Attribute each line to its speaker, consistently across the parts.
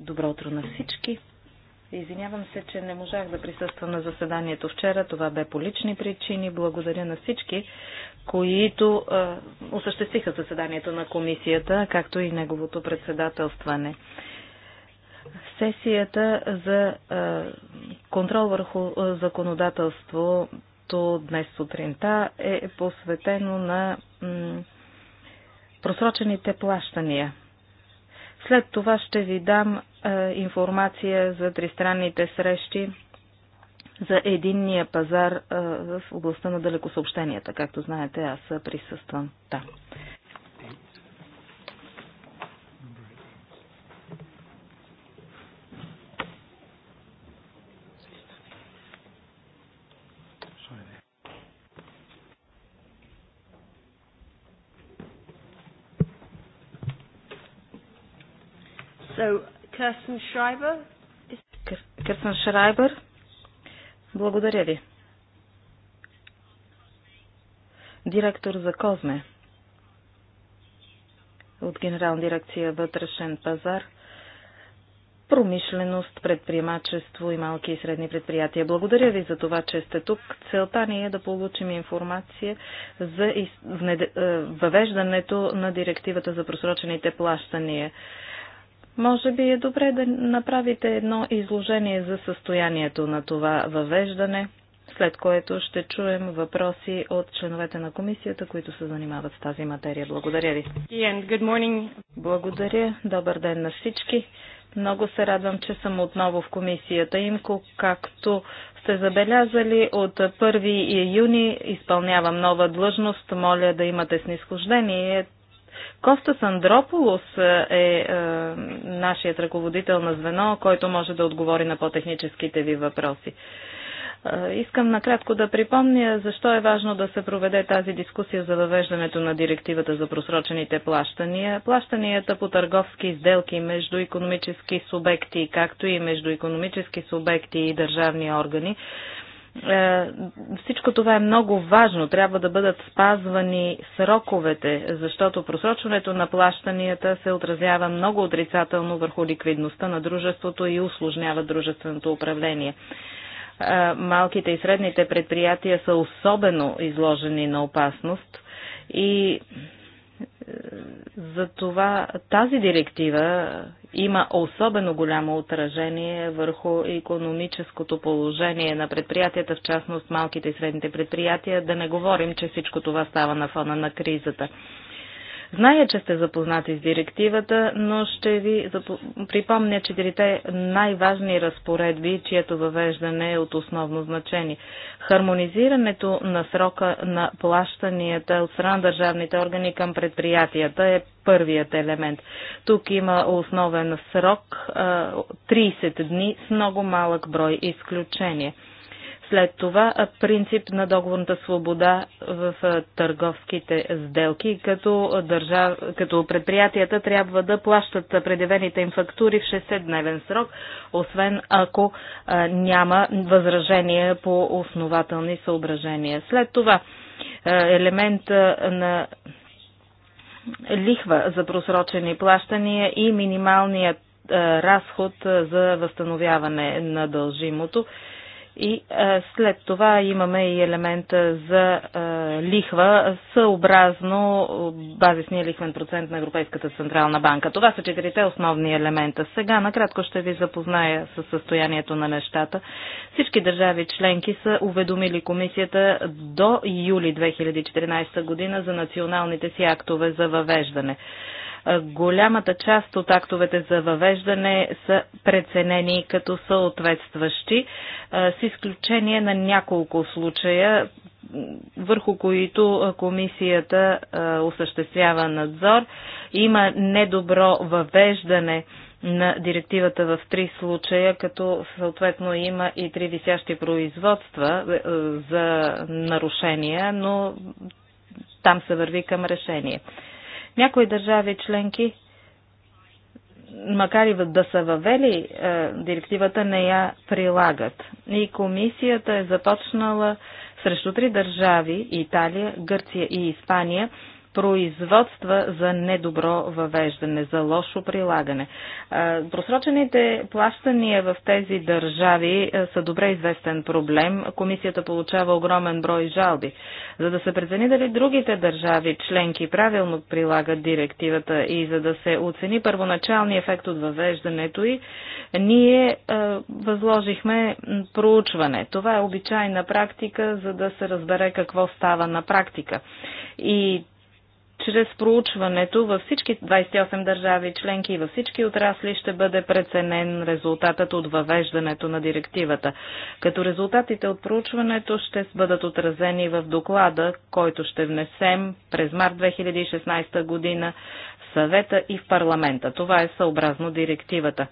Speaker 1: Добро утро на всички. Извинявам се, че не можах да присъствам на заседанието вчера. Това бе по лични причини. Благодаря на всички, които е, осъществиха заседанието на комисията, както и неговото председателстване. Сесията за е, контрол върху е, законодателството днес сутринта е посветено на просрочените плащания след това ще ви дам е, информация за тристранните срещи за единния пазар е, в областта на далекосъобщенията. Както знаете, аз присъствам там. Да.
Speaker 2: Кърсен Шрайбер.
Speaker 1: Кърсен Шрайбер. Благодаря ви. Директор за Козме от Генерална дирекция Вътрешен пазар, промишленост, предприемачество и малки и средни предприятия. Благодаря ви за това, че сте тук. Целта ни е да получим информация за е, въвеждането на директивата за просрочените плащания. Може би е добре да направите едно изложение за състоянието на това въвеждане, след което ще чуем въпроси от членовете на комисията, които се занимават с тази материя. Благодаря ви. Благодаря. Добър ден на всички. Много се радвам, че съм отново в комисията ИМКО. Както сте забелязали, от 1 юни изпълнявам нова длъжност. Моля да имате снисхождение Костас Андрополос е, е, е нашият ръководител на звено, който може да отговори на по-техническите ви въпроси. Е, искам накратко да припомня защо е важно да се проведе тази дискусия за въвеждането на директивата за просрочените плащания. Плащанията по търговски изделки между економически субекти, както и между економически субекти и държавни органи, е, всичко това е много важно. Трябва да бъдат спазвани сроковете, защото просрочването на плащанията се отразява много отрицателно върху ликвидността на дружеството и усложнява дружественото управление е, малките и средните предприятия са особено изложени на опасност и затова тази директива има особено голямо отражение върху економическото положение на предприятията, в частност малките и средните предприятия. Да не говорим, че всичко това става на фона на кризата. Зная, че сте запознати с директивата, но ще ви припомня четирите най-важни разпоредби, чието въвеждане е от основно значение. Хармонизирането на срока на плащанията от страна държавните органи към предприятията е първият елемент. Тук има основен срок 30 дни с много малък брой изключения. След това принцип на договорната свобода в търговските сделки, като, държав... като предприятията трябва да плащат предявените им фактури в 60-дневен срок, освен ако няма възражение по основателни съображения. След това елемент на лихва за просрочени плащания и минималният разход за възстановяване на дължимото и а, е, след това имаме и елемента за а, е, лихва, съобразно базисния лихвен процент на Европейската централна банка. Това са четирите основни елемента. Сега накратко ще ви запозная с състоянието на нещата. Всички държави членки са уведомили комисията до юли 2014 година за националните си актове за въвеждане. Голямата част от актовете за въвеждане са преценени като съответстващи, с изключение на няколко случая, върху които комисията осъществява надзор. Има недобро въвеждане на директивата в три случая, като съответно има и три висящи производства за нарушения, но там се върви към решение. Някои държави членки, макар и да са въвели е, директивата, не я прилагат. И комисията е започнала срещу три държави Италия, Гърция и Испания производства за недобро въвеждане, за лошо прилагане. Просрочените плащания в тези държави са добре известен проблем. Комисията получава огромен брой жалби. За да се прецени дали другите държави членки правилно прилагат директивата и за да се оцени първоначалния ефект от въвеждането й, ние възложихме проучване. Това е обичайна практика, за да се разбере какво става на практика. И чрез проучването във всички 28 държави членки и във всички отрасли ще бъде преценен резултатът от въвеждането на директивата. Като резултатите от проучването ще бъдат отразени в доклада, който ще внесем през март 2016 година в съвета и в парламента. Това е съобразно директивата.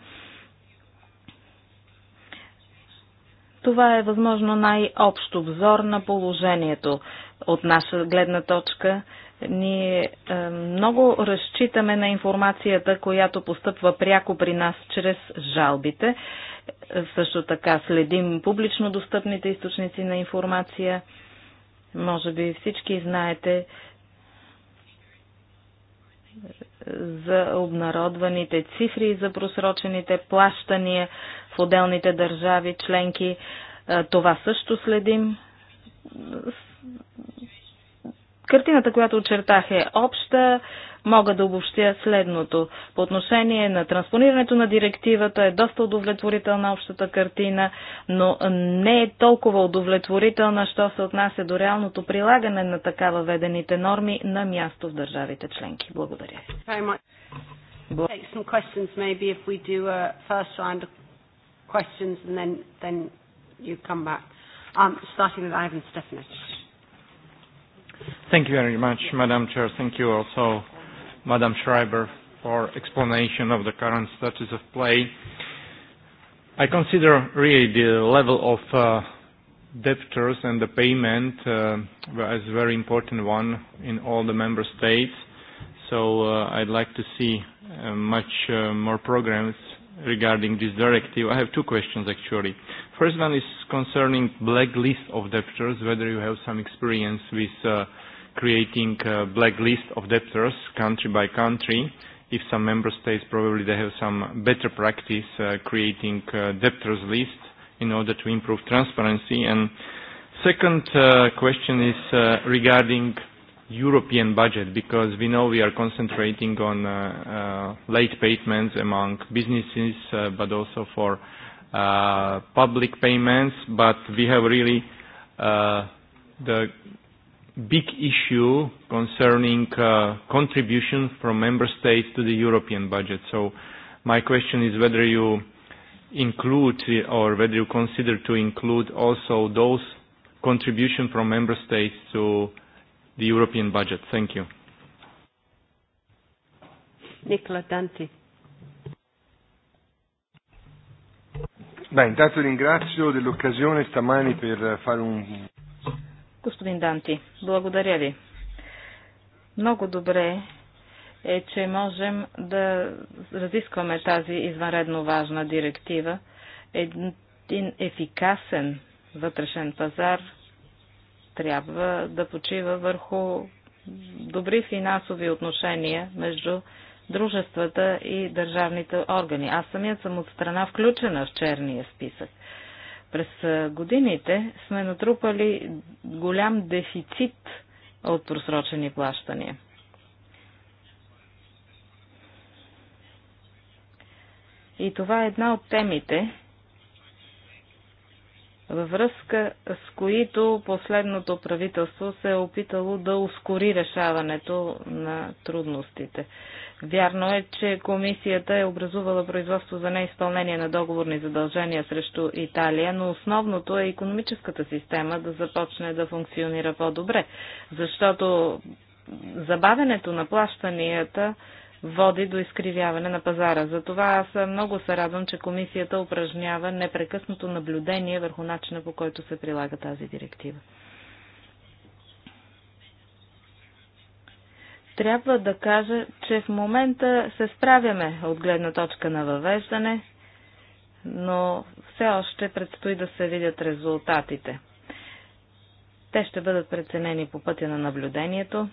Speaker 1: Това е възможно най общо взор на положението от наша гледна точка – ние е, много разчитаме на информацията, която постъпва пряко при нас чрез жалбите. Също така следим публично достъпните източници на информация. Може би всички знаете е, за обнародваните цифри за просрочените плащания в отделните държави членки. Е, това също следим Картината, която очертах е обща. Мога да обобщя следното. По отношение на транспонирането на директивата е доста удовлетворителна общата картина, но не е толкова удовлетворителна, що се отнася до реалното прилагане на така въведените норми на място в държавите членки. Благодаря.
Speaker 2: Um, starting with Ivan Stefanich.
Speaker 3: Thank you very much, Madam Chair. Thank you also, Madam Schreiber, for explanation of the current status of play. I consider really the level of uh, debtors and the payment uh, as a very important one in all the member states. So uh, I'd like to see uh, much uh, more programs regarding this directive. I have two questions actually. First one is concerning blacklist of debtors, whether you have some experience with uh, creating a blacklist of debtors country by country. If some member states probably they have some better practice uh, creating uh, debtors list in order to improve transparency. And second uh, question is uh, regarding European budget because we know we are concentrating on uh, uh, late payments among businesses, uh, but also for uh, public payments, but we have really uh, the big issue concerning uh, contribution from member states to the European budget. So my question is whether you include or whether you consider to include also those contribution from member states to the European budget. Thank you.
Speaker 2: Nicola Dante.
Speaker 3: Beh, intanto ringrazio dell'occasione stamani per fare un...
Speaker 1: Господин Данти, благодаря ви. Много добре е, че можем да разискваме тази извънредно важна директива. Един ефикасен вътрешен пазар трябва да почива върху добри финансови отношения между дружествата и държавните органи. Аз самият съм от страна включена в черния списък. През годините сме натрупали голям дефицит от просрочени плащания. И това е една от темите, във връзка с които последното правителство се е опитало да ускори решаването на трудностите. Вярно е, че комисията е образувала производство за неизпълнение на договорни задължения срещу Италия, но основното е економическата система да започне да функционира по-добре, защото забавенето на плащанията води до изкривяване на пазара. Затова аз много се радвам, че комисията упражнява непрекъснато наблюдение върху начина по който се прилага тази директива. Трябва да кажа, че в момента се справяме от гледна точка на въвеждане, но все още предстои да се видят резултатите. Те ще бъдат преценени по пътя на наблюдението,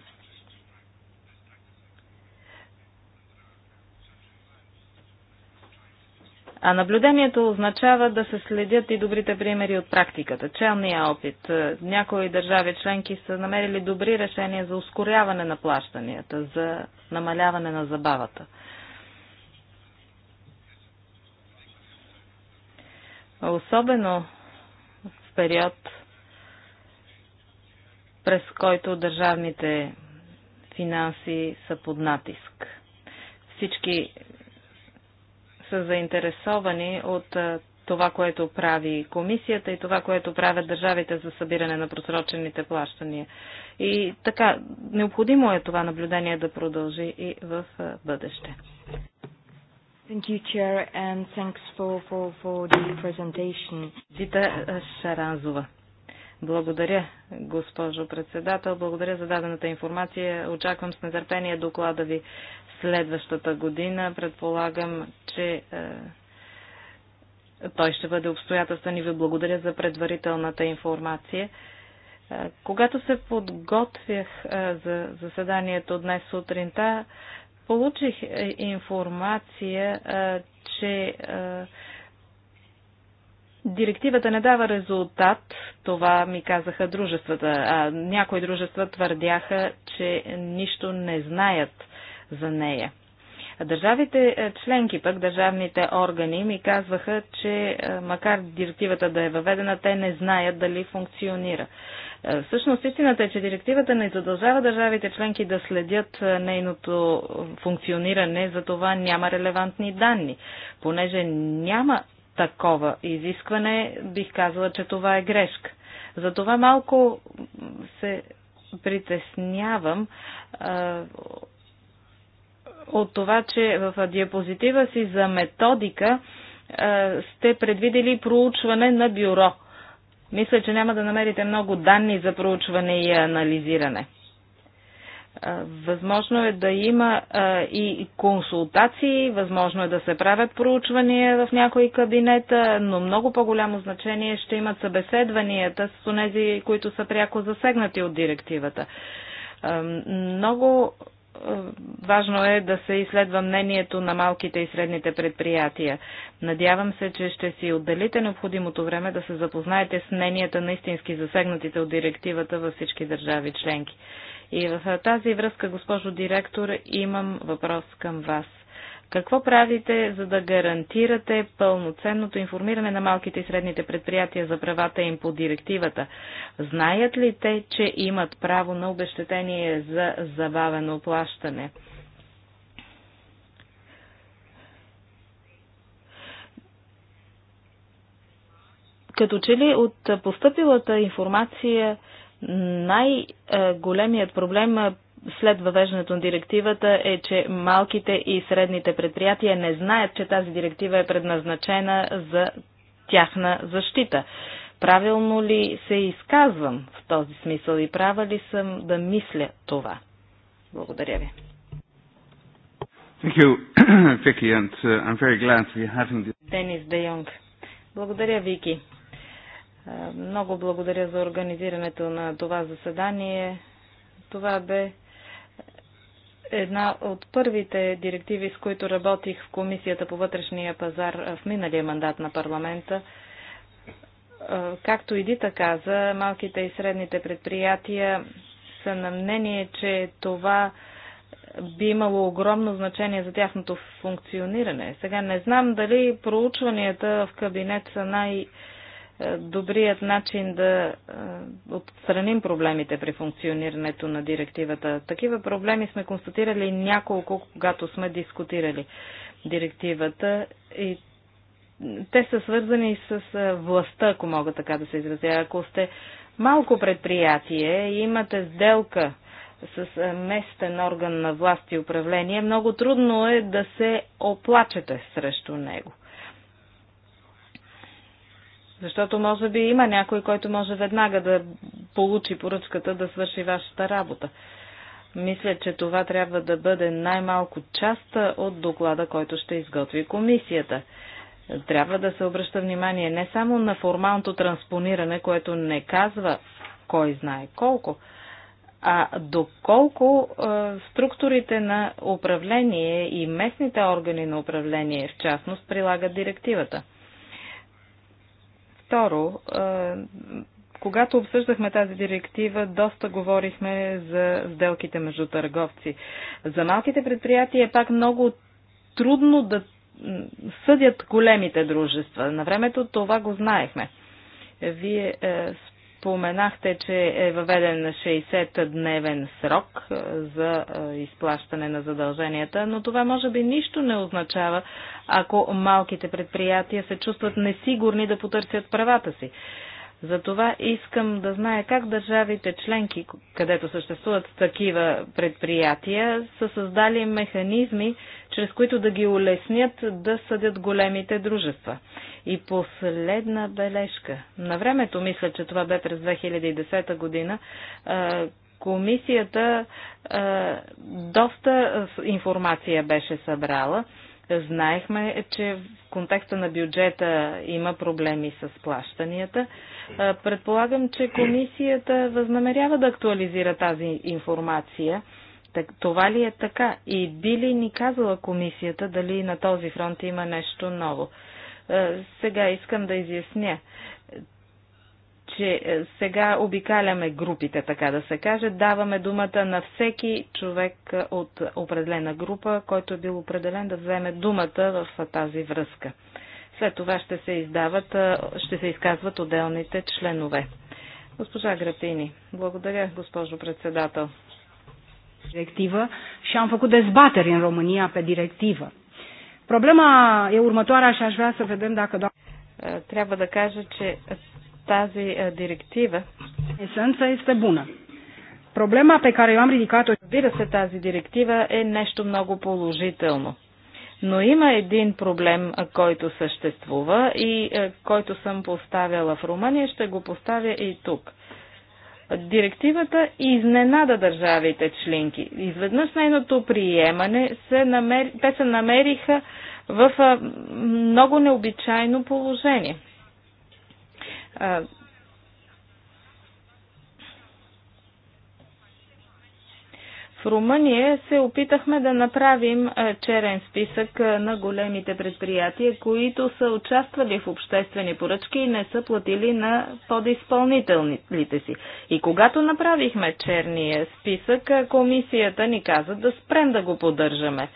Speaker 1: А наблюдението означава да се следят и добрите примери от практиката, челния опит. Е, някои държави членки са намерили добри решения за ускоряване на плащанията, за намаляване на забавата. Особено в период, през който държавните финанси са под натиск. Всички са заинтересовани от това, което прави комисията и това, което правят държавите за събиране на просрочените плащания. И така, необходимо е това наблюдение да продължи и в бъдеще. Thank you, Chair, and thanks for, for, for the presentation. Дита Шаранзова. Благодаря, госпожо председател. Благодаря за дадената информация. Очаквам с нетърпение доклада ви следващата година. Предполагам, че е, той ще бъде обстоятелствен и ви благодаря за предварителната информация. Е, когато се подготвях е, за заседанието днес сутринта, получих информация, че Директивата не дава резултат, това ми казаха дружествата. А, някои дружества твърдяха, че нищо не знаят за нея. Държавите е, членки, пък държавните органи ми казваха, че е, макар директивата да е въведена, те не знаят дали функционира. Е, всъщност истината е, че директивата не задължава държавите членки да следят нейното функциониране, за това няма релевантни данни, понеже няма такова изискване, бих казала, че това е грешка. Затова малко се притеснявам а, от това, че в диапозитива си за методика а, сте предвидели проучване на бюро. Мисля, че няма да намерите много данни за проучване и анализиране. Възможно е да има и консултации, възможно е да се правят проучвания в някои кабинета, но много по-голямо значение ще имат събеседванията с тези, които са пряко засегнати от директивата. Много важно е да се изследва мнението на малките и средните предприятия. Надявам се, че ще си отделите необходимото време да се запознаете с мненията на истински засегнатите от директивата във всички държави членки. И в тази връзка, госпожо директор, имам въпрос към вас. Какво правите, за да гарантирате пълноценното информиране на малките и средните предприятия за правата им по директивата? Знаят ли те, че имат право на обещетение за забавено плащане? Като че ли от поступилата информация най-големият проблем след въвеждането на директивата е, че малките и средните предприятия не знаят, че тази директива е предназначена за тяхна защита. Правилно ли се изказвам в този смисъл и права ли съм да мисля това? Благодаря ви.
Speaker 4: Uh,
Speaker 1: Денис Де Йонг. Благодаря, Вики. Е, много благодаря за организирането на това заседание. Това бе една от първите директиви, с които работих в Комисията по вътрешния пазар в миналия мандат на парламента. Е, както и Дита каза, малките и средните предприятия са на мнение, че това би имало огромно значение за тяхното функциониране. Сега не знам дали проучванията в кабинет са най- е, добрият начин да е, отстраним проблемите при функционирането на директивата. Такива проблеми сме констатирали няколко, когато сме дискутирали директивата и те са свързани с е, властта, ако мога така да се изразя. Ако сте малко предприятие и имате сделка с местен орган на власт и управление, много трудно е да се оплачете срещу него. Защото може би има някой, който може веднага да получи поръчката да свърши вашата работа. Мисля, че това трябва да бъде най-малко част от доклада, който ще изготви комисията. Трябва да се обръща внимание не само на формалното транспониране, което не казва кой знае колко, а доколко е, структурите на управление и местните органи на управление в частност прилагат директивата. Второ, е, когато обсъждахме тази директива, доста говорихме за сделките между търговци. За малките предприятия е пак много трудно да съдят големите дружества. На времето това го знаехме. Вие е, Споменахте, че е въведен 60-дневен срок за изплащане на задълженията, но това може би нищо не означава, ако малките предприятия се чувстват несигурни да потърсят правата си. Затова искам да знае как държавите членки, където съществуват такива предприятия, са създали механизми, чрез които да ги улеснят да съдят големите дружества. И последна бележка. На времето, мисля, че това бе през 2010 година, комисията доста информация беше събрала. Знаехме, че в контекста на бюджета има проблеми с плащанията. Предполагам, че комисията възнамерява да актуализира тази информация. Так, това ли е така? И би ли ни казала комисията дали на този фронт има нещо ново? Сега искам да изясня, че сега обикаляме групите, така да се каже. Даваме думата на всеки човек от определена група, който е бил определен да вземе думата в тази връзка. След това ще се, издават, ще се изказват отделните членове. Госпожа Гратини, благодаря, госпожо председател. Директива. și am făcut dezbateri în România pe directivă. Проблема е e următoarea și aș vrea să vedem dacă doamna... Е, трябва да кажа, че тази е, директива esență este bună. Problema pe care eu am ridicat-o... Разбира се, тази директива е нещо много положително. Но има един проблем, който съществува и който съм поставяла в Румъния, ще го поставя и тук. Директивата изненада държавите членки. Изведнъж нейното приемане се намери, те се намериха в много необичайно положение В Румъния се опитахме да направим е, черен списък е, на големите предприятия, които са участвали в обществени поръчки и не са платили на подизпълнителните си. И когато направихме черния списък, е, комисията ни каза да спрем да го поддържаме.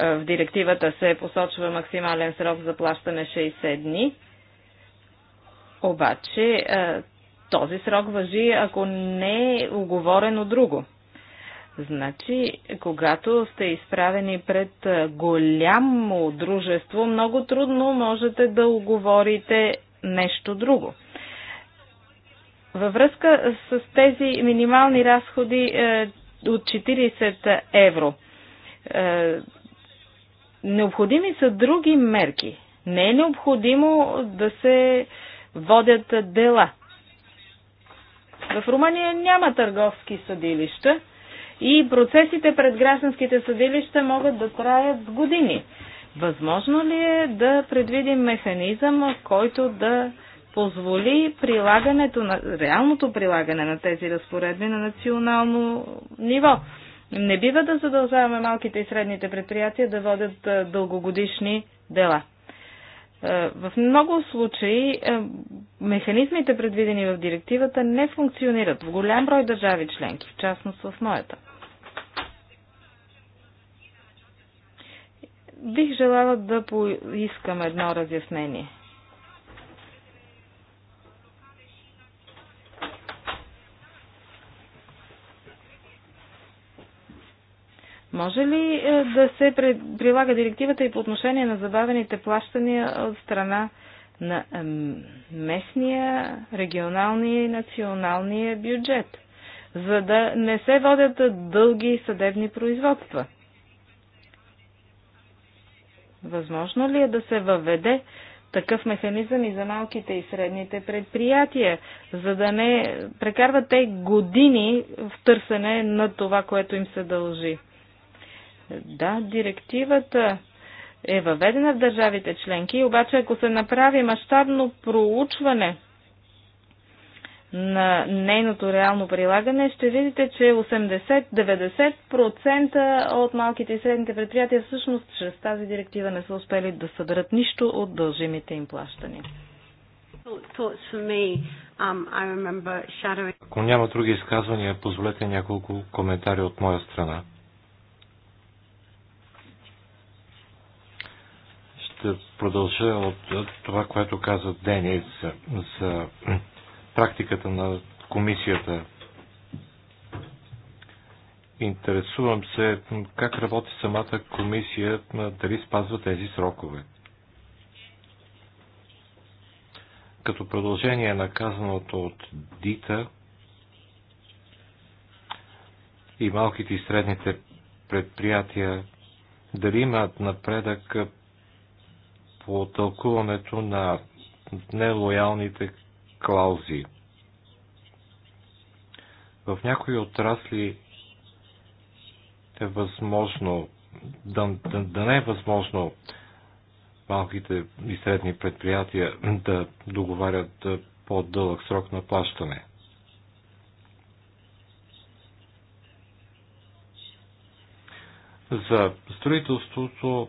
Speaker 1: В директивата се посочва максимален срок за плащане 60 дни. Обаче този срок въжи, ако не е оговорено друго. Значи, когато сте изправени пред голямо дружество, много трудно можете да оговорите нещо друго. Във връзка с тези минимални разходи е, от 40 евро, е, необходими са други мерки. Не е необходимо да се водят дела. В Румъния няма търговски съдилища и процесите пред гражданските съдилища могат да траят години. Възможно ли е да предвидим механизъм, който да позволи прилагането на, реалното прилагане на тези разпоредби на национално ниво? Не бива да задължаваме малките и средните предприятия да водят дългогодишни дела. Е, в много случаи е, механизмите, предвидени в директивата, не функционират в голям брой държави членки, в частност в моята. Бих желала да поискам едно разяснение – Може ли е, да се прилага директивата и по отношение на забавените плащания от страна на местния, регионалния и националния бюджет, за да не се водят дълги съдебни производства? Възможно ли е да се въведе такъв механизъм и за малките и средните предприятия, за да не прекарват те години в търсене на това, което им се дължи? Да, директивата е въведена в държавите членки, обаче ако се направи мащабно проучване на нейното реално прилагане, ще видите, че 80-90% от малките и средните предприятия всъщност чрез тази директива не са успели да съберат нищо от дължимите им плащания.
Speaker 2: Um, ако
Speaker 4: няма други изказвания, позволете няколко коментари от моя страна. ще продължа от това, което каза Денис за практиката на комисията. Интересувам се как работи самата комисия, дали спазва тези срокове. Като продължение на казаното от Дита и малките и средните предприятия, дали имат напредък по тълкуването на нелоялните клаузи. В някои отрасли е възможно, да, да, да не е възможно малките и средни предприятия да договарят по-дълъг срок на плащане. За строителството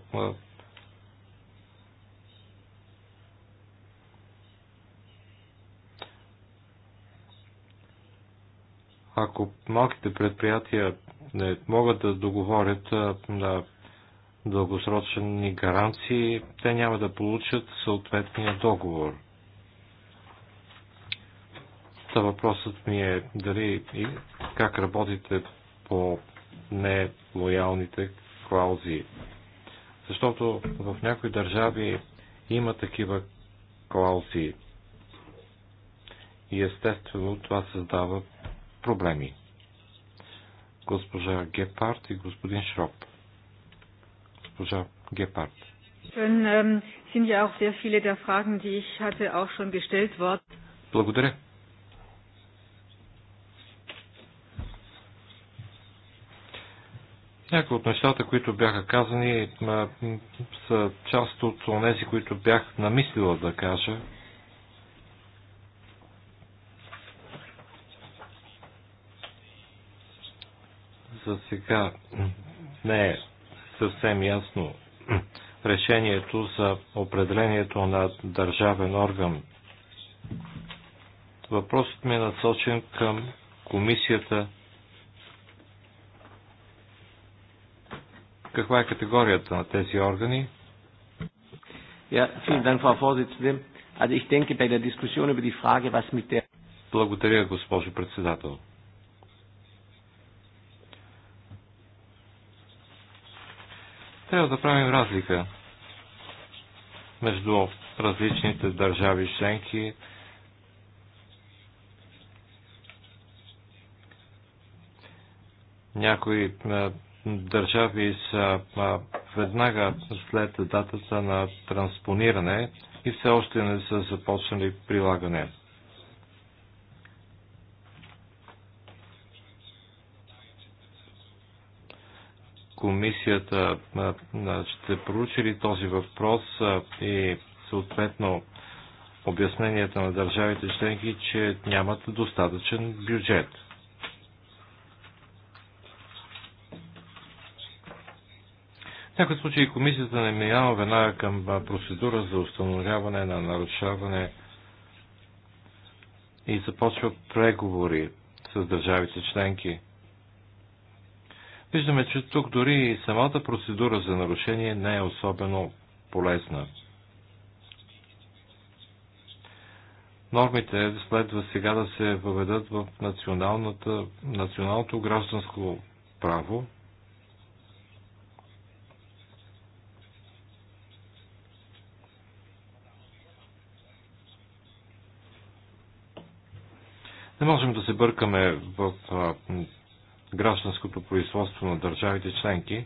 Speaker 4: Ако малките предприятия не могат да договорят на дългосрочни гаранции, те няма да получат съответния договор. Та въпросът ми е дали и как работите по нелоялните клаузи. Защото в някои държави има такива клаузи. И естествено това създава проблеми. Госпожа Гепард и господин Шроп. Госпожа Гепард.
Speaker 1: Ähm,
Speaker 4: Благодаря. Някои от нещата, които бяха казани, са част от тези, които бях намислила да кажа. за сега не е съвсем ясно решението за определението на държавен орган. Въпросът ми е насочен към комисията. Каква е категорията на тези органи? Благодаря, госпожо председател. Трябва да правим разлика между различните държави членки. Някои е, държави са е, веднага след датата на транспониране и все още не са започнали прилагане. комисията ще проучили този въпрос и съответно обясненията на държавите членки, че нямат достатъчен бюджет. В някои случаи комисията не минава веднага към процедура за установяване на нарушаване и започва преговори с държавите членки – Виждаме, че тук дори и самата процедура за нарушение не е особено полезна. Нормите следва сега да се въведат в националното гражданско право. Не можем да се бъркаме в гражданското производство на държавите членки.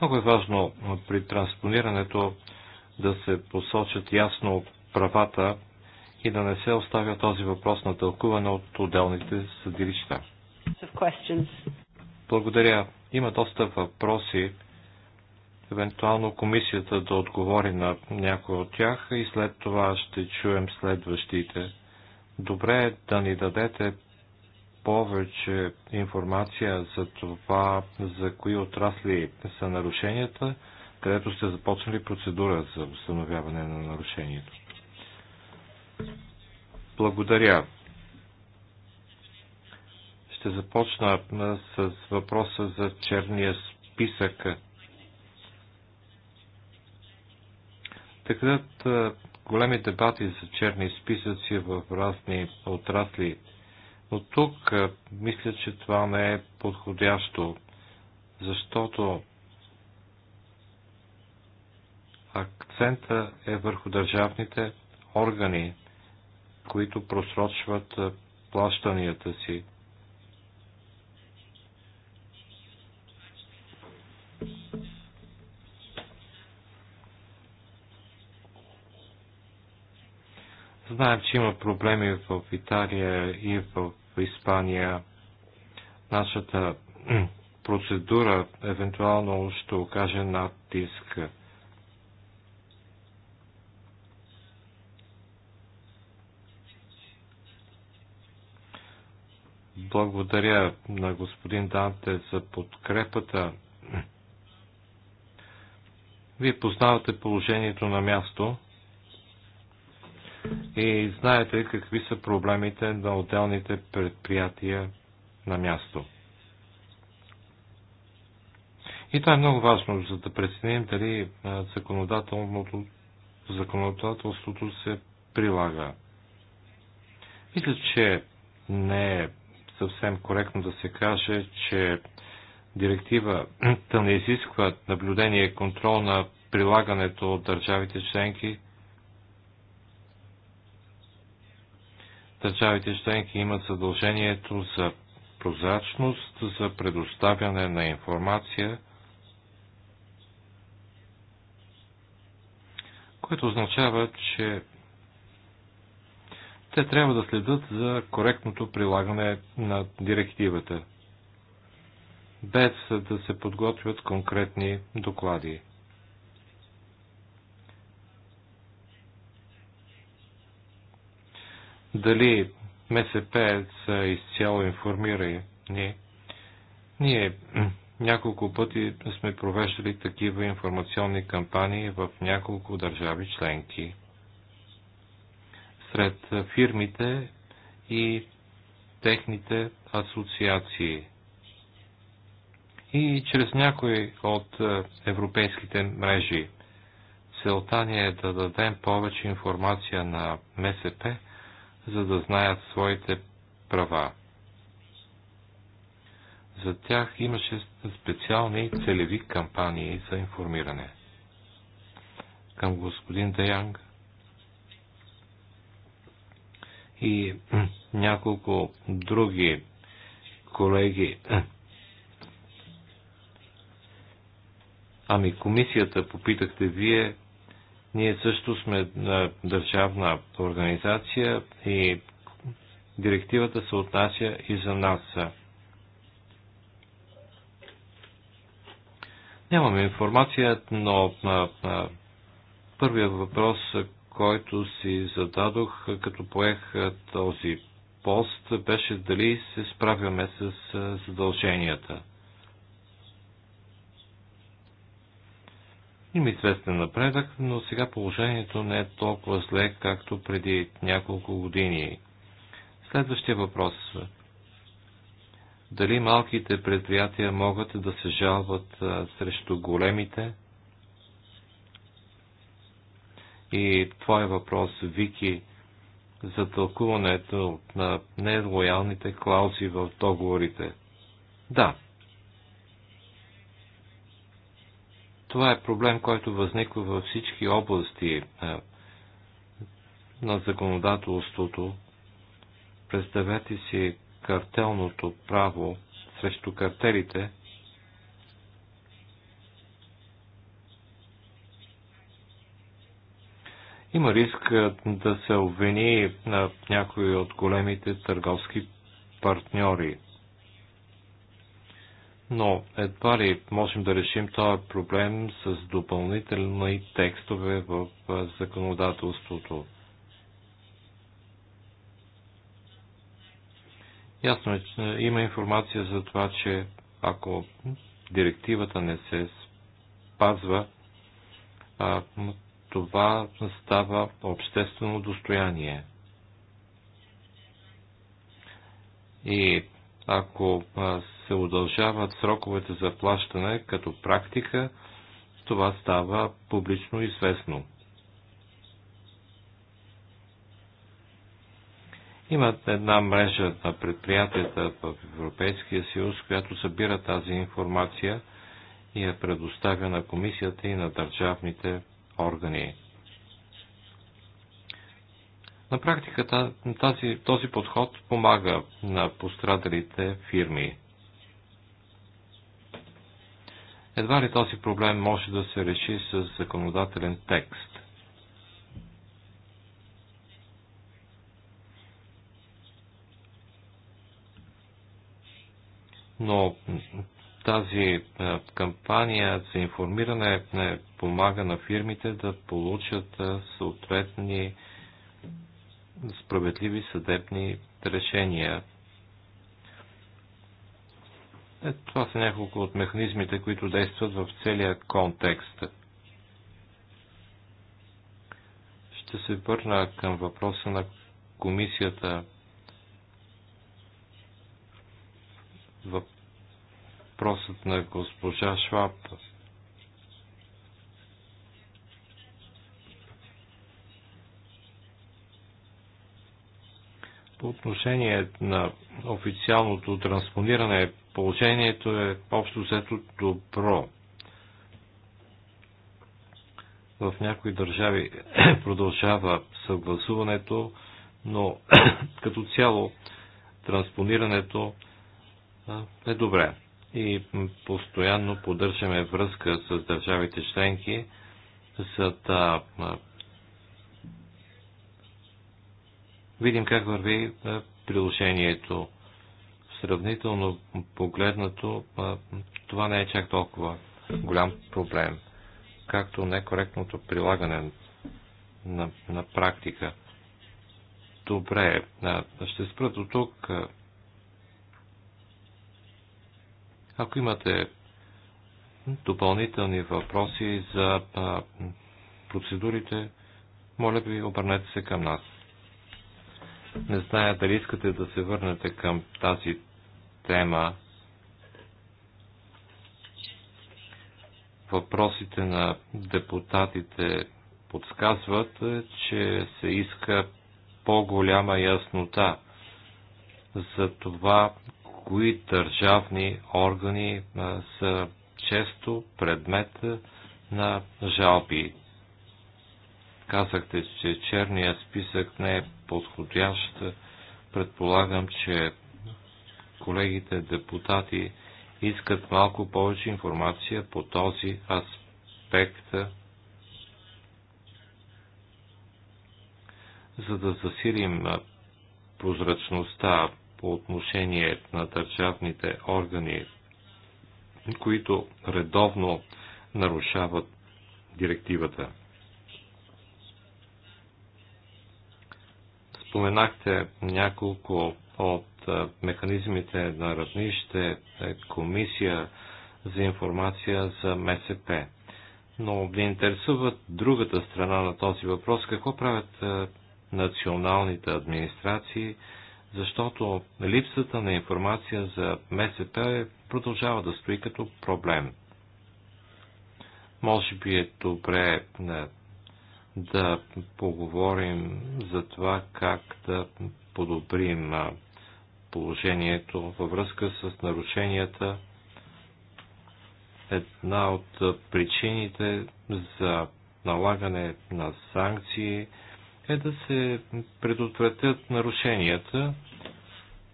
Speaker 4: Много е важно при транспонирането да се посочат ясно правата и да не се оставя този въпрос на тълкуване от отделните съдилища. Благодаря. Има доста въпроси евентуално комисията да отговори на някой от тях и след това ще чуем следващите. Добре е да ни дадете повече информация за това, за кои отрасли са нарушенията, където сте започнали процедура за установяване на нарушението. Благодаря. Ще започна с въпроса за черния списък Тъкът големи дебати за черни списъци в разни отрасли. Но тук мисля, че това не е подходящо, защото акцента е върху държавните органи, които просрочват плащанията си. Знаем, че има проблеми в Италия и в Испания. Нашата процедура евентуално ще окаже натиск. Благодаря на господин Данте за подкрепата. Вие познавате положението на място и знаете какви са проблемите на отделните предприятия на място. И това е много важно, за да преценим дали законодателното, законодателството се прилага. Мисля, че не е съвсем коректно да се каже, че директивата не изисква наблюдение и контрол на прилагането от държавите членки Държавите членки имат задължението за прозрачност, за предоставяне на информация, което означава, че те трябва да следят за коректното прилагане на директивата, без да се подготвят конкретни доклади. дали МСП са изцяло информирани. Ние няколко пъти сме провеждали такива информационни кампании в няколко държави членки. Сред фирмите и техните асоциации. И чрез някои от европейските мрежи. Целта ни е да дадем повече информация на МСП за да знаят своите права. За тях имаше специални целеви кампании за информиране. Към господин Даянг и няколко други колеги. Ами комисията, попитахте вие, ние също сме държавна организация и директивата се отнася и за нас. Нямаме информация, но а, а, първият въпрос, който си зададох, като поех този пост, беше дали се справяме с задълженията. Има известен напредък, но сега положението не е толкова зле, както преди няколко години. Следващия въпрос. Дали малките предприятия могат да се жалват срещу големите? И твой въпрос, Вики, за тълкуването на нелоялните клаузи в договорите. Да, Това е проблем, който възниква във всички области е, на законодателството. Представете си картелното право срещу картелите. Има риск е, да се обвини на е, някои от големите търговски партньори но едва ли можем да решим този проблем с допълнителни текстове в законодателството. Ясно е, че има информация за това, че ако директивата не се спазва, а, това става обществено достояние. И ако се удължават сроковете за плащане като практика, това става публично известно. Имат една мрежа на предприятията в Европейския съюз, която събира тази информация и я предоставя на комисията и на държавните органи. На практика тази, този подход помага на пострадалите фирми. Едва ли този проблем може да се реши с законодателен текст? Но тази е, кампания за информиране не помага на фирмите да получат е, съответни справедливи съдебни решения е, това са няколко от механизмите, които действат в целия контекст. Ще се върна към въпроса на комисията. Въпросът на госпожа Шваб По отношение на официалното транспониране, положението е общо взето добро. В някои държави продължава съгласуването, но като цяло транспонирането е добре. И постоянно поддържаме връзка с държавите членки, за да видим как върви приложението. Сравнително погледнато, това не е чак толкова голям проблем, както некоректното прилагане на, на практика. Добре, ще спра до тук. Ако имате допълнителни въпроси за процедурите, моля ви, обърнете се към нас. Не зная дали искате да се върнете към тази тема. Въпросите на депутатите подсказват, е, че се иска по-голяма яснота за това, кои държавни органи са често предмет на жалби Казахте, че черният списък не е подходящ. Предполагам, че колегите депутати искат малко повече информация по този аспект, за да засилим прозрачността по отношение на държавните органи, които редовно нарушават директивата. Споменахте няколко от е, механизмите на равнище е, комисия за информация за МСП. Но ви интересува другата страна на този въпрос. Какво правят е, националните администрации, защото липсата на информация за МСП продължава да стои като проблем. Може би е добре да поговорим за това как да подобрим положението във връзка с нарушенията. Една от причините за налагане на санкции е да се предотвратят нарушенията,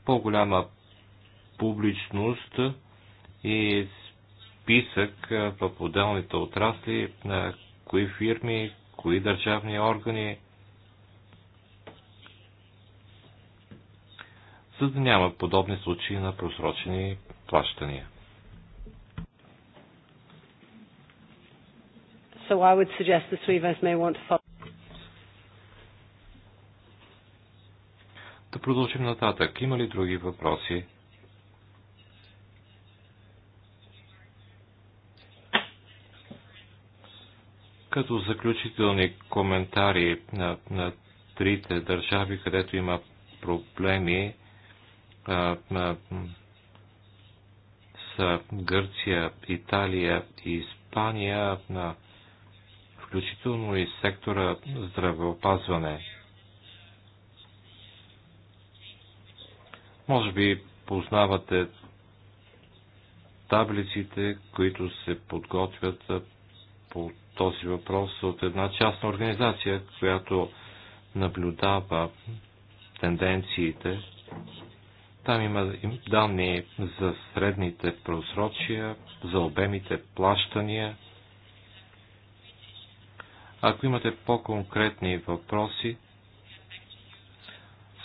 Speaker 4: по-голяма публичност и списък в отделните отрасли на кои фирми кои държавни органи, за да няма подобни случаи на просрочени плащания.
Speaker 2: So I would suggest the Suivas may want to follow.
Speaker 4: Да продължим нататък. Има ли други въпроси? Като заключителни коментари на, на трите държави, където има проблеми, а, а, са Гърция, Италия и Испания, на включително и сектора здравеопазване. Може би познавате таблиците, които се подготвят по този въпрос от една частна организация, която наблюдава тенденциите. Там има данни за средните просрочия, за обемите плащания. Ако имате по-конкретни въпроси,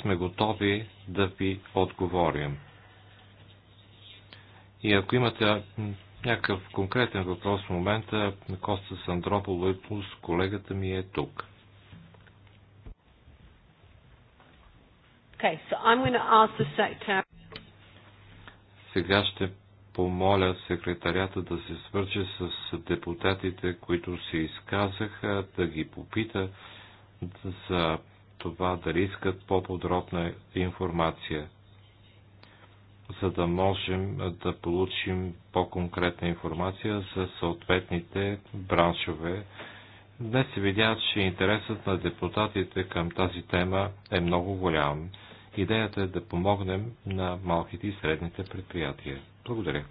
Speaker 4: сме готови да ви отговорим. И ако имате някакъв конкретен въпрос в момента. Коста Сандрополоипус, колегата ми е тук.
Speaker 2: Okay, so I'm going to ask the secretary...
Speaker 4: Сега ще помоля секретарята да се свърже с депутатите, които се изказаха, да ги попита за това дали искат по-подробна информация за да можем да получим по-конкретна информация за съответните браншове. Днес се видя, че интересът на депутатите към тази тема е много голям. Идеята е да помогнем на малките и средните предприятия. Благодаря.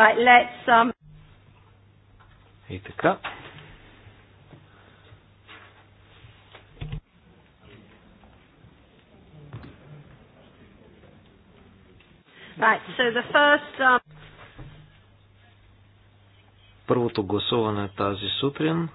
Speaker 2: Right, let's, um...
Speaker 5: И така.
Speaker 6: Right, so the first,
Speaker 2: um...
Speaker 5: Първото гласуване е тази сутрин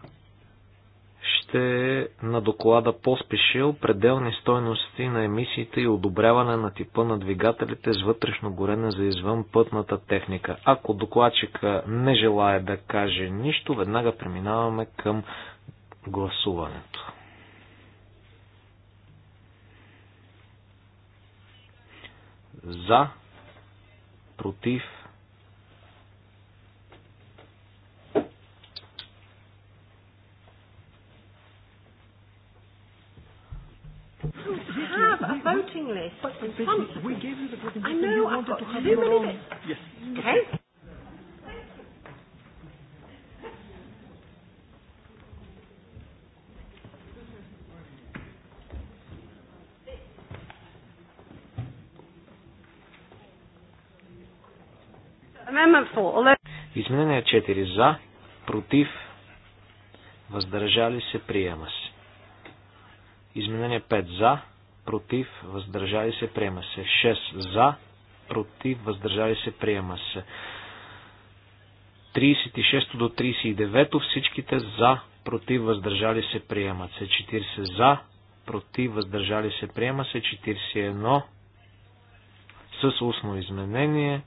Speaker 5: целите на доклада Поспешил пределни стойности на емисиите и одобряване на типа на двигателите с вътрешно горене за извън пътната техника. Ако докладчика не желая да каже нищо, веднага преминаваме към гласуването. За, против, Изменение 4 за, против, въздържали се, приема се. Изменение 5 за, против, въздържали се, приема се. 6 за, против, въздържали се, приема се. 36 до 39 всичките за, против, въздържали се, приемат се. 40 за, против, въздържали се, приема се. 41 с устно изменение.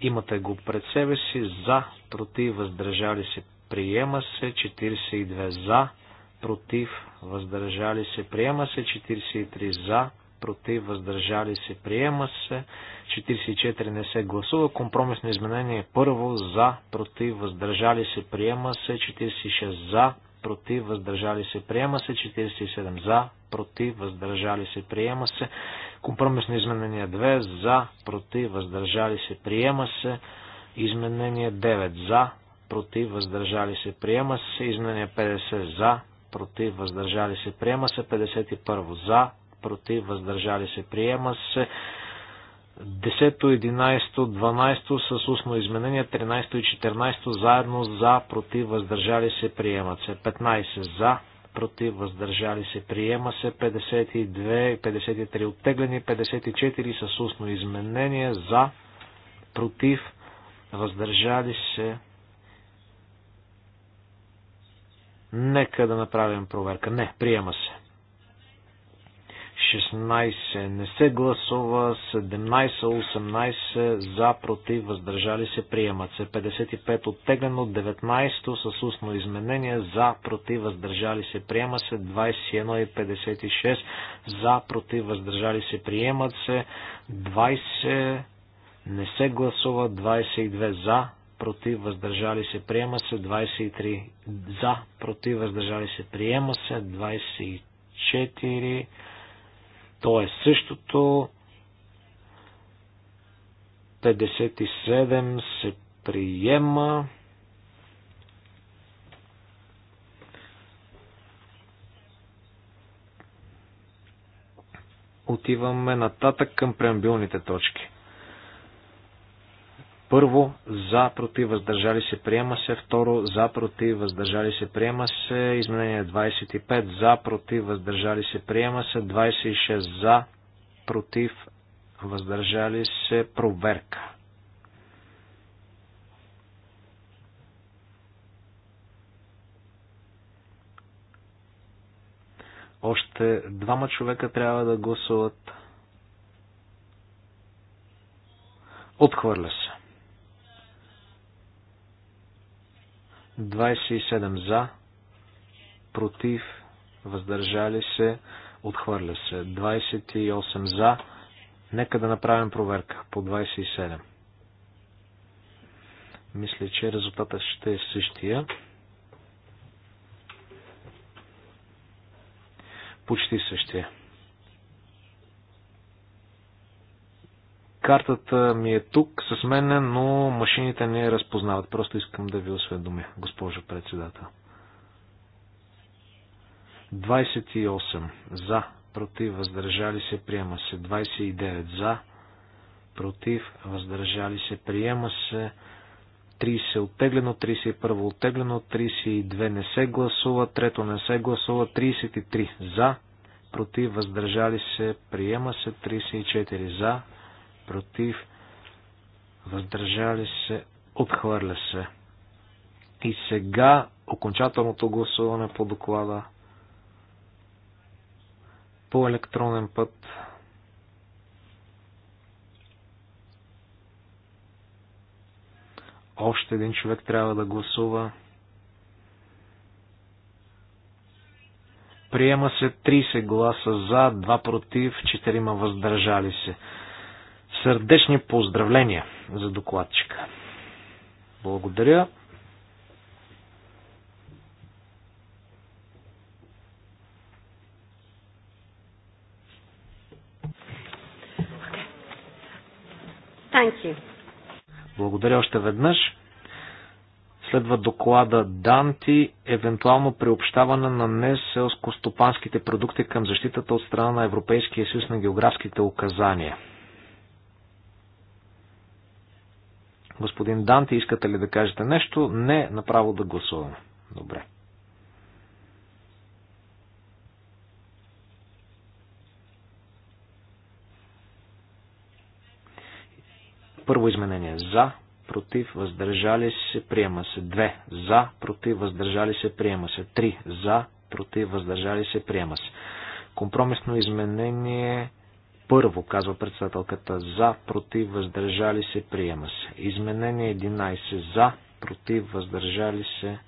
Speaker 5: Имате го пред себе си. За, против, въздържали се, приема се. 42 за, против, въздържали се, приема се. 43 за, против, въздържали се, приема се. 44 не се гласува. Компромисно изменение първо, за, против, въздържали се, приема се. 46 за, против, въздържали се, приема се. 47 за, против, въздържали се, приема се. Компромисно изменение 2 за, против, въздържали се, приема се. Изменение 9 за, против, въздържали се, приема се. Изменение 50 за, против, въздържали се, приема се. 51 за, против, въздържали се, приема се. 10, 11, 12 с устно изменение, 13 и 14 заедно за, против, въздържали се, приемат се. 15 за, против, въздържали се, приема се. 52, 53 оттеглени, 54 с устно изменение, за, против, въздържали се. Нека да направим проверка. Не, приема се. 16 не се гласува, 17, 18 за, против, въздържали се, приемат се. 55 оттеглено, 19 с устно изменение, за, против, въздържали се, приема се. 21 и 56 за, против, въздържали се, приемат се. 20 не се гласува, 22 за, против, въздържали се, приема се. 23 за, против, въздържали се, приема се. 24 то е същото. 57 се приема. Отиваме нататък към преамбилните точки. Първо, за, против, въздържали се, приема се. Второ, за, против, въздържали се, приема се. Изменение 25, за, против, въздържали се, приема се. 26, за, против, въздържали се, проверка. Още двама човека трябва да гласуват. Отхвърля се. 27 за, против, въздържали се, отхвърля се. 28 за. Нека да направим проверка по 27. Мисля, че резултатът ще е същия. Почти същия. Картата ми е тук с мен, но машините не я разпознават. Просто искам да ви осведомя, госпожо председател. 28. За. Против. Въздържали се. Приема се. 29. За. Против. Въздържали се. Приема се. 30 оттеглено, 31 оттеглено, 32 не се гласува, 3 не се гласува, 33 за, против, въздържали се, приема се, 34 за, против, въздържали се, отхвърля се. И сега окончателното гласуване по доклада по електронен път. Още един човек трябва да гласува. Приема се 30 гласа за, 2 против, 4 въздържали се. Сърдечни поздравления за докладчика. Благодаря. Thank you. Благодаря още веднъж. Следва доклада Данти, евентуално приобщаване на неселско-стопанските продукти към защитата от страна на Европейския съюз на географските указания. Господин Данти, искате ли да кажете нещо? Не, направо да гласуваме. Добре. Първо изменение. За, против, въздържали се, приема се. Две За, против, въздържали се, приема се. Три За, против, въздържали се, приема се. Компромисно изменение първо, казва председателката, за, против, въздържали се, приема се. Изменение 11, за, против, въздържали се,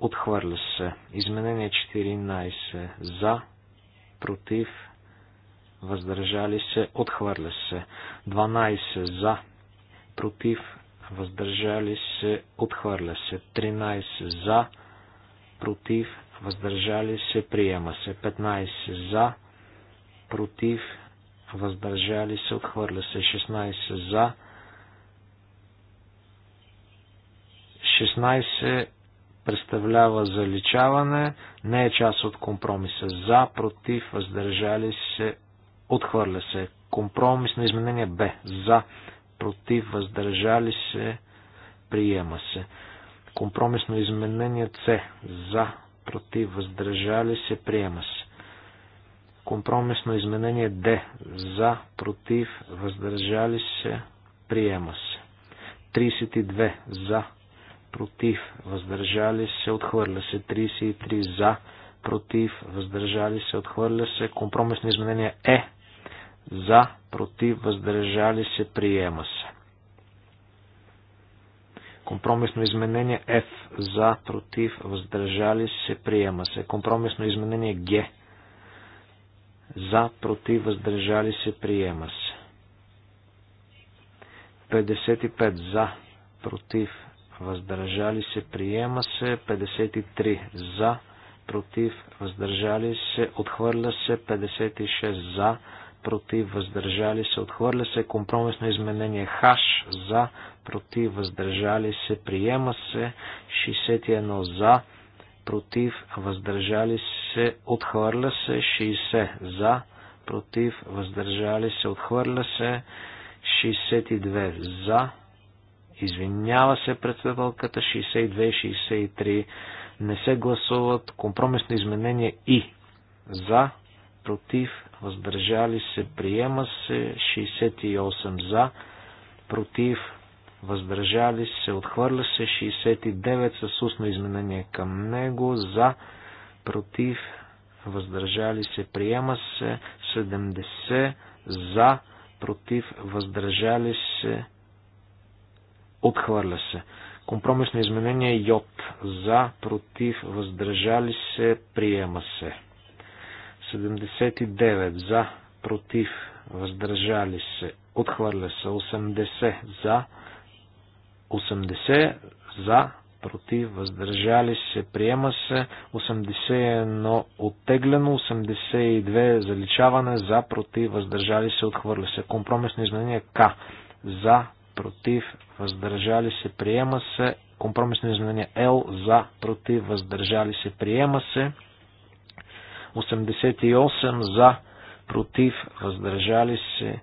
Speaker 5: отхвърля се. Изменение 14, за, против, въздържали се, отхвърля се. 12, за, против, въздържали се, отхвърля се. 13, за, против, въздържали се, приема се. 15, за, против, против, въздържали се, отхвърля се 16 за, 16 представлява заличаване, не е част от компромиса. За, против, въздържали се, отхвърля се. Компромис на изменение Б. За, против, въздържали се, приема се. Компромисно изменение С. За, против, въздържали се, приема се. Компромисно изменение Д. За, против, въздържали се, приема се. 32. За, против, въздържали се, отхвърля се. 33. За, против, въздържали се, отхвърля се. Компромисно изменение Е. За, против, въздържали се, приема се. Компромисно изменение F. За, против, въздържали се, приема се. Компромисно изменение Г за, против, въздържали се, приема се. 55 за, против, въздържали се, приема се. 53 за, против, въздържали се, отхвърля се. 56 за, против, въздържали се, отхвърля се. Компромисно изменение хаш за, против, въздържали се, приема се. 61 за, против, въздържали се, отхвърля се, 60 за, против, въздържали се, отхвърля се, 62 за, извинява се председателката, 62 и 63 не се гласуват, компромисно изменение и за, против, въздържали се, приема се, 68 за, против, въздържали се, отхвърля се 69 с устно изменение към него, за, против, въздържали се, приема се 70 за, против, въздържали се, отхвърля се. Компромисно изменение Йод. За, против, въздържали се, приема се. 79. За, против, въздържали се, отхвърля се. 80. За, 80 за, против, въздържали се, приема се, 81 оттеглено, 82 заличаване, за, против, въздържали се, отхвърля се. Компромисни изменения К. За, против, въздържали се, приема се. Компромисни изменения Л. За, против, въздържали се, приема се. 88 за, против, въздържали се,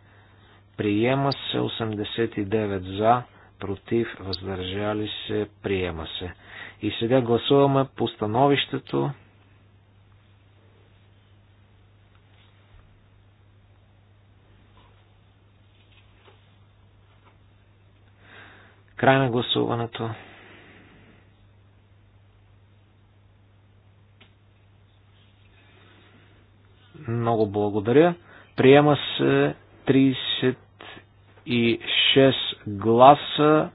Speaker 5: приема се. 89 за, против, въздържали се, приема се. И сега гласуваме по становището. Край на гласуването. Много благодаря. Приема се 30 и 6 гласа,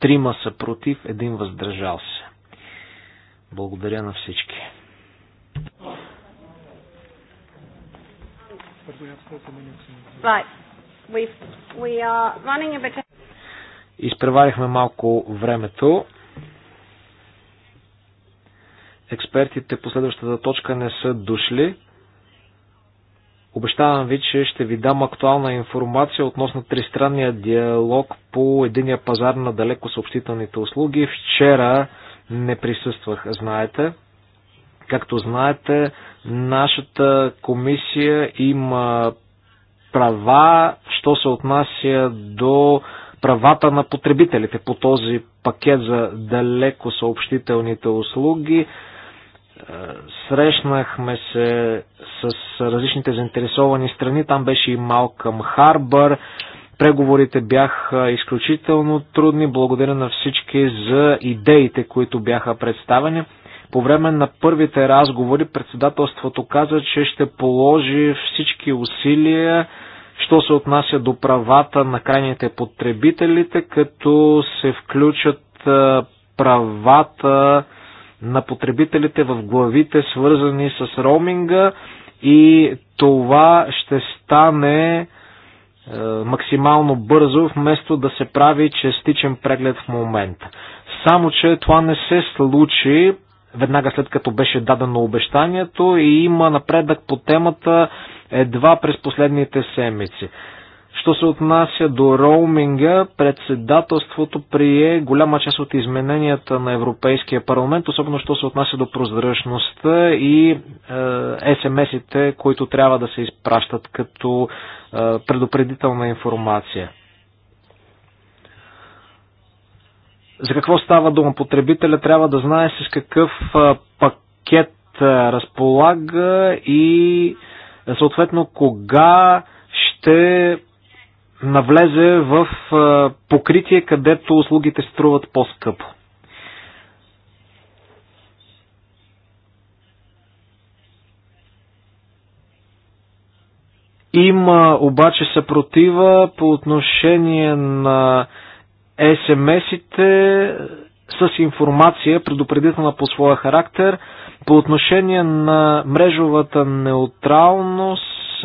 Speaker 5: 3 са против, 1 въздържал се. Благодаря на всички. Изпреварихме малко времето. Експертите по следващата точка не са дошли. Обещавам ви, че ще ви дам актуална информация относно тристранния диалог по единия пазар на далеко съобщителните услуги. Вчера не присъствах, знаете. Както знаете, нашата комисия има права, що се отнася до правата на потребителите по този пакет за далеко съобщителните услуги. Е, срещнахме се с различните заинтересовани страни. Там беше и Малкъм Харбър. Преговорите бяха изключително трудни. Благодаря на всички за идеите, които бяха представени. По време на първите разговори председателството каза, че ще положи всички усилия, що се отнася до правата на крайните потребителите, като се включат е, правата на потребителите в главите, свързани с роуминга и това ще стане е, максимално бързо, вместо да се прави частичен преглед в момента. Само, че това не се случи веднага след като беше дадено обещанието и има напредък по темата едва през последните седмици. Що се отнася до роуминга, председателството прие голяма част от измененията на Европейския парламент, особено що се отнася до прозрачността и е, СМС-ите, които трябва да се изпращат като е, предупредителна информация. За какво става дума? Потребителя трябва да знае с какъв е, пакет е, разполага и е, съответно кога ще навлезе в покритие, където услугите струват по-скъпо. Има обаче съпротива по отношение на СМС-ите с информация, предупредителна по своя характер. По отношение на мрежовата неутралност,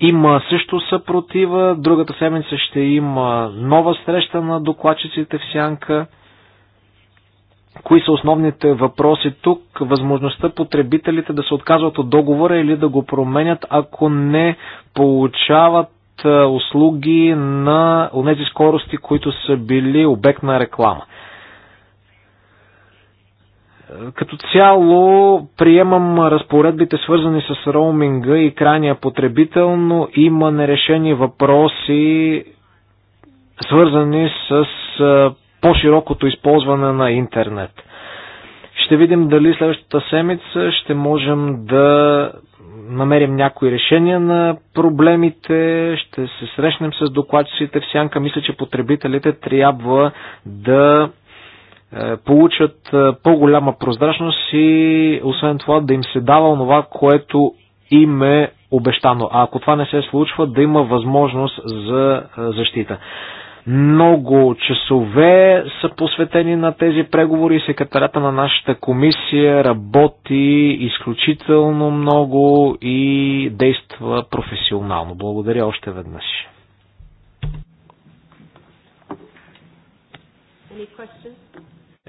Speaker 5: има също съпротива. Другата седмица ще има нова среща на докладчиците в Сянка. Кои са основните въпроси тук? Възможността потребителите да се отказват от договора или да го променят, ако не получават услуги на тези скорости, които са били обект на реклама. Като цяло приемам разпоредбите свързани с роуминга и крайния потребител, но има нерешени въпроси свързани с по-широкото използване на интернет. Ще видим дали следващата седмица ще можем да намерим някои решения на проблемите, ще се срещнем с докладчиците в сянка. Мисля, че потребителите трябва да е, получат е, по-голяма прозрачност и освен това да им се дава това, което им е обещано. А ако това не се случва, да има възможност за е, защита. Много часове са посветени на тези преговори. Секретарята на нашата комисия работи изключително много и действа професионално. Благодаря още веднъж. Any questions?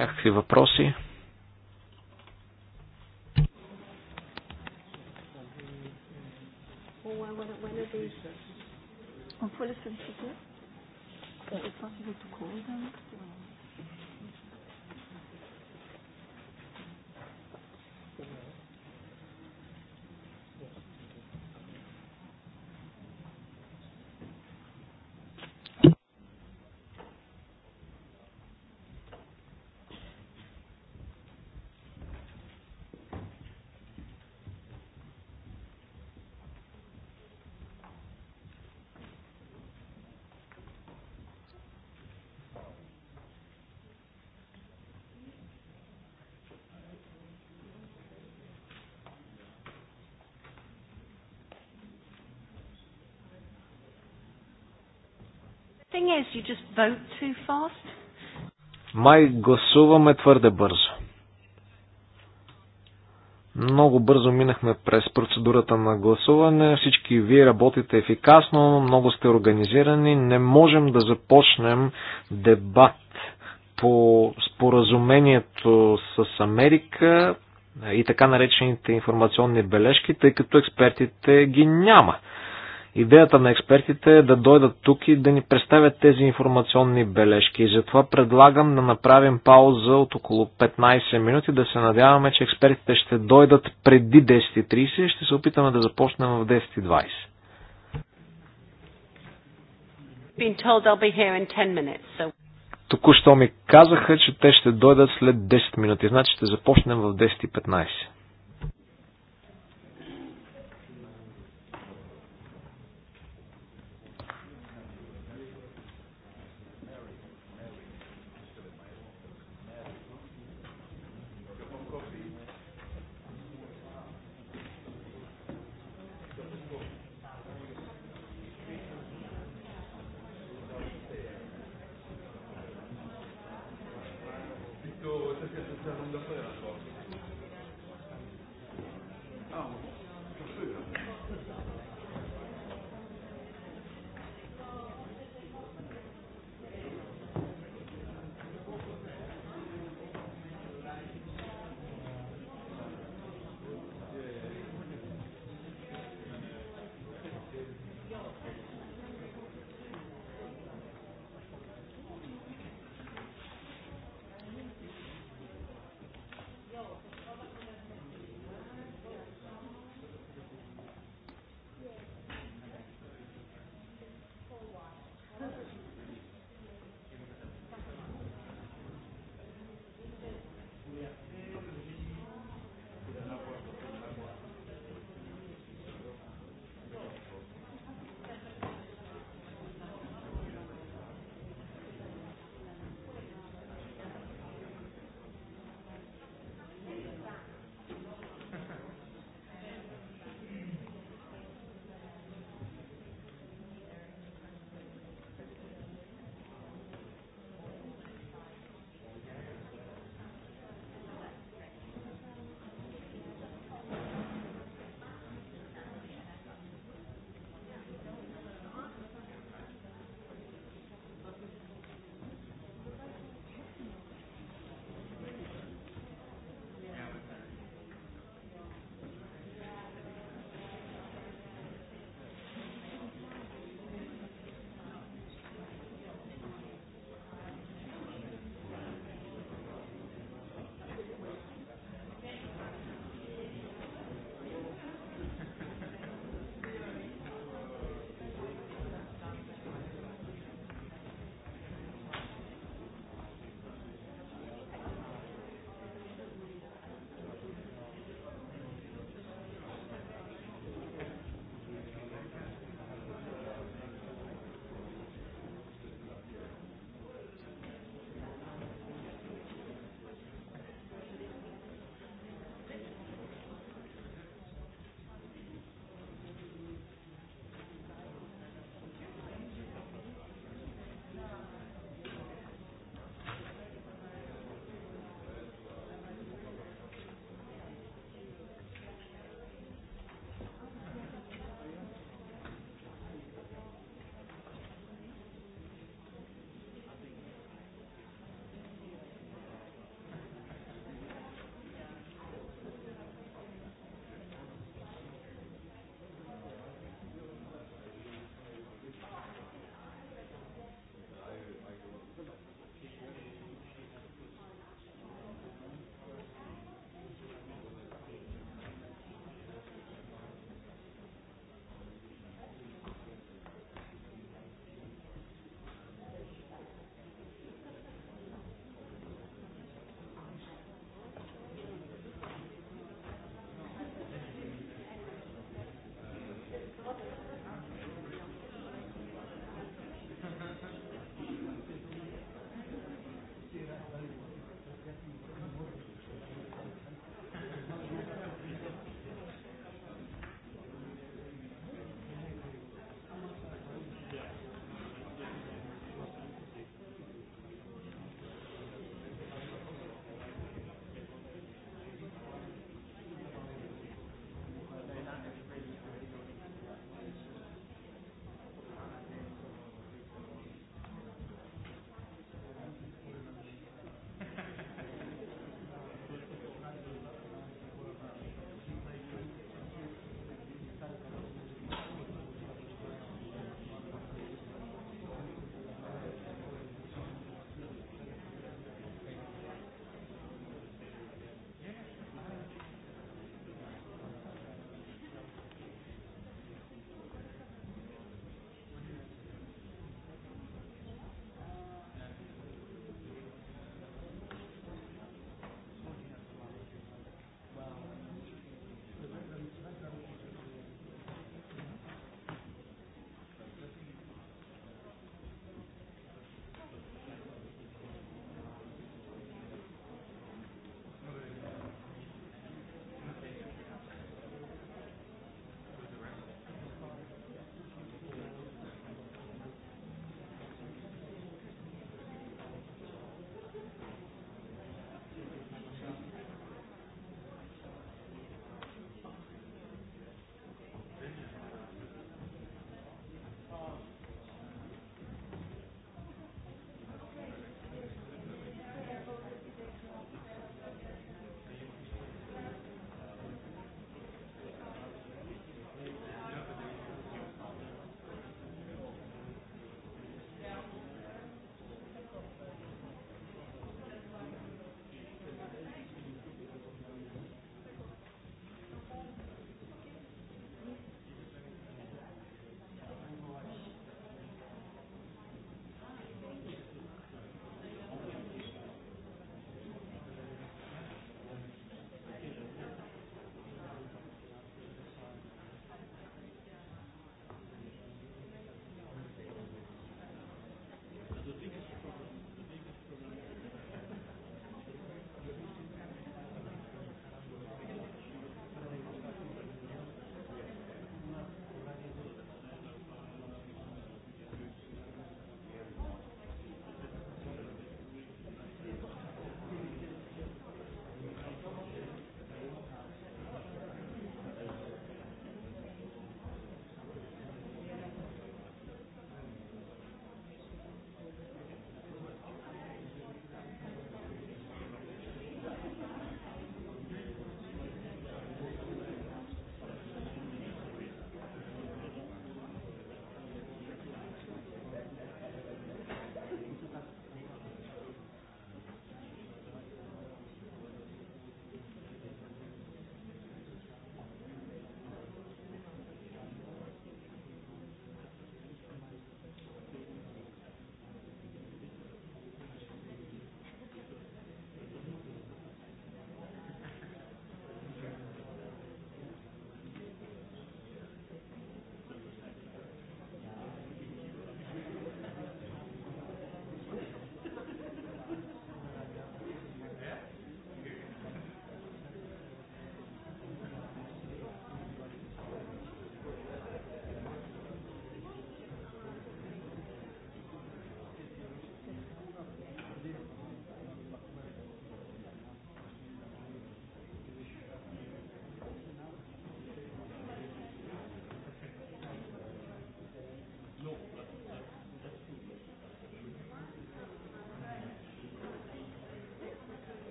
Speaker 5: Някакви въпроси?
Speaker 6: On peut les solliciter. C'est possible de call them.
Speaker 2: you just vote too fast.
Speaker 5: Май гласуваме твърде бързо. Много бързо минахме през процедурата на гласуване. Всички вие работите ефикасно, много сте организирани. Не можем да започнем дебат по споразумението с Америка и така наречените информационни бележки, тъй като експертите ги няма. Идеята на експертите е да дойдат тук и да ни представят тези информационни бележки. И затова предлагам да направим пауза от около 15 минути, да се надяваме, че експертите ще дойдат преди 10.30 и ще се опитаме да започнем в 10.20. Току-що ми казаха, че те ще дойдат след 10 минути, значи ще започнем в 10.15.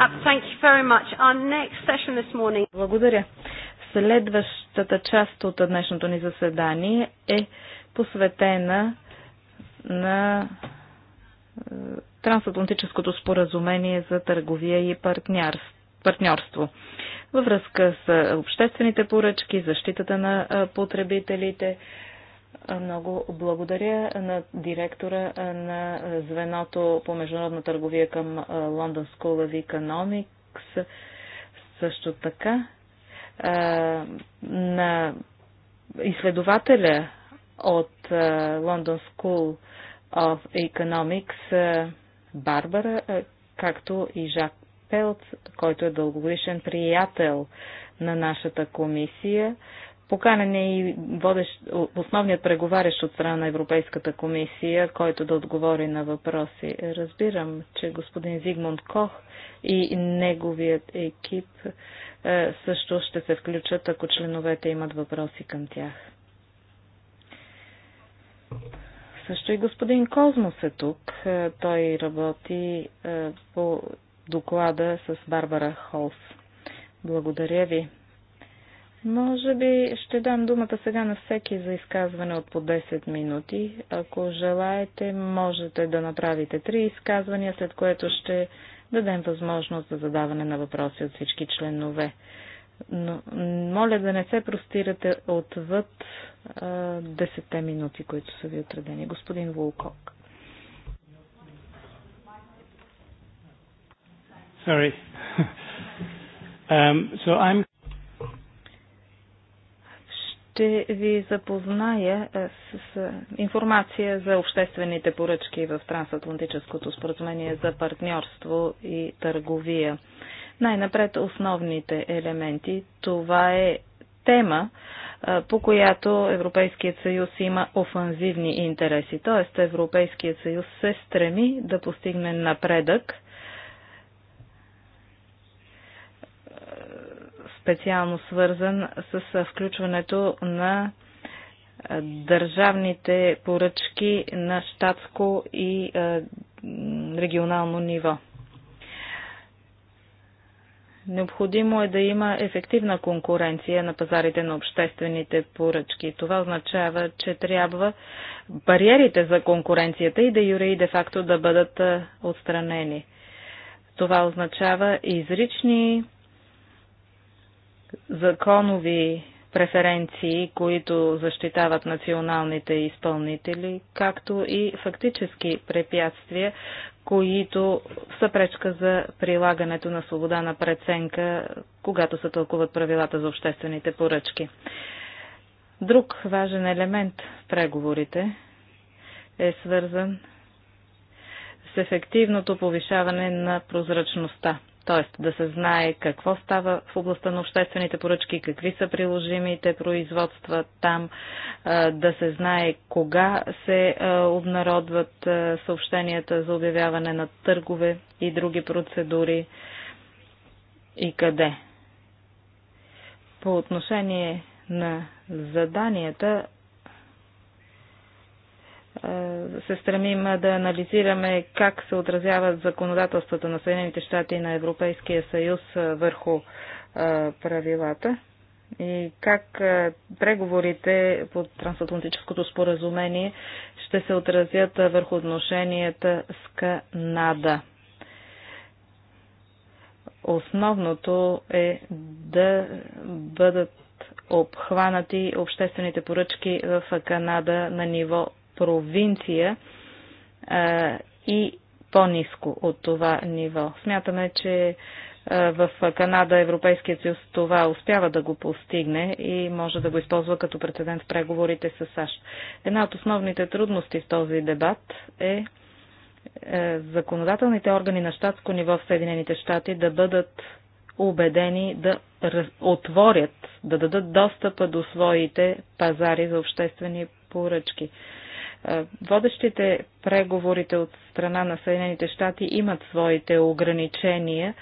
Speaker 6: Uh, thank you
Speaker 2: very much. Our next session this morning. Благодаря.
Speaker 1: Следващата част от днешното ни заседание е посветена на е, трансатлантическото споразумение за търговия и партньорство. Във връзка с обществените поръчки, защитата на е, потребителите, много благодаря на директора на звеното по международна търговия към London School of Economics. Също така на изследователя от London School of Economics Барбара, както и Жак Пелт, който е дългогодишен приятел на нашата комисия. Поканен е и водещ, основният преговарящ от страна на Европейската комисия, който да отговори на въпроси. Разбирам, че господин Зигмунд Кох и неговият екип е, също ще се включат, ако членовете имат въпроси към тях. Също и господин Козмос е тук. Е, той работи е, по доклада с Барбара Холс. Благодаря ви. Може би ще дам думата сега на всеки за изказване от по 10 минути. Ако желаете, можете да направите три изказвания, след което ще дадем възможност за задаване на въпроси от всички членове. Но моля да не се простирате отвъд а, 10 минути, които са ви отредени. Господин Вулкок.
Speaker 6: Sorry. um, so I'm
Speaker 1: ще ви запозная е, с е, информация за обществените поръчки в Трансатлантическото споразумение за партньорство и търговия. Най-напред основните елементи. Това е тема, е, по която Европейският съюз има офанзивни интереси. Т.е. Европейският съюз се стреми да постигне напредък – специално свързан с включването на държавните поръчки на щатско и регионално ниво. Необходимо е да има ефективна конкуренция на пазарите на обществените поръчки. Това означава, че трябва бариерите за конкуренцията и да юре и де факто да бъдат отстранени. Това означава изрични законови преференции, които защитават националните изпълнители, както и фактически препятствия, които са пречка за прилагането на свобода на преценка, когато се тълкуват правилата за обществените поръчки. Друг важен елемент в преговорите е свързан с ефективното повишаване на прозрачността т.е. да се знае какво става в областта на обществените поръчки, какви са приложимите производства там, да се знае кога се обнародват съобщенията за обявяване на търгове и други процедури и къде. По отношение на заданията, е, се стремим да анализираме как се отразяват законодателствата на Съединените щати и на Европейския съюз е, върху е, правилата и как преговорите по трансатлантическото споразумение ще се отразят върху отношенията с Канада. Основното е да бъдат обхванати обществените поръчки в Канада на ниво провинция и по-низко от това ниво. Смятаме, че в Канада Европейският съюз това успява да го постигне и може да го използва като прецедент в преговорите с САЩ. Една от основните трудности в този дебат е, е законодателните органи на щатско ниво в Съединените щати да бъдат убедени да отворят, да дадат достъпа до своите пазари за обществени поръчки. Е, водещите преговорите от страна на Съединените щати имат своите ограничения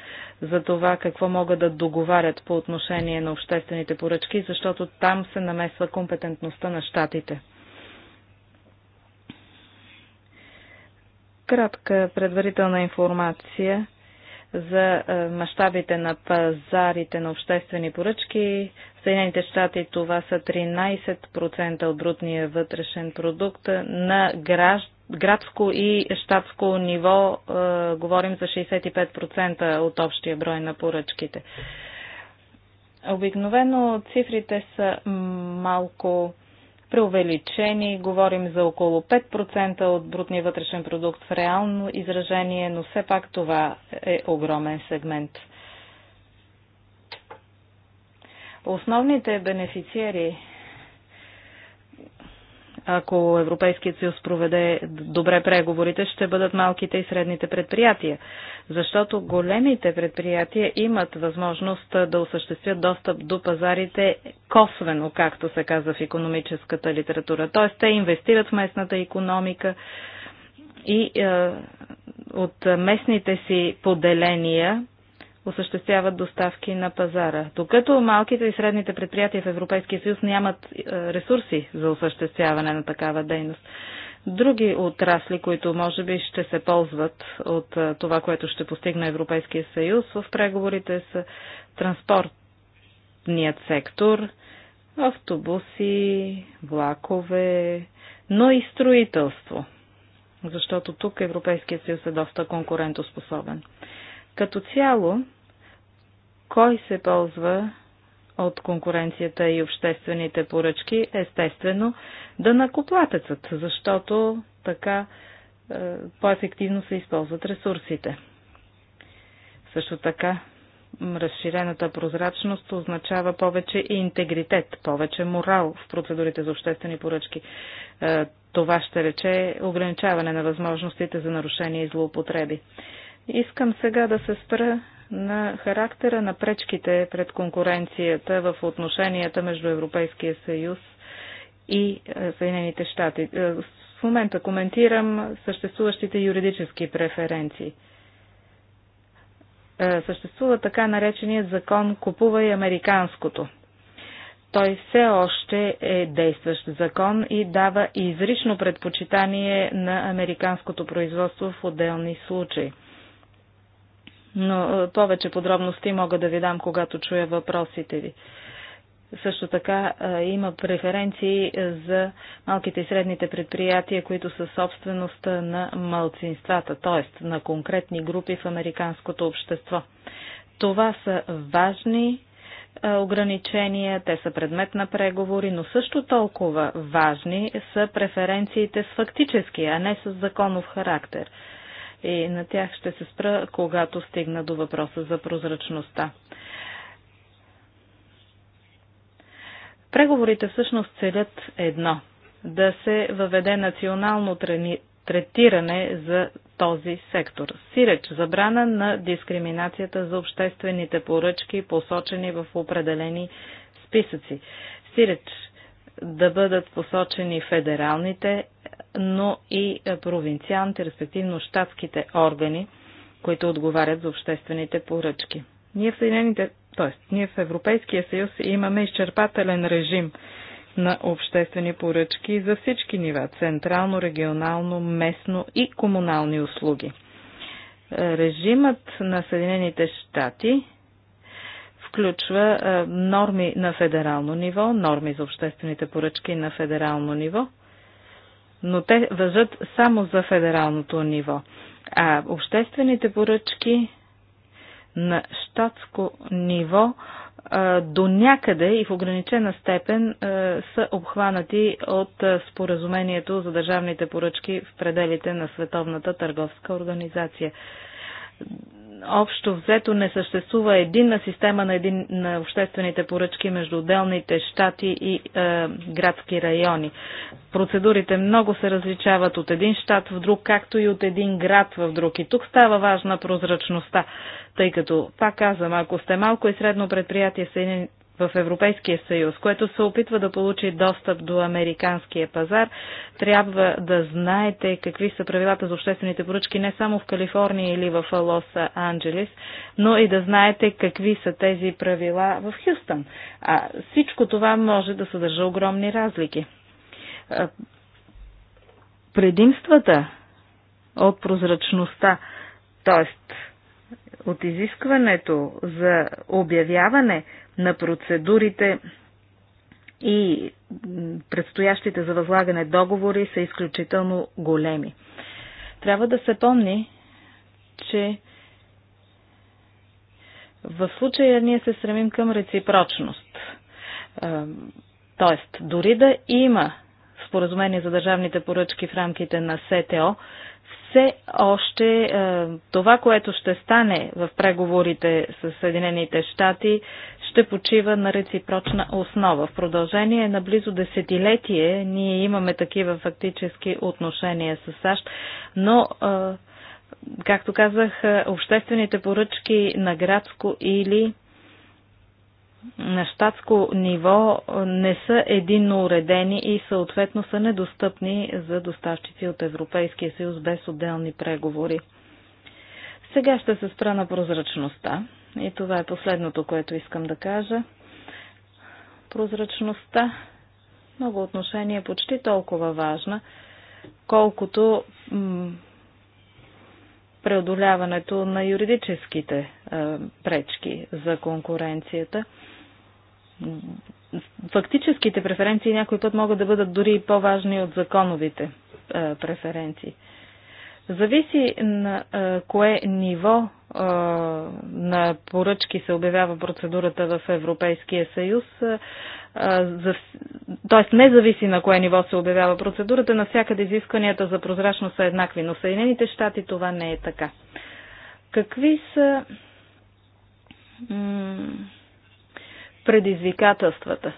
Speaker 1: за това какво могат да договарят по отношение на обществените поръчки, защото там се намесва компетентността на щатите. Кратка предварителна информация за е, мащабите на пазарите на обществени поръчки Съединените щати това са 13% от брутния вътрешен продукт. На гражд... градско и щатско ниво е, говорим за 65% от общия брой на поръчките. Обикновено цифрите са малко преувеличени. Говорим за около 5% от брутния вътрешен продукт в реално изражение, но все пак това е огромен сегмент. Основните бенефициери ако Европейският съюз проведе добре преговорите, ще бъдат малките и средните предприятия. Защото големите предприятия имат възможност да осъществят достъп до пазарите косвено, както се казва в економическата литература. Т.е. те инвестират в местната економика и е, от местните си поделения осъществяват доставки на пазара. Докато малките и средните предприятия в Европейския съюз нямат е, ресурси за осъществяване на такава дейност. Други отрасли, които може би ще се ползват от е, това, което ще постигне Европейския съюз в преговорите с транспортният сектор, автобуси, влакове, но и строителство, защото тук Европейския съюз е доста конкурентоспособен. Като цяло, кой се ползва от конкуренцията и обществените поръчки? Естествено, да накоплатецът, защото така е, по-ефективно се използват ресурсите. Също така, разширената прозрачност означава повече и интегритет, повече морал в процедурите за обществени поръчки. Е, това ще рече ограничаване на възможностите за нарушение и злоупотреби. Искам сега да се спра на характера на пречките пред конкуренцията в отношенията между Европейския съюз и е, Съединените щати. Е, в момента коментирам съществуващите юридически преференции. Е, съществува така нареченият закон Купува и американското. Той все още е действащ закон и дава изрично предпочитание на американското производство в отделни случаи – но е, повече подробности мога да ви дам, когато чуя въпросите ви. Също така е, има преференции е, за малките и средните предприятия, които са собственост на малцинствата, т.е. на конкретни групи в американското общество. Това са важни ограничения, те са предмет на преговори, но също толкова важни са преференциите с фактически, а не с законов характер – и на тях ще се спра, когато стигна до въпроса за прозрачността. Преговорите всъщност целят едно да се въведе национално трени... третиране за този сектор. Сиреч забрана на дискриминацията за обществените поръчки, посочени в определени списъци. Сиреч да бъдат посочени федералните но и е, провинциалните, респективно щатските органи, които отговарят за обществените поръчки. Ние в Съединените, т.е. ние в Европейския съюз имаме изчерпателен режим на обществени поръчки за всички нива – централно, регионално, местно и комунални услуги. Режимът на Съединените щати включва е, норми на федерално ниво, норми за обществените поръчки на федерално ниво – но те въжат само за федералното ниво. А обществените поръчки на щатско ниво до някъде и в ограничена степен са обхванати от споразумението за държавните поръчки в пределите на Световната търговска организация общо взето не съществува единна система на, един, на обществените поръчки между отделните щати и е, градски райони. Процедурите много се различават от един щат в друг, както и от един град в друг. И тук става важна прозрачността, тъй като, пак казвам, ако сте малко и средно предприятие в в Европейския съюз, което се опитва да получи достъп до американския пазар, трябва да знаете какви са правилата за обществените поръчки не само в Калифорния или в Лос Анджелис, но и да знаете какви са тези правила в Хюстън. А всичко това може да съдържа огромни разлики. Предимствата от прозрачността, т.е. от изискването за обявяване на процедурите и предстоящите за възлагане договори са изключително големи. Трябва да се помни, че в случая ние се стремим към реципрочност. Е, тоест, дори да има споразумение за държавните поръчки в рамките на СТО, все още е, това, което ще стане в преговорите с Съединените щати, ще почива на реципрочна основа. В продължение на близо десетилетие ние имаме такива фактически отношения с САЩ, но както казах, обществените поръчки на градско или на щатско ниво не са единно уредени и съответно са недостъпни за доставчици от Европейския съюз без отделни преговори. Сега ще се спра на прозрачността. И това е последното, което искам да кажа. Прозрачността много отношение е почти толкова важна, колкото преодоляването на юридическите е, пречки за конкуренцията. Фактическите преференции някой път могат да бъдат дори и по-важни от законовите е, преференции. Зависи на а, кое ниво а, на поръчки се обявява процедурата в Европейския съюз, т.е. не зависи на кое ниво се обявява процедурата, навсякъде изискванията за прозрачност са еднакви, но в Съединените щати това не е така. Какви са предизвикателствата?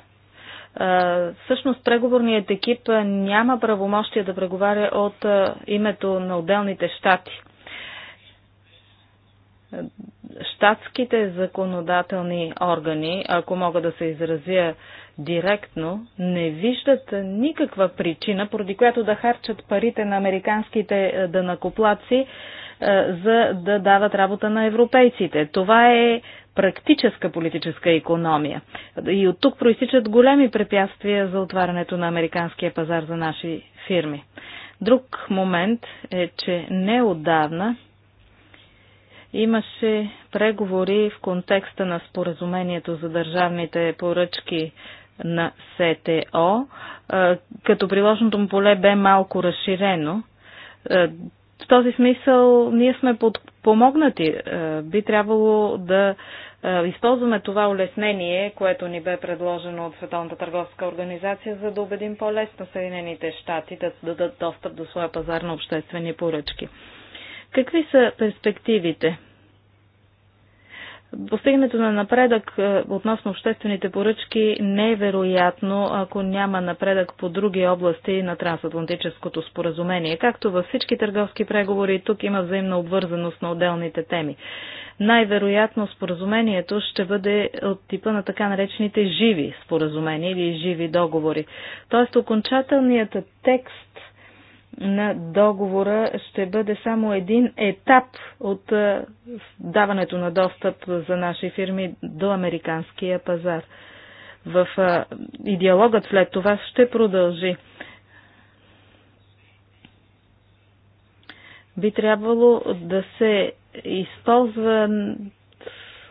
Speaker 1: Всъщност преговорният екип няма правомощия да преговаря от името на отделните щати. Штатските законодателни органи, ако мога да се изразя директно, не виждат никаква причина, поради която да харчат парите на американските дънакоплаци за да дават работа на европейците. Това е практическа политическа економия. И от тук проистичат големи препятствия за отварянето на американския пазар за наши фирми. Друг момент е, че неодавна имаше преговори в контекста на споразумението за държавните поръчки на СТО, като приложното му поле бе малко разширено. В този смисъл ние сме под помогнати. Е, би трябвало да е, използваме това улеснение, което ни бе предложено от Световната търговска организация, за да убедим по-лесно Съединените щати да дадат достъп до своя пазар на обществени поръчки. Какви са перспективите? Постигането на напредък е, относно обществените поръчки не е вероятно, ако няма напредък по други области на трансатлантическото споразумение. Както във всички търговски преговори, тук има взаимна обвързаност на отделните теми. Най-вероятно споразумението ще бъде от типа на така наречените живи споразумения или живи договори. Тоест окончателният текст на договора ще бъде само един етап от е, даването на достъп за наши фирми до американския пазар. В, е, и диалогът след това ще продължи. Би трябвало да се използва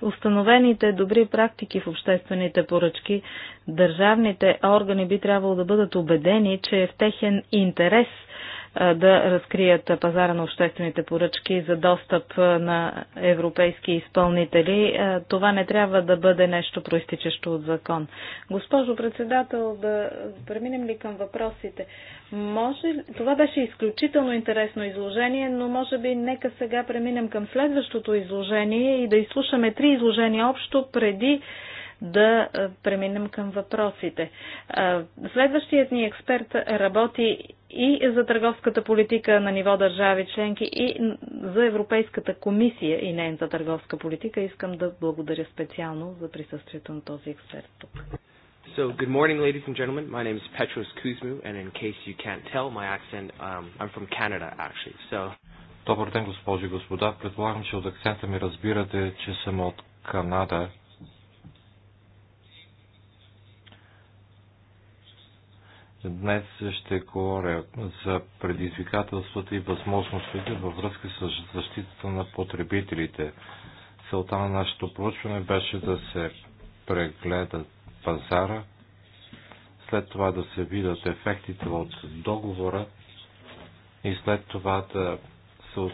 Speaker 1: установените добри практики в обществените поръчки, държавните органи би трябвало да бъдат убедени, че е в техен интерес – да разкрият пазара на обществените поръчки за достъп на европейски изпълнители. Това не трябва да бъде нещо проистичащо от закон. Госпожо председател, да преминем ли към въпросите? Може... Това беше изключително интересно изложение, но може би нека сега преминем към следващото изложение и да изслушаме три изложения общо преди да преминем към въпросите. Следващият ни експерт работи и за търговската политика на ниво държави членки и за Европейската комисия и за търговска политика. Искам да благодаря специално за присъствието на този експерт тук.
Speaker 6: So, good
Speaker 5: morning, ladies and gentlemen. My name is Petros Kuzmu, and in case you can't tell my accent, um, I'm from Canada, actually. So...
Speaker 4: Добър ден, госпожи и господа. Предполагам, че от акцента ми разбирате, че съм от Канада. Днес ще говоря за предизвикателствата и възможностите във връзка с защитата на потребителите. Целта на нашето проучване беше да се прегледа пазара, след това да се видят ефектите от договора и след това да се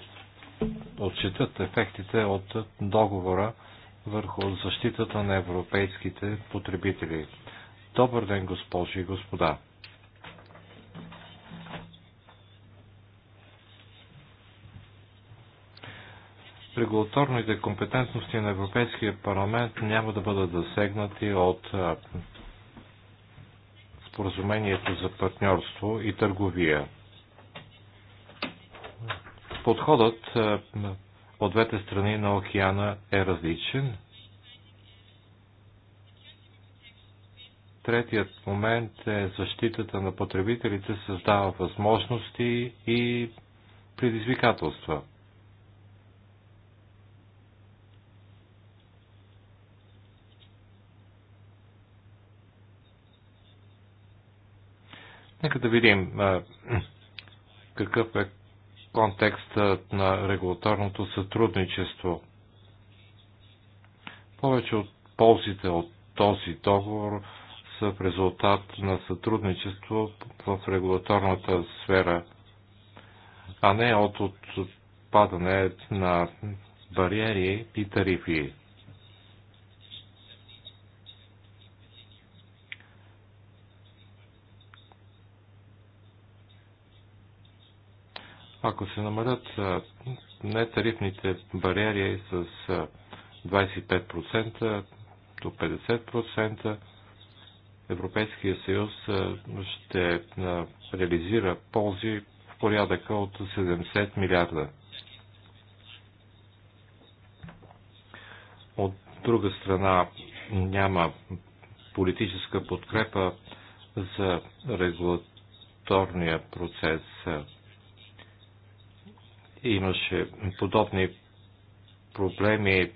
Speaker 4: отчитат ефектите от договора върху защитата на европейските потребители. Добър ден, госпожи и господа! регулаторните компетентности на Европейския парламент няма да бъдат засегнати от споразумението за партньорство и търговия. Подходът от двете страни на океана е различен. Третият момент е защитата на потребителите създава възможности и предизвикателства – Нека да видим какъв е контекстът на регулаторното сътрудничество. Повече от ползите от този договор са в резултат на сътрудничество в регулаторната сфера, а не от отпадане на бариери и тарифи. Ако се намалят нетарифните бариери с 25% до 50%, Европейския съюз ще реализира ползи в порядъка от 70 милиарда. От друга страна няма политическа подкрепа за регулаторния процес имаше подобни проблеми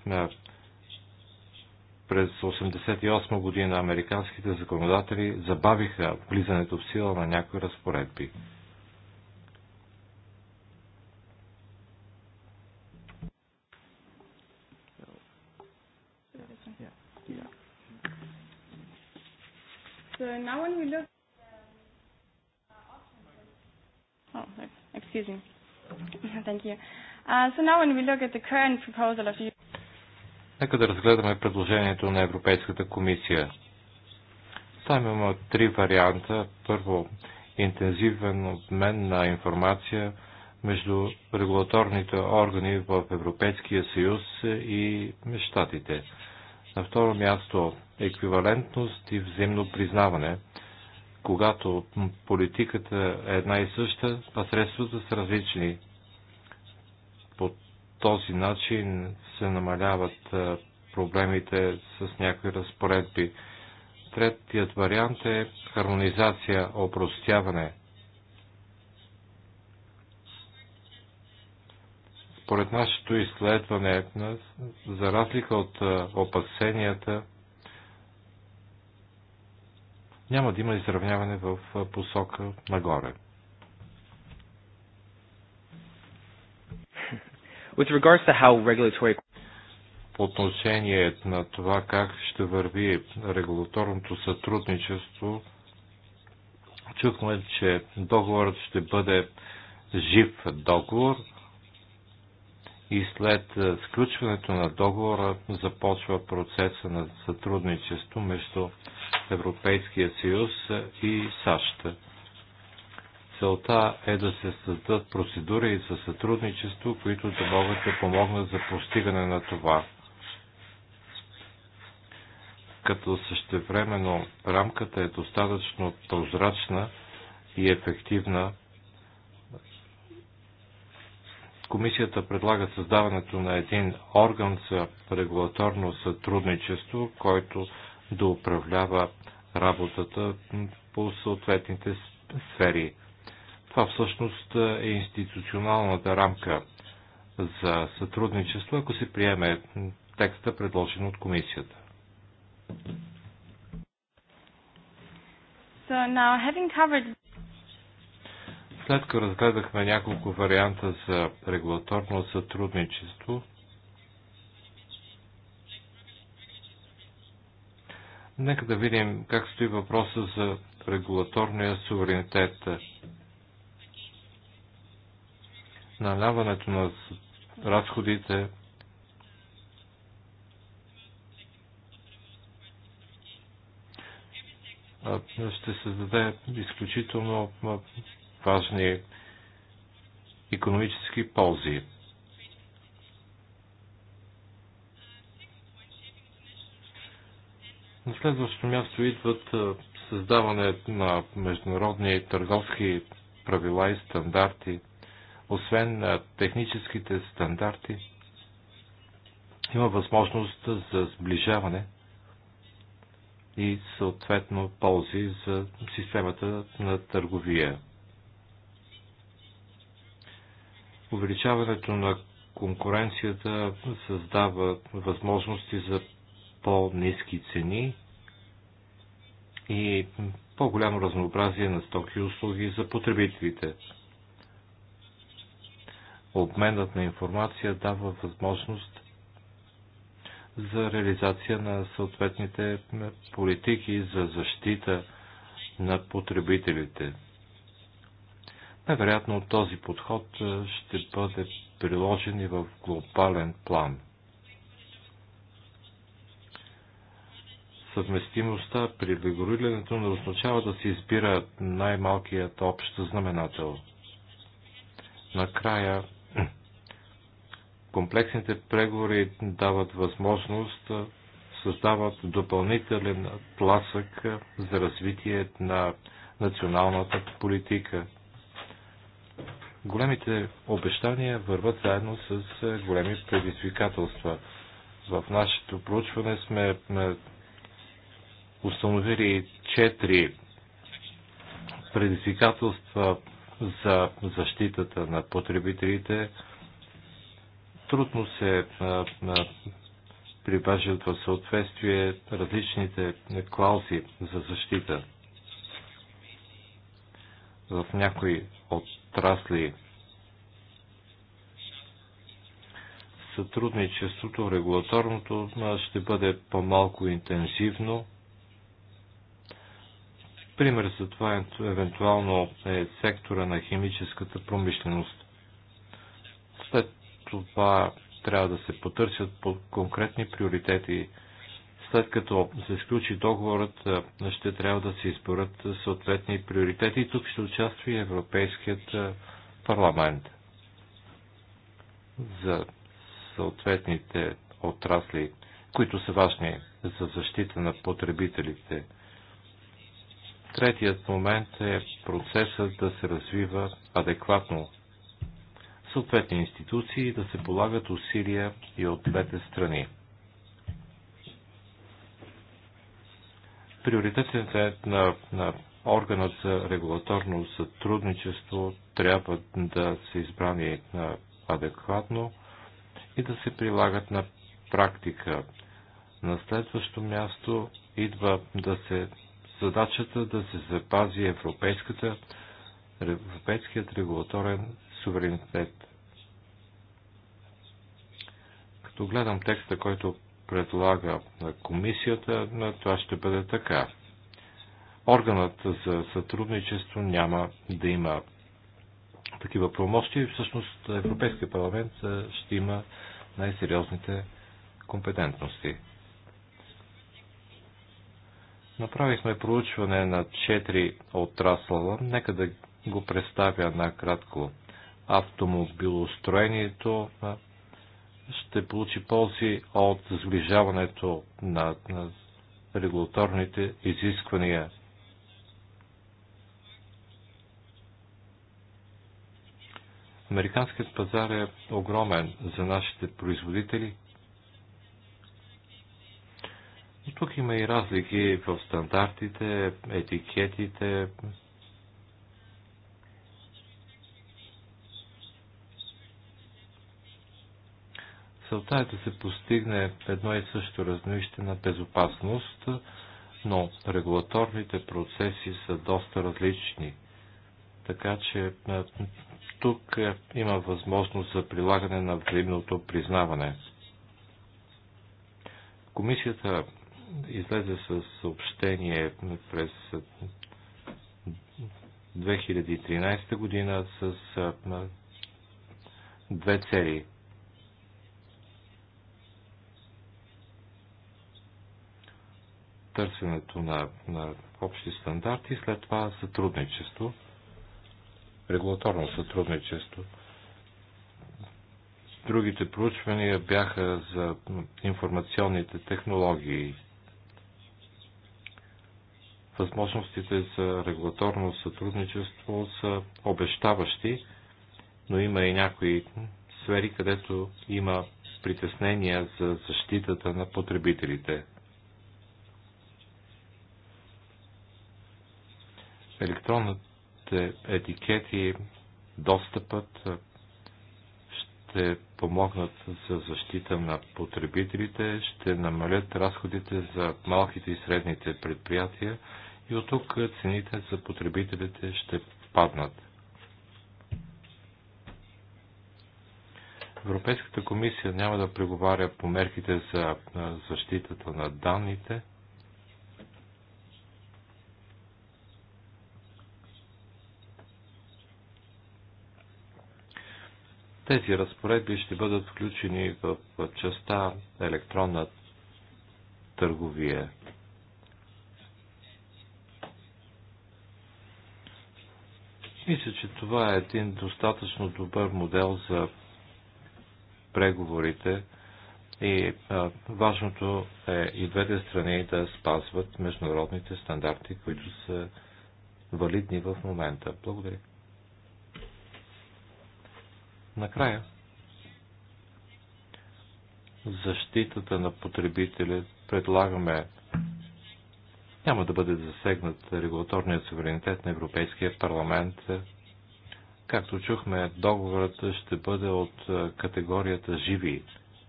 Speaker 4: през 1988 година американските законодатели забавиха влизането в сила на някои разпоредби.
Speaker 6: So now when we look... Oh, excuse
Speaker 2: me. Thank you. Uh, so now when we look at the current proposal of you...
Speaker 4: Нека да разгледаме предложението на Европейската комисия. Там има три варианта. Първо, интензивен обмен на информация между регулаторните органи в Европейския съюз и щатите. На второ място, еквивалентност и взаимно признаване, когато политиката е една и съща, а средствата са различни. По този начин се намаляват проблемите с някои разпоредби. Третият вариант е хармонизация, опростяване. Според нашето изследване, за разлика от опасенията, няма да има изравняване в посока нагоре. With regards to how regulatory... По отношение на това как ще върви регулаторното сътрудничество, чухме, че договорът ще бъде жив договор и след сключването на договора започва процеса на сътрудничество между Европейския съюз и САЩ. Целта е да се създадат процедури и за сътрудничество, които да могат да помогнат за постигане на това. Като същевременно рамката е достатъчно прозрачна и ефективна, Комисията предлага създаването на един орган за регулаторно сътрудничество, който да управлява работата по съответните сфери. Това всъщност е институционалната рамка за сътрудничество, ако се приеме текста, предложен от комисията.
Speaker 1: So now, having covered...
Speaker 4: След като разгледахме няколко варианта за регулаторно сътрудничество, нека да видим как стои въпроса за регулаторния суверенитет наляването на разходите ще създаде изключително важни економически ползи. На следващо място идват създаване на международни търговски правила и стандарти освен на техническите стандарти, има възможност за сближаване и съответно ползи за системата на търговия. Увеличаването на конкуренцията създава възможности за по-низки цени и по-голямо разнообразие на стоки и услуги за потребителите. Обменът на информация дава възможност за реализация на съответните политики за защита на потребителите. Невероятно този подход ще бъде приложен и в глобален план. Съвместимостта при регулирането не означава да се избира най-малкият общ знаменател. Накрая Комплексните преговори дават възможност, създават допълнителен тласък за развитие на националната политика. Големите обещания върват заедно с големи предизвикателства. В нашето проучване сме установили четири предизвикателства за защитата на потребителите – трудно се прибажат в съответствие различните клаузи за защита. В някои отрасли сътрудничеството, регулаторното ще бъде по-малко интензивно. Пример за това е, евентуално е сектора на химическата промишленост. След това трябва да се потърсят по конкретни приоритети. След като се изключи договорът, ще трябва да се изборят съответни приоритети. Тук ще участва и Европейският парламент за съответните отрасли, които са важни за защита на потребителите. Третият момент е процесът да се развива адекватно съответни институции да се полагат усилия и от двете страни. Приоритетите на, на органът за регулаторно сътрудничество трябва да се избрани на адекватно и да се прилагат на практика. На следващо място идва да се задачата да се запази европейската, европейският регулаторен суверенитет. Като гледам текста, който предлага на комисията, на това ще бъде така. Органът за сътрудничество няма да има такива промощи. Всъщност Европейския парламент ще има най-сериозните компетентности. Направихме проучване на четири отрасла. Нека да го представя накратко автомобилостроението ще получи ползи от сближаването на, на регулаторните изисквания. Американският пазар е огромен за нашите производители. Но тук има и разлики в стандартите, етикетите, Целта е да се постигне едно и също разнище на безопасност, но регулаторните процеси са доста различни. Така че е, тук е, има възможност за прилагане на взаимното признаване. Комисията излезе с съобщение през 2013 е, година с две цели – търсенето на, на общи стандарти, след това сътрудничество, регулаторно сътрудничество. Другите проучвания бяха за информационните технологии, възможностите за регулаторно сътрудничество са обещаващи, но има и някои сфери, където има притеснения за защитата на потребителите. електронните етикети, достъпът ще помогнат за защита на потребителите, ще намалят разходите за малките и средните предприятия и от тук цените за потребителите ще паднат. Европейската комисия няма да преговаря по мерките за защитата на данните – Тези разпоредби ще бъдат включени в частта електронна търговия. Мисля, че това е един достатъчно добър модел за преговорите и а, важното е и двете страни да спазват международните стандарти, които са валидни в момента. Благодаря. Накрая, защитата на потребителя предлагаме няма да бъде засегнат регулаторният суверенитет на Европейския парламент. Както чухме, договорът ще бъде от категорията живи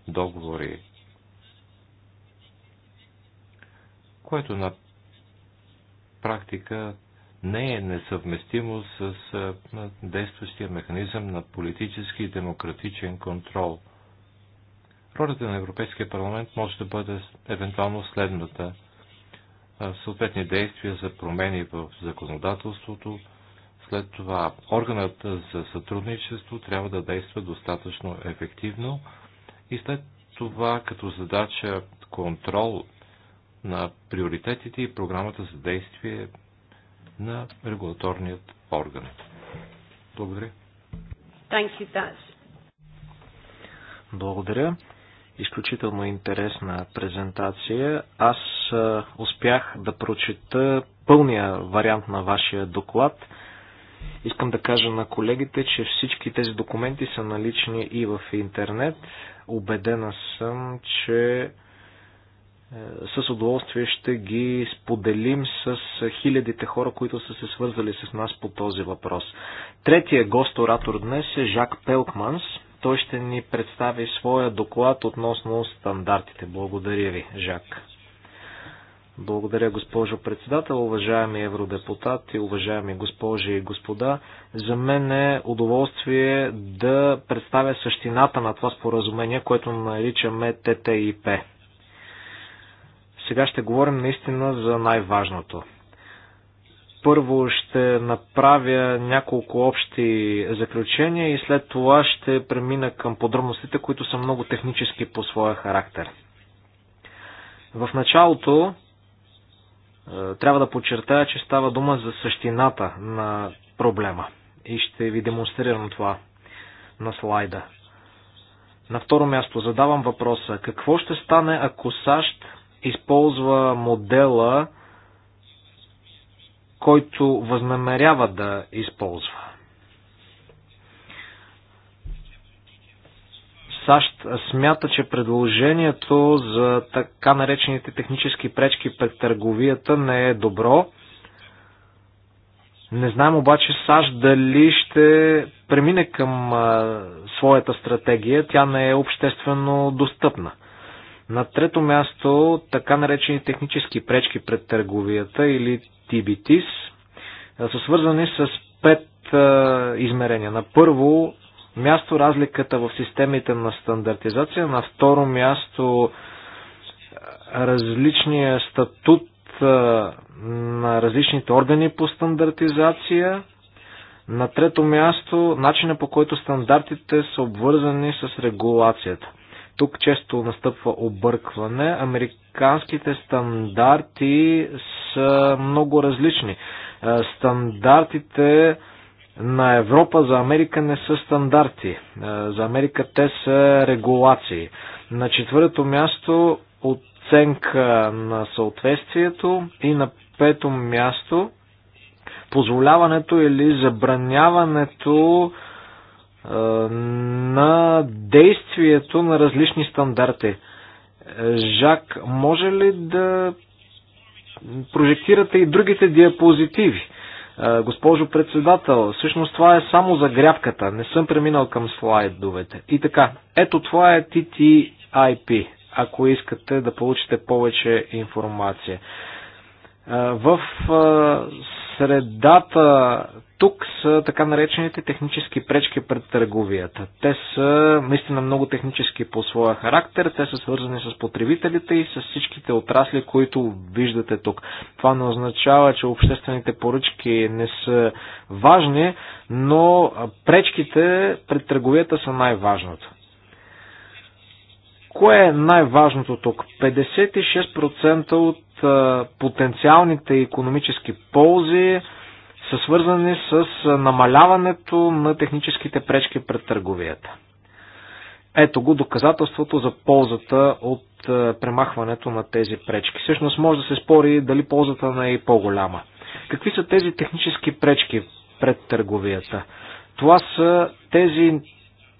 Speaker 4: договори, което на практика не е несъвместимо с действащия механизъм на политически и демократичен контрол. Ролята на Европейския парламент може да бъде евентуално следната. Съответни действия за промени в законодателството, след това органът за сътрудничество трябва да действа достатъчно ефективно и след това като задача контрол на приоритетите и програмата за действие на регулаторният орган. Благодаря.
Speaker 2: Thank you, Daz.
Speaker 5: Благодаря. Изключително интересна презентация. Аз успях да прочета пълния вариант на вашия доклад. Искам да кажа на колегите, че всички тези документи са налични и в интернет. Обедена съм, че е, с удоволствие ще ги споделим с е, хилядите хора, които са се свързали с нас по този въпрос. Третия гост-оратор днес е Жак Пелкманс. Той ще ни представи своя доклад относно стандартите. Благодаря ви, Жак. Благодаря, госпожо председател, уважаеми евродепутати, уважаеми госпожи и господа. За мен е удоволствие да представя същината на това споразумение, което наричаме ТТИП сега ще говорим наистина за най-важното. Първо ще направя няколко общи заключения и след това ще премина към подробностите, които са много технически по своя характер. В началото е, трябва да подчертая, че става дума за същината на проблема. И ще ви демонстрирам това на слайда. На второ място задавам въпроса. Какво ще стане, ако САЩ използва модела, който възнамерява да използва. САЩ смята, че предложението за така наречените технически пречки пред търговията не е добро. Не знаем обаче САЩ дали ще премине към а, своята стратегия. Тя не е обществено достъпна. На трето място, така наречени технически пречки пред търговията или TBTs са свързани с пет измерения. На първо място разликата в системите на стандартизация, на второ място различния статут на различните органи по стандартизация, на трето място начина по който стандартите са обвързани с регулацията. Тук често настъпва объркване. Американските стандарти са много различни. Е, стандартите на Европа за Америка не са стандарти. Е, за Америка те са регулации. На четвърто място оценка на съответствието и на пето място позволяването или забраняването на действието на различни стандарти. Жак, може ли да прожектирате и другите диапозитиви? Госпожо председател, всъщност това е само за грядката. Не съм преминал към слайдовете. И така, ето това е TTIP, ако искате да получите повече информация. В средата тук са така наречените технически пречки пред търговията. Те са наистина много технически по своя характер, те са свързани с потребителите и с всичките отрасли, които виждате тук. Това не означава, че обществените поръчки не са важни, но пречките пред търговията са най-важното. Кое е най-важното тук? 56% от потенциалните економически ползи са свързани с намаляването на техническите пречки пред търговията. Ето го доказателството за ползата от премахването на тези пречки. Всъщност може да се спори дали ползата не е и по-голяма. Какви са тези технически пречки пред търговията? Това са тези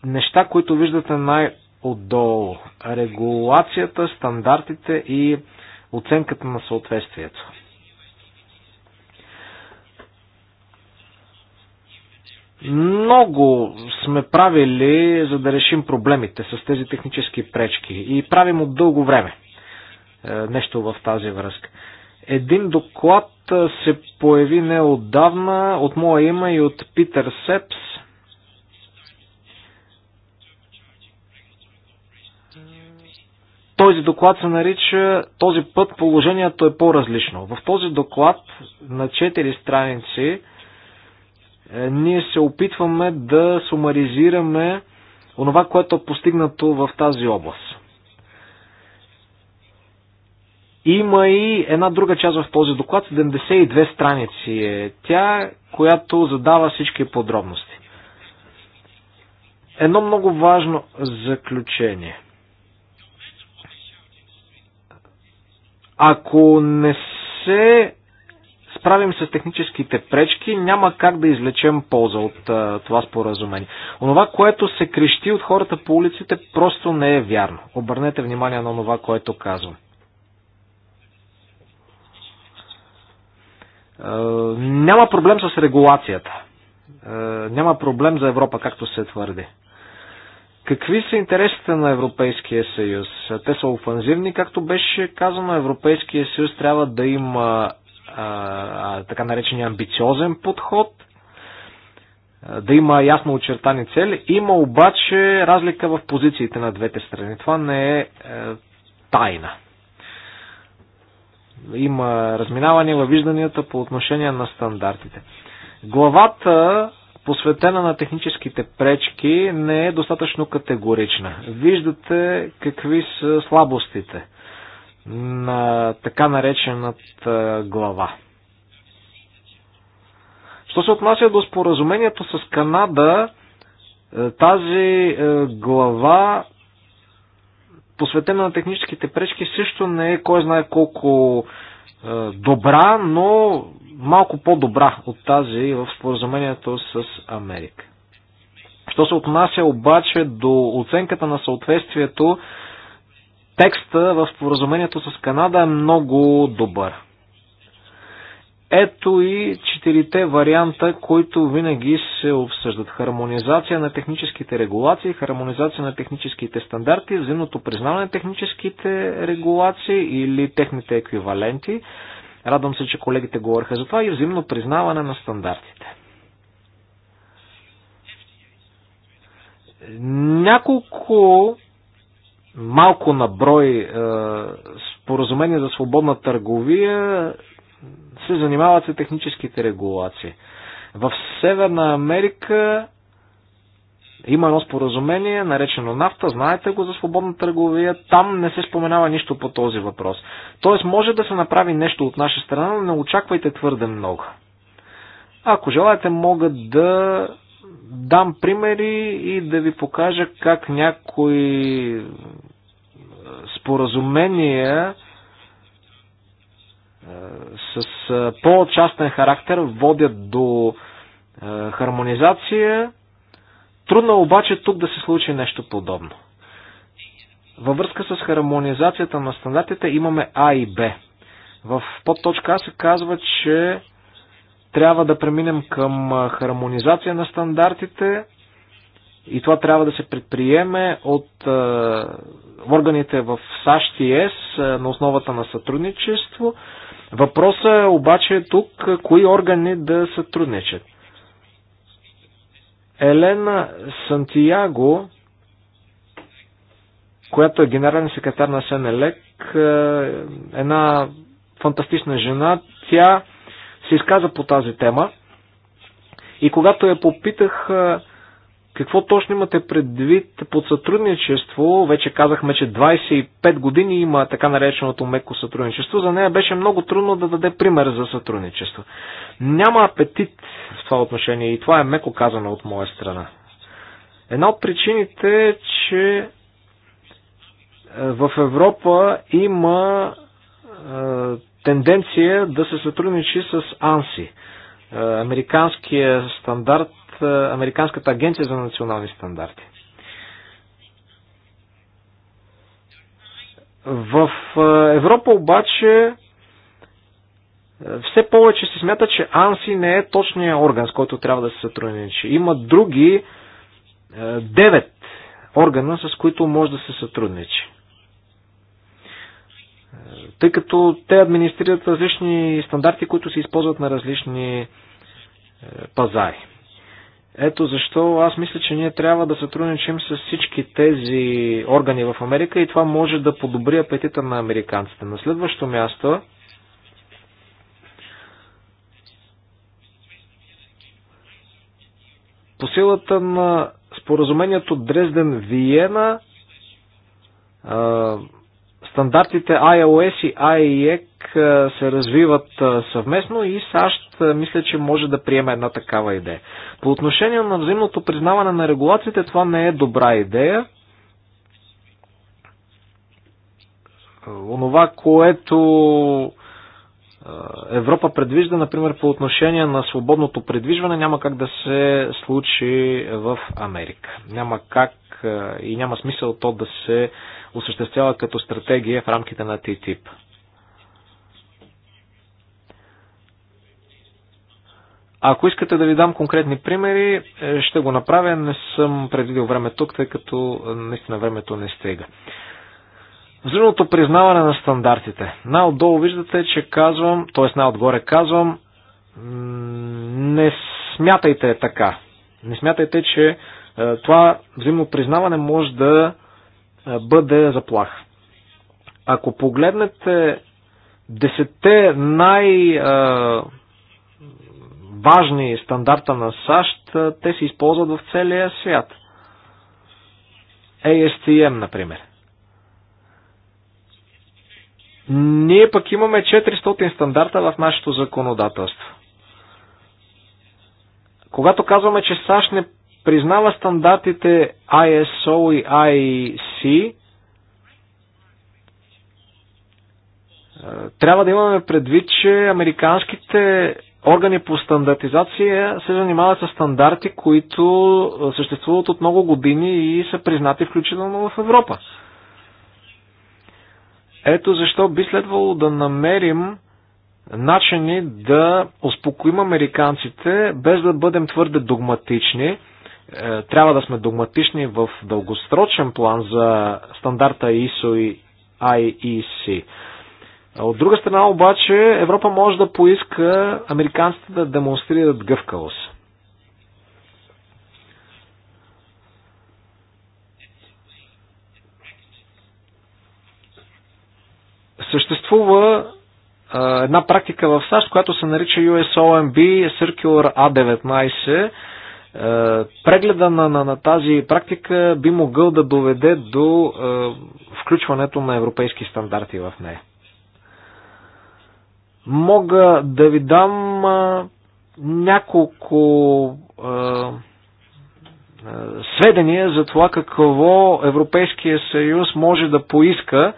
Speaker 5: неща, които виждате най-отдолу. Регулацията, стандартите и оценката на съответствието. Много сме правили, за да решим проблемите с тези технически пречки и правим от дълго време е, нещо в тази връзка. Един доклад е, се появи неотдавна от моя име и от Питър Сепс Този доклад се нарича Този път положението е по-различно. В този доклад на четири страници е, ние се опитваме да сумаризираме онова, което е постигнато в тази област. Има и една друга част в този доклад, 72 страници е тя, която задава всички подробности. Едно много важно заключение – Ако не се справим с техническите пречки, няма как да извлечем полза от а, това споразумение. Онова, което се крещи от хората по улиците, просто не е вярно. Обърнете внимание на това, което казвам. няма проблем с регулацията. няма проблем за Европа, както се твърди. Какви са интересите на Европейския съюз? Те са офанзивни, както беше казано. Европейския съюз трябва да има а, така наречения амбициозен подход, да има ясно очертани цели. Има обаче разлика в позициите на двете страни. Това не е, е тайна. Има разминавания във вижданията по отношение на стандартите. Главата посветена на техническите пречки, не е достатъчно категорична. Виждате какви са слабостите на така наречената глава. Що се отнася до споразумението с Канада, е, тази е, глава, посветена на техническите пречки, също не е кой знае колко е, добра, но малко по-добра от тази в споразумението с Америка. Що се отнася обаче до оценката на съответствието, текста в споразумението с Канада е много добър. Ето и четирите варианта, които винаги се обсъждат. Хармонизация на техническите регулации, хармонизация на техническите стандарти, взаимното признаване на техническите регулации или техните еквиваленти, Радвам се, че колегите говориха за това и взаимно признаване на стандартите. Няколко малко наброй брой е, споразумения за свободна търговия се занимават с техническите регулации. В Северна Америка има едно споразумение, наречено нафта, знаете го за свободна търговия, там не се споменава нищо по този въпрос. Тоест може да се направи нещо от наша страна, но не очаквайте твърде много. Ако желаете, мога да дам примери и да ви покажа как някои е, споразумения е, с е, по-частен характер водят до хармонизация Трудно е обаче тук да се случи нещо подобно. Във връзка с хармонизацията на стандартите имаме А и Б. В подточка А се казва, че трябва да преминем към хармонизация на стандартите и това трябва да се предприеме от е, органите в САЩ и ЕС е, на основата на сътрудничество. Въпросът е обаче тук кои органи да сътрудничат. Елена Сантияго, която е генерален секретар на Сенелек, е, една фантастична жена, тя се изказа по тази тема. И когато я попитах е, какво точно имате предвид под сътрудничество? Вече казахме, че 25 години има така нареченото меко сътрудничество. За нея беше много трудно да даде пример за сътрудничество. Няма апетит в това отношение и това е меко казано от моя страна. Една от причините е, че в Европа има е, тенденция да се сътрудничи с АНСИ. Е, американския стандарт е, Американската агенция за национални стандарти. В е, Европа обаче е, все повече се смята, че АНСИ не е точният орган, с който трябва да се сътрудничи. Има други девет органа, с които може да се сътрудничи. Тъй като те администрират различни стандарти, които се използват на различни пазари. Ето защо аз мисля, че ние трябва да сътрудничим с всички тези органи в Америка и това може да подобри апетита на американците. На следващо място по силата на споразумението Дрезден-Виена стандартите IOS и IEC се развиват съвместно и САЩ мисля, че може да приеме една такава идея. По отношение на взаимното признаване на регулациите, това не е добра идея. Онова, което Европа предвижда, например, по отношение на свободното предвижване, няма как да се случи в Америка. Няма как и няма смисъл то да се осъществява като стратегия в рамките на ТТИП. Ако искате да ви дам конкретни примери, е, ще го направя. Не съм предвидил време тук, тъй като е, наистина времето не стига. Взаимното признаване на стандартите. Най-отдолу виждате, че казвам, т.е. най-отгоре казвам, не смятайте така. Не смятайте, че е, това взаимно признаване може да бъде заплах. Ако погледнете десете най- важни стандарта на САЩ, те се използват в целия свят. ASTM, например. Ние пък имаме 400 стандарта в нашето законодателство. Когато казваме, че САЩ не признава стандартите ISO и IEC, трябва да имаме предвид, че американските органи по стандартизация се занимават с стандарти, които съществуват от много години и са признати включително в Европа. Ето защо би следвало да намерим начини да успокоим американците, без да бъдем твърде догматични. Е, трябва да сме догматични в дългосрочен план за стандарта ISO и IEC. От друга страна обаче Европа може да поиска американците да демонстрират гъвкавост. Съществува а, една практика в САЩ, която се нарича USOMB Circular A19. А, прегледа на, на, на тази практика би могъл да доведе до а, включването на европейски стандарти в нея. Мога да ви дам а, няколко а, сведения за това какво Европейския съюз може да поиска.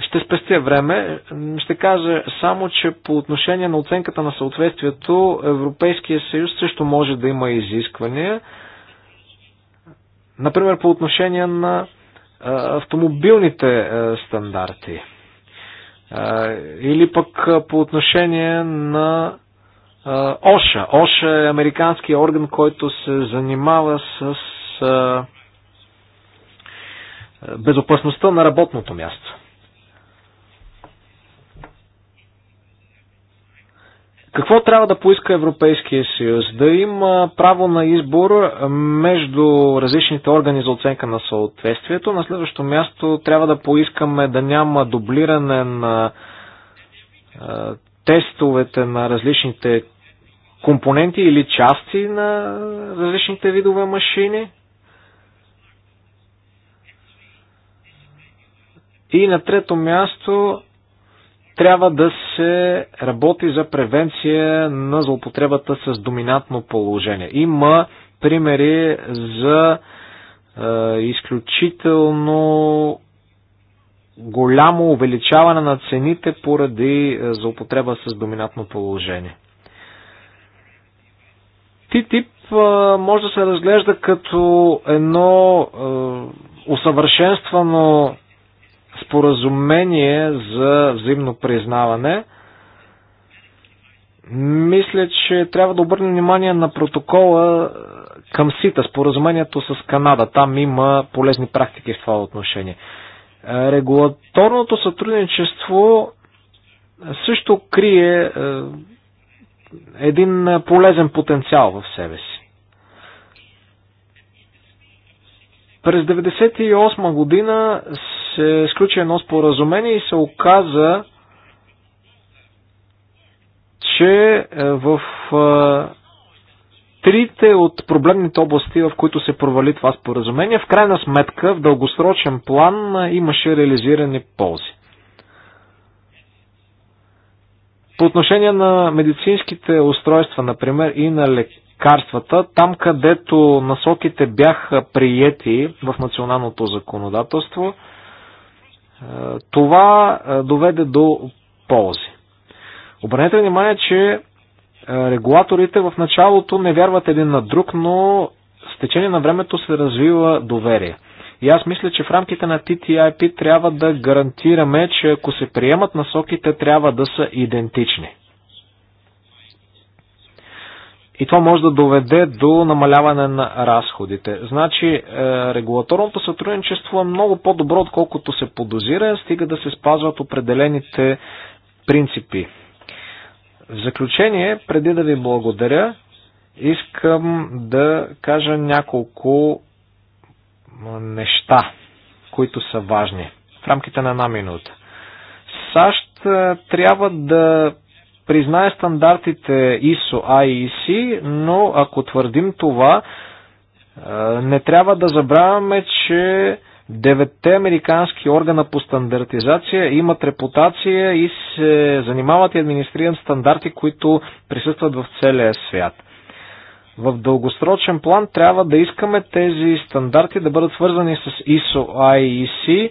Speaker 5: Ще спестя време. Ще кажа само, че по отношение на оценката на съответствието Европейския съюз също може да има изисквания. Например, по отношение на автомобилните стандарти. Или пък по отношение на ОША. ОША е американски орган, който се занимава с безопасността на работното място. Какво трябва да поиска Европейския съюз? Да има право на избор между различните органи за оценка на съответствието. На следващо място трябва да поискаме да няма дублиране на е, тестовете на различните компоненти или части на различните видове машини. И на трето място трябва да се работи за превенция на злоупотребата с доминантно положение. Има примери за е, изключително голямо увеличаване на цените поради е, злоупотреба с доминантно положение. ТИТИП е, може да се разглежда като едно е, усъвършенствано споразумение за взаимно признаване. Мисля, че трябва да обърнем внимание на протокола е, към СИТА, споразумението с Канада. Там има полезни практики в това отношение. Е, регулаторното сътрудничество също крие е, един полезен потенциал в себе си. През 1998 година се сключи едно споразумение и се оказа, че е, в е, трите от проблемните области, в които се провали това споразумение, в крайна сметка, в дългосрочен план е, имаше реализирани ползи. По отношение на медицинските устройства, например, и на лекарствата, там където насоките бяха приети в националното законодателство – е, това е, доведе до ползи. Обърнете внимание, че е, регулаторите в началото не вярват един на друг, но с течение на времето се развива доверие. И аз мисля, че в рамките на TTIP трябва да гарантираме, че ако се приемат насоките, трябва да са идентични. И това може да доведе до намаляване на разходите. Значи, е, регулаторното сътрудничество е много по-добро, отколкото се подозира, стига да се спазват определените принципи. В заключение, преди да ви благодаря, искам да кажа няколко неща, които са важни в рамките на една минута. САЩ е, трябва да признае стандартите ISO, IEC, но ако твърдим това, е, не трябва да забравяме, че Деветте американски органа по стандартизация имат репутация и се занимават и администрират стандарти, които присъстват в целия свят. В дългосрочен план трябва да искаме тези стандарти да бъдат свързани с ISO IEC,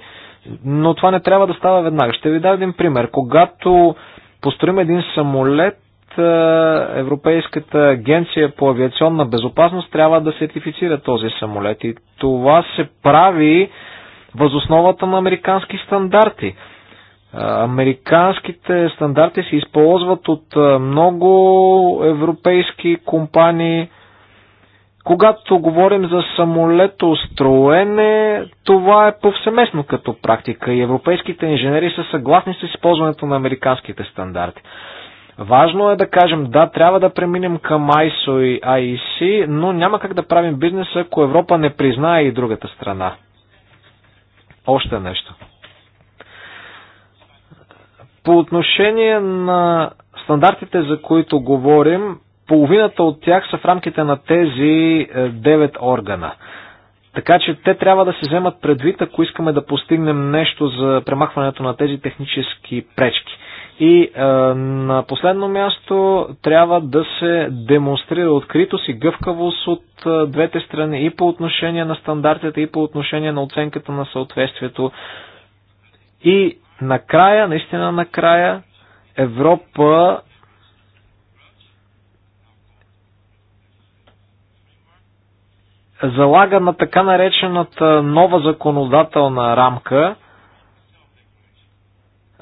Speaker 5: но това не трябва да става веднага. Ще ви дам един пример. Когато построим един самолет, Европейската агенция по авиационна безопасност трябва да сертифицира този самолет. И това се прави възосновата на американски стандарти. Американските стандарти се използват от много европейски компании. Когато говорим за самолетостроене, това е повсеместно като практика и европейските инженери са съгласни с използването на американските стандарти. Важно е да кажем, да, трябва да преминем към ISO и IEC, но няма как да правим бизнес, ако Европа не признае и другата страна. Още нещо. По отношение на стандартите, за които говорим, половината от тях са в рамките на тези 9 е, органа. Така че те трябва да се вземат предвид, ако искаме да постигнем нещо за премахването на тези технически пречки. И е, на последно място трябва да се демонстрира откритост и гъвкавост от е, двете страни и по отношение на стандартите, и по отношение на оценката на съответствието. И накрая, наистина накрая, Европа залага на така наречената нова законодателна рамка.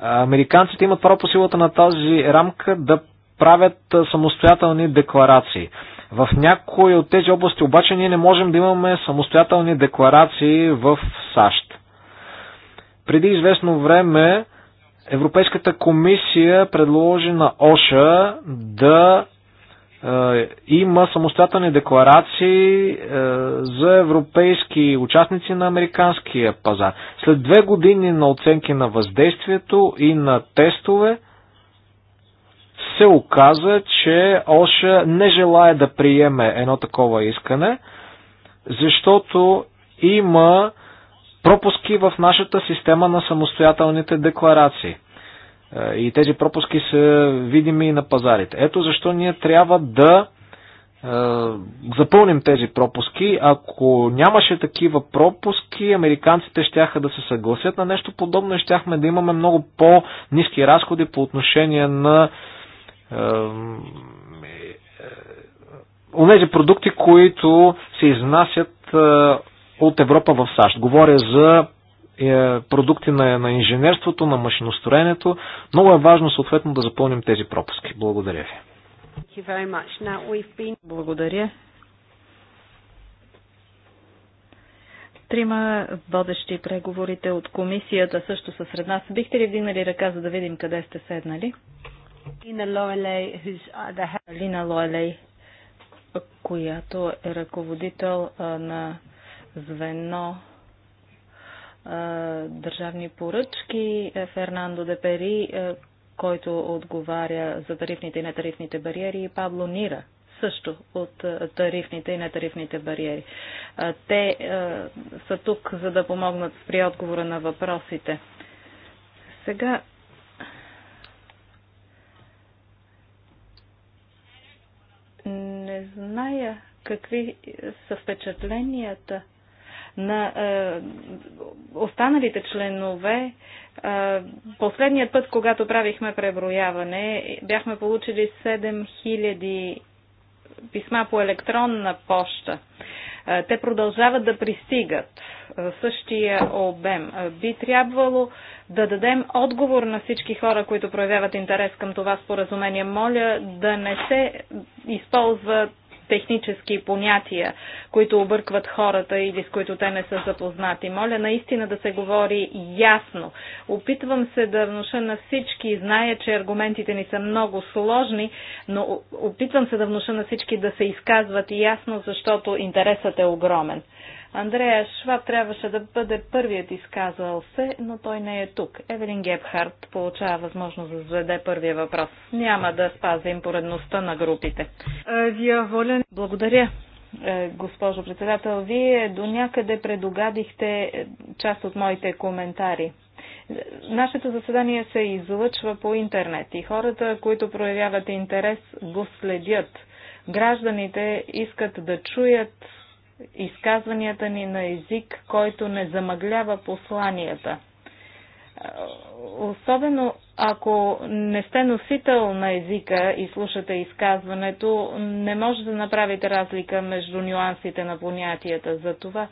Speaker 5: Американците имат право по силата на тази рамка да правят самостоятелни декларации. В някои от тези области обаче ние не можем да имаме самостоятелни декларации в САЩ. Преди известно време Европейската комисия предложи на ОША да е, има самостоятелни декларации е, за европейски участници на американския пазар. След две години на оценки на въздействието и на тестове се оказа, че ОША не желая да приеме едно такова искане, защото има пропуски в нашата система на самостоятелните декларации. И тези пропуски са видими и на пазарите. Ето защо ние трябва да запълним тези пропуски. Ако нямаше такива пропуски, американците щяха да се съгласят на нещо подобно и щяхме да имаме много по-низки разходи по отношение на тези продукти, които се изнасят от Европа в САЩ. Говоря за е, продукти на, на инженерството, на машиностроенето. Много е важно съответно да запълним тези пропуски. Благодаря
Speaker 1: ви. Благодаря. Трима водещи преговорите от комисията също са сред нас. Бихте ли вдигнали ръка, за да видим къде сте седнали? Лина Лоелей, uh, която е ръководител на звено държавни поръчки. Е, Фернандо Депери, е, който отговаря за тарифните и нетарифните бариери, и Пабло Нира, също от е, тарифните и нетарифните бариери. Те са тук, за да помогнат при отговора на въпросите. Сега не зная какви са впечатленията на е, останалите членове. Е, последният път, когато правихме преброяване, бяхме получили 7000 писма по електронна поща. Е, те продължават да пристигат същия обем. Би трябвало да дадем отговор на всички хора, които проявяват интерес към това споразумение. Моля да не се използват технически понятия, които объркват хората или с които те не са запознати. Моля наистина да се говори ясно. Опитвам се да внуша на всички, зная, че аргументите ни са много сложни, но опитвам се да внуша на всички да се изказват ясно, защото интересът е огромен. Андрея Шваб трябваше да бъде първият изказал се, но той не е тук. Евелин Гебхарт получава възможност да зададе първия въпрос. Няма да спазим поредността на групите. Е, вие волен. Благодаря. Е, госпожо председател, вие до някъде предогадихте част от моите коментари. Нашето заседание се излъчва по интернет и хората, които проявяват интерес, го следят. Гражданите искат да чуят изказванията ни на език, който не замъглява посланията. Особено ако не сте носител на езика и слушате изказването, не може да направите разлика между нюансите на понятията. Затова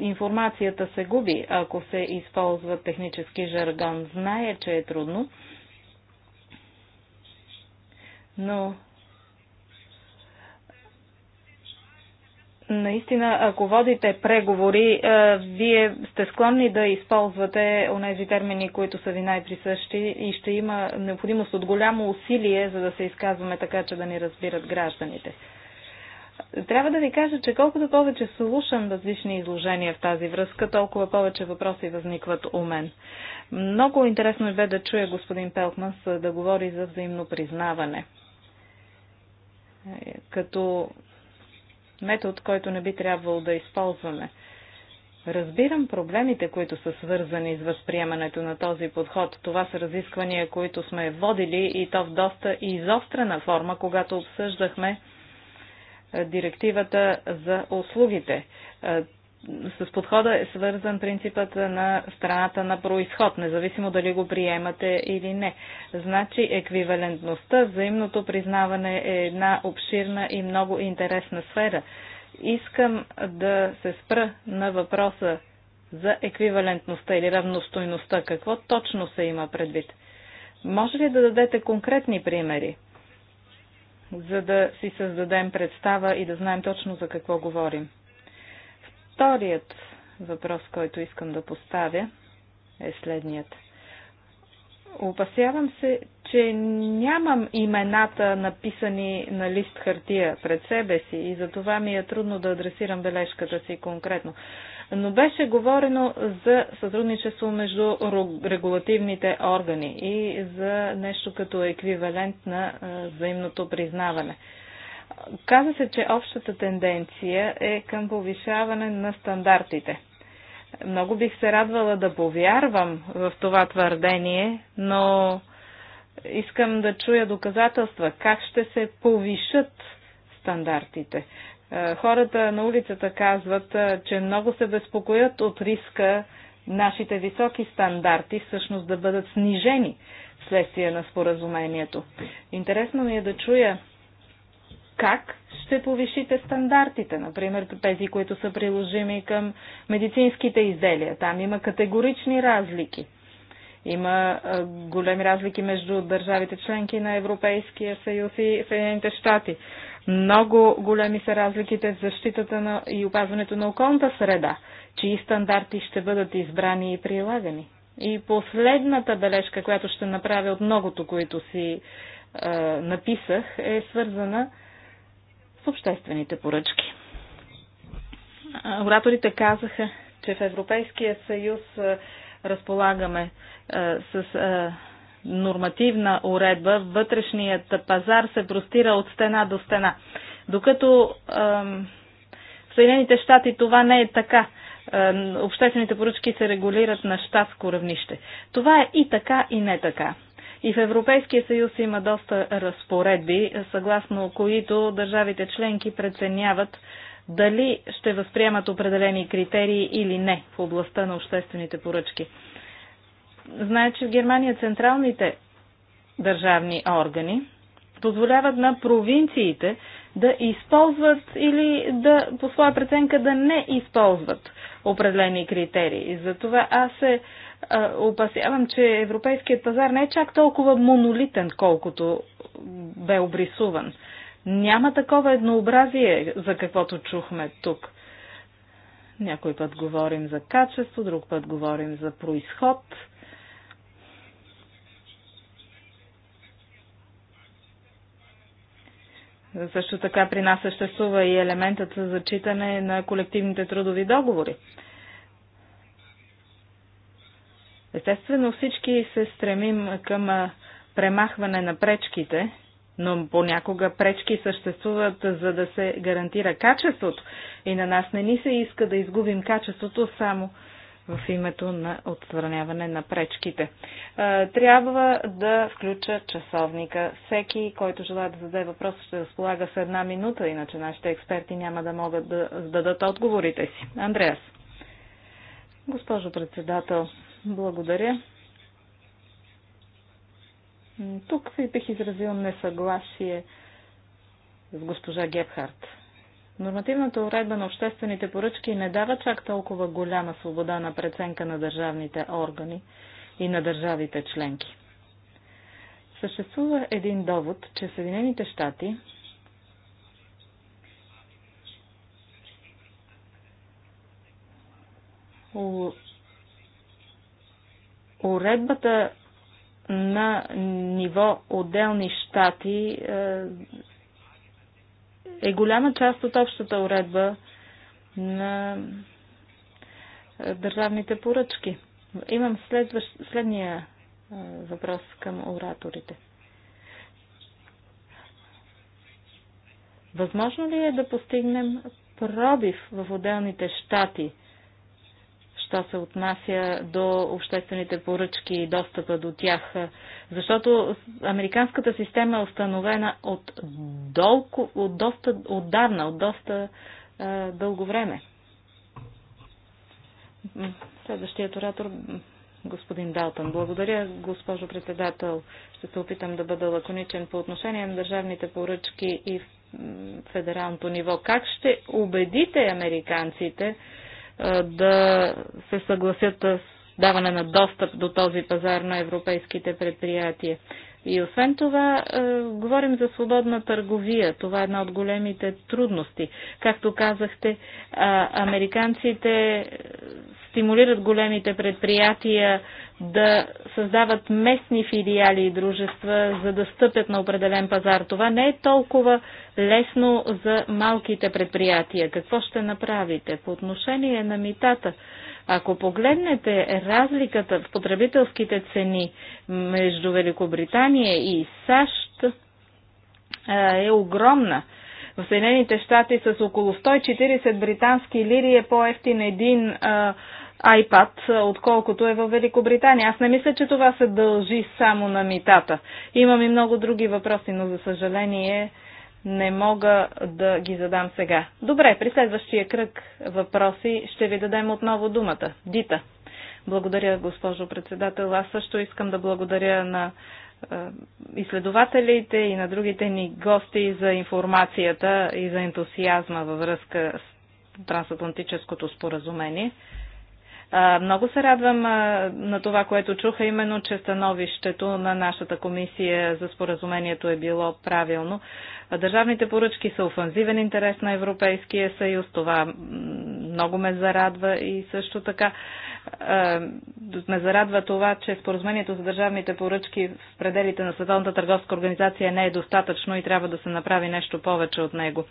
Speaker 1: информацията се губи, ако се използва технически жаргон. Зная, че е трудно, но Наистина, ако водите преговори, е, вие сте склонни да използвате онези термини, които са ви най-присъщи и ще има необходимост от голямо усилие, за да се изказваме така, че да ни разбират гражданите. Трябва да ви кажа, че колкото повече слушам различни изложения в тази връзка, толкова повече въпроси възникват у мен. Много интересно е бе да чуя господин Пелтманс е, да говори за взаимно признаване. Е, като метод, който не би трябвало да използваме. Разбирам проблемите, които са свързани с възприемането на този подход. Това са разисквания, които сме водили и то в доста изострена форма, когато обсъждахме директивата за услугите с подхода е свързан принципът на страната на происход, независимо дали го приемате или не. Значи еквивалентността, взаимното признаване е една обширна и много интересна сфера. Искам да се спра на въпроса за еквивалентността или равностойността. Какво точно се има предвид? Може ли да дадете конкретни примери, за да си създадем представа и да знаем точно за какво говорим? Вторият въпрос, който искам да поставя, е следният. Опасявам се, че нямам имената написани на лист хартия пред себе си и за това ми е трудно да адресирам бележката си конкретно. Но беше говорено за сътрудничество между регулативните органи и за нещо като еквивалент на взаимното признаване. Каза се, че общата тенденция е към повишаване на стандартите. Много бих се радвала да повярвам в това твърдение, но искам да чуя доказателства как ще се повишат стандартите. Е, хората на улицата казват, е, че много се безпокоят от риска нашите високи стандарти всъщност да бъдат снижени вследствие на споразумението. Интересно ми е да чуя как ще повишите стандартите, например тези, които са приложими към медицинските изделия. Там има категорични разлики. Има големи разлики между държавите членки на Европейския съюз и Съединените щати. Много големи са разликите в защитата на и опазването на околната среда, чии стандарти ще бъдат избрани и прилагани. И последната бележка, която ще направя от многото, които си е, написах, е свързана в обществените поръчки. Ораторите казаха, че в Европейския съюз разполагаме с нормативна уредба, вътрешният пазар се простира от стена до стена. Докато в Съединените щати това не е така. Обществените поръчки се регулират на щатско равнище. Това е и така, и не така. И в Европейския съюз има доста разпоредби, съгласно които държавите членки преценяват дали ще възприемат определени критерии или не в областта на обществените поръчки. Знае, че в Германия централните държавни органи позволяват на провинциите да използват или да, по своя преценка да не използват определени критерии. Затова аз се опасявам, че европейският пазар не е чак толкова монолитен, колкото бе обрисуван. Няма такова еднообразие, за каквото чухме тук. Някой път говорим за качество, друг път говорим за происход. Също така при нас съществува и елементът за зачитане на колективните трудови договори. Естествено всички се стремим към премахване на пречките, но понякога пречки съществуват, за да се гарантира качеството и на нас не ни се иска да изгубим качеството само в името на отстраняване на пречките. Трябва да включа часовника. Всеки, който желая да зададе въпрос, ще разполага с една минута, иначе нашите експерти няма да могат да дадат отговорите си. Андреас. Госпожо председател, благодаря. Тук се бих изразил несъгласие с госпожа Гепхарт. Нормативната уредба на обществените поръчки не дава чак толкова голяма свобода на преценка на държавните органи и на държавите членки. Съществува един довод, че Съединените щати Уредбата на ниво отделни щати е, е голяма част от общата уредба на е, държавните поръчки. Имам следващ, следния е, въпрос към ораторите. Възможно ли е да постигнем пробив в отделните щати – що се отнася до обществените поръчки и достъпа до тях. Защото американската система е установена от, долко, от доста отдавна, от доста е, дълго време. Следващият оратор, господин Далтън. Благодаря, госпожо председател. Ще се опитам да бъда лаконичен по отношение на държавните поръчки и федералното ниво. Как ще убедите американците, да се съгласят с даване на достъп до този пазар на европейските предприятия. И освен това, говорим за свободна търговия. Това е една от големите трудности. Както казахте, американците стимулират големите предприятия да създават местни филиали и дружества, за да стъпят на определен пазар. Това не е толкова лесно за малките предприятия. Какво ще направите? По отношение на митата, ако погледнете разликата в потребителските цени между Великобритания и САЩ, е огромна. В Съединените щати с около 140 британски лири е по-ефтин един а, iPad, отколкото е в Великобритания. Аз не мисля, че това се дължи само на митата. Имам и много други въпроси, но за съжаление не мога да ги задам сега. Добре, при следващия кръг въпроси ще ви дадем отново думата. Дита. Благодаря, госпожо председател. Аз също искам да благодаря на е, изследователите и на другите ни гости за информацията и за ентусиазма във връзка с трансатлантическото споразумение. Много се радвам на това, което чуха, именно, че становището на нашата комисия за споразумението е било правилно. Държавните поръчки са офанзивен интерес на Европейския съюз. Това много ме зарадва и също така ме зарадва това, че споразумението за държавните поръчки в пределите на Световната търговска организация не е достатъчно и трябва да се направи нещо повече от него.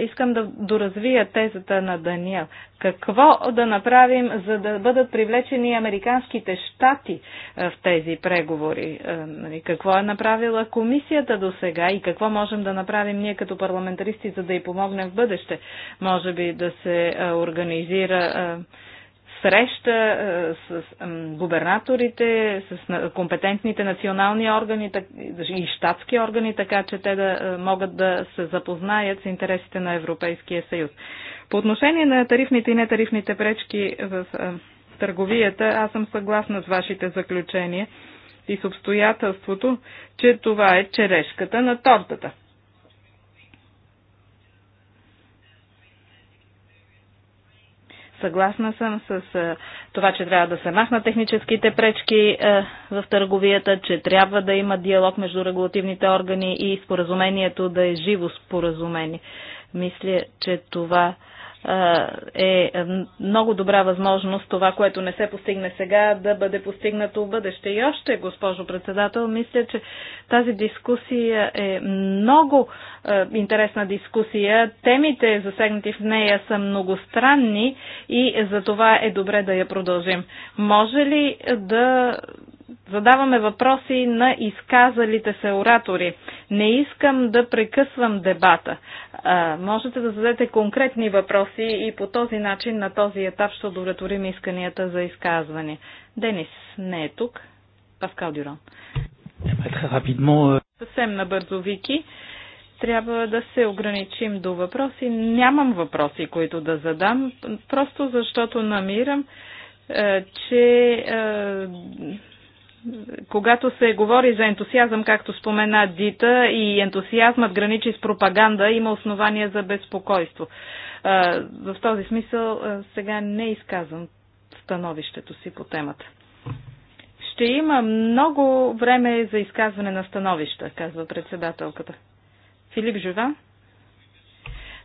Speaker 1: Искам да доразвия тезата на Даниел. Какво да направим, за за да бъдат привлечени американските щати е, в тези преговори. Е, нали, какво е направила комисията до сега и какво можем да направим ние като парламентаристи, за да й помогнем в бъдеще? Може би да се е, организира среща с губернаторите, с компетентните национални органи и щатски органи, така че те да могат да се запознаят с интересите на Европейския съюз. По отношение на тарифните и нетарифните пречки в търговията, аз съм съгласна с вашите заключения и с обстоятелството, че това е черешката на тортата. Съгласна съм с това, че трябва да се махнат техническите пречки в търговията, че трябва да има диалог между регулативните органи и споразумението да е живо споразумение. Мисля, че това е е, е много добра възможност това, което не се постигне сега, да бъде постигнато в бъдеще. И още, госпожо председател, мисля, че тази дискусия е много интересна дискусия. Темите, засегнати в нея, са многостранни и за това е добре да я продължим. Може ли да задаваме въпроси на изказалите се оратори. Не искам да прекъсвам дебата. А, можете да зададете конкретни въпроси и по този начин на този етап ще удовлетворим исканията за изказване. Денис не е тук. Паскал Дюрон.
Speaker 6: Е, euh,
Speaker 1: Съвсем набързо, Вики трябва да се ограничим до въпроси. Нямам въпроси, които да задам, просто защото намирам, е, че е, когато се говори за ентусиазъм, както спомена Дита, и ентусиазмът граничи с пропаганда, има основания за безпокойство. В този смисъл сега не изказвам становището си по темата. Ще има много време за изказване на становища, казва председателката. Филип Жива?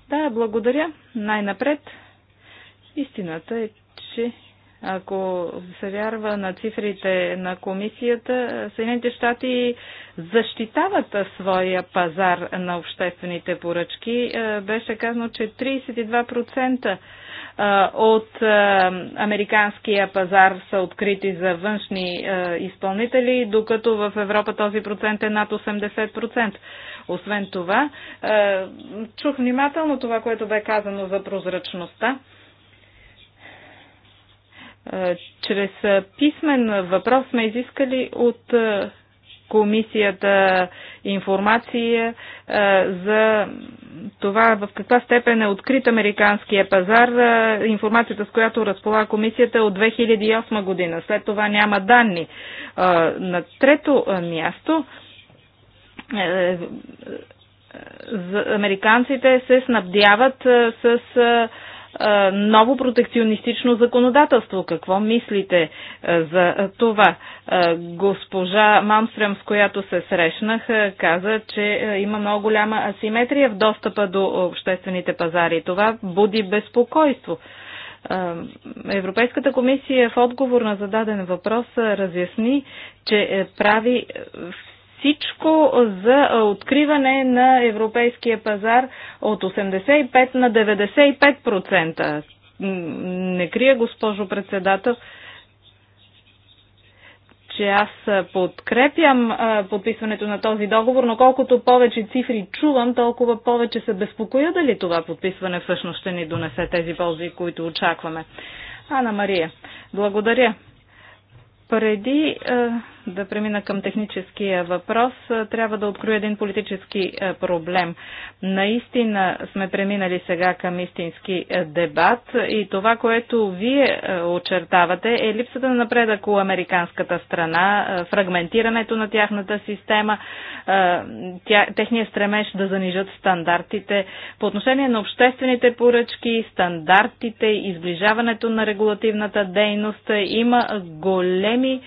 Speaker 1: Да, благодаря. Най-напред. Истината е, че ако се вярва на цифрите на комисията, Съединените щати защитават своя пазар на обществените поръчки. Е, беше казано, че 32% е, от е, американския пазар са открити за външни изпълнители, докато в Европа този процент е над 80%. Освен това, чух внимателно това, което бе казано за прозрачността. Е, чрез е, писмен въпрос сме изискали от е, комисията информация за това в каква степен е открит американския пазар. Информацията, с която разполага комисията е от 2008 година. След това няма данни. На трето място американците се снабдяват с ново протекционистично законодателство. Какво мислите за това? Госпожа Мамстрем, с която се срещнах, каза, че има много голяма асиметрия в достъпа до обществените пазари. Това буди безпокойство. Европейската комисия в отговор на зададен въпрос разясни, че е, прави всичко за откриване на европейския пазар от 85 на 95%. Не крия, госпожо председател, че аз подкрепям подписването на този договор, но колкото повече цифри чувам, толкова повече се безпокоя дали това подписване всъщност ще ни донесе тези ползи, които очакваме. Ана Мария, благодаря. Преди да премина към техническия въпрос, е, трябва да откроя един политически е, проблем. Наистина сме преминали сега към истински е, дебат и това, което вие очертавате е липсата на напредък у американската страна, фрагментирането на тяхната система, техния стремеж да занижат стандартите по отношение на обществените поръчки, стандартите, изближаването на регулативната дейност. Има големи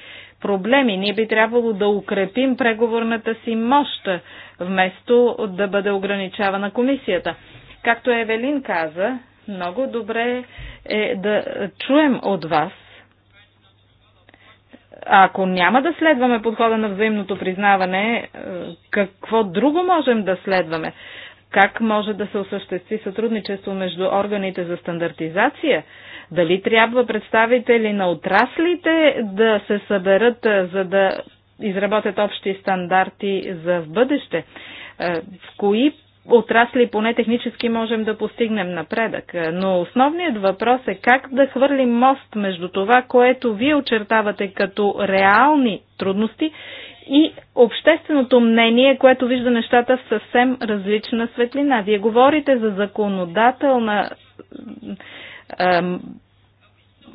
Speaker 1: проблеми. Ние би трябвало да укрепим преговорната си мощ, вместо да бъде ограничавана комисията. Както Евелин каза, много добре е да чуем от вас ако няма да следваме подхода на взаимното признаване, е, какво друго можем да следваме? Как може да се осъществи сътрудничество между органите за стандартизация? Дали трябва представители на отраслите да се съберат, за да изработят общи стандарти за в бъдеще? В кои отрасли поне технически можем да постигнем напредък. Но основният въпрос е как да хвърлим мост между това, което вие очертавате като реални трудности и общественото мнение, което вижда нещата в съвсем различна светлина. Вие говорите за законодателна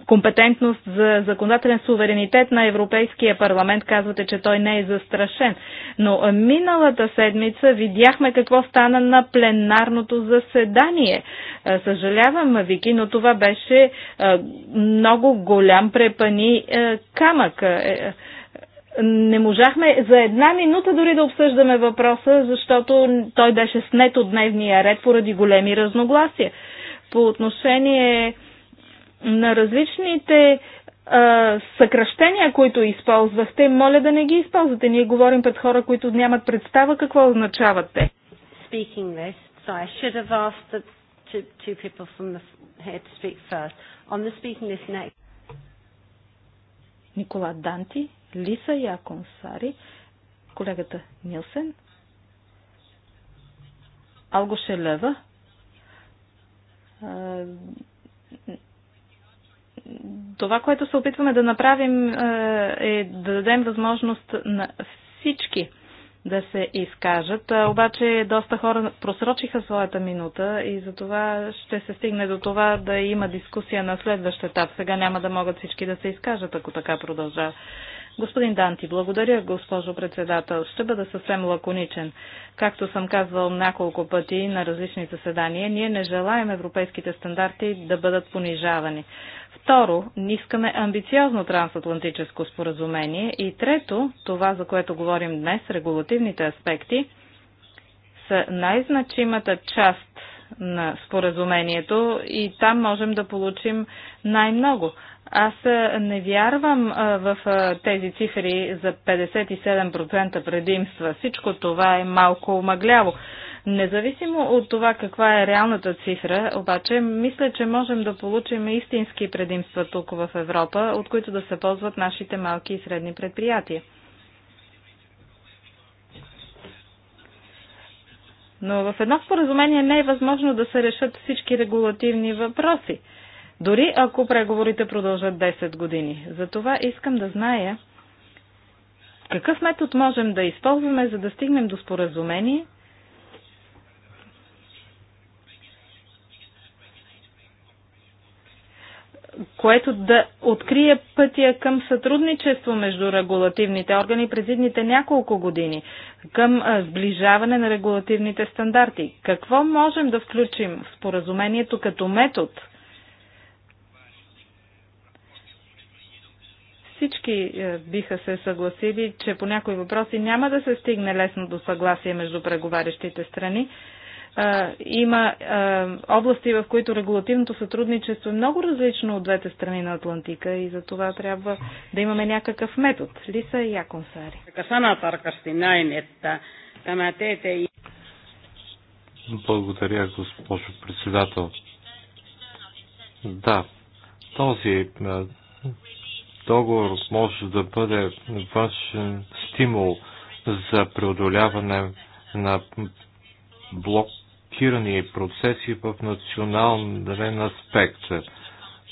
Speaker 1: компетентност за законодателен суверенитет на Европейския парламент. Казвате, че той не е застрашен. Но миналата седмица видяхме какво стана на пленарното заседание. Съжалявам, Вики, но това беше много голям препани камък. Е, не можахме за една минута дори да обсъждаме въпроса, защото той беше снет от дневния ред поради големи разногласия по отношение на различните а, съкръщения, които използвахте, моля да не ги използвате. Ние говорим пред хора, които нямат представа какво означават те.
Speaker 2: Speaking so I should have asked the two, two people from the to speak
Speaker 1: first. On the speaking list next. Никола Данти, Лиса Яконсари, колегата Нилсен, Алго Шелева, това, което се опитваме да направим е, е да дадем възможност на всички да се изкажат. Обаче доста хора просрочиха своята минута и за това ще се стигне до това да има дискусия на следващ етап. Сега няма да могат всички да се изкажат, ако така продължава. Господин Данти, благодаря, госпожо председател. Ще бъда съвсем лаконичен. Както съм казвал няколко пъти на различни заседания, ние не желаем европейските стандарти да бъдат понижавани. Второ, не искаме амбициозно трансатлантическо споразумение. И трето, това, за което говорим днес, регулативните аспекти, са най-значимата част на споразумението и там можем да получим най-много. Аз не вярвам в тези цифри за 57% предимства. Всичко това е малко омагляво. Независимо от това каква е реалната цифра, обаче, мисля, че можем да получим истински предимства тук в Европа, от които да се ползват нашите малки и средни предприятия. Но в едно споразумение не е възможно да се решат всички регулативни въпроси дори ако преговорите продължат 10 години. Затова искам да зная какъв метод можем да използваме, за да стигнем до споразумение, което да открие пътя към сътрудничество между регулативните органи през идните няколко години, към сближаване на регулативните стандарти. Какво можем да включим в споразумението като метод – всички е, биха се съгласили, че по някои въпроси няма да се стигне лесно до съгласие между преговарящите страни. Е, има е, области, в които регулативното сътрудничество е много различно от двете страни на Атлантика и за това трябва да имаме някакъв метод. Лиса и Яконсари.
Speaker 4: Благодаря, госпожо председател. Да, този договор може да бъде външен стимул за преодоляване на блокирани процеси в национален аспект.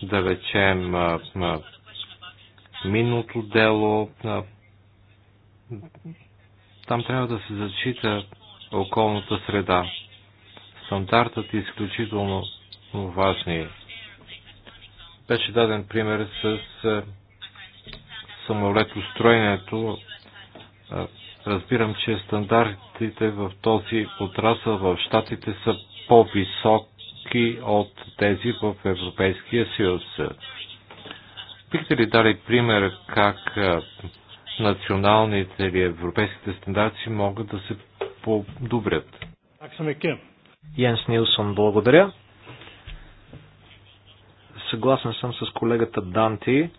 Speaker 4: Да речем миното дело. Там трябва да се зачита околната среда. Стандартът е изключително важни. Беше даден пример с устроението. Разбирам, че стандартите в този отрасъл в Штатите са по-високи от тези в Европейския съюз. Бихте ли дали пример как националните или европейските стандарти могат да се подобрят?
Speaker 5: Янс Нилсон, благодаря. Съгласен съм с колегата Данти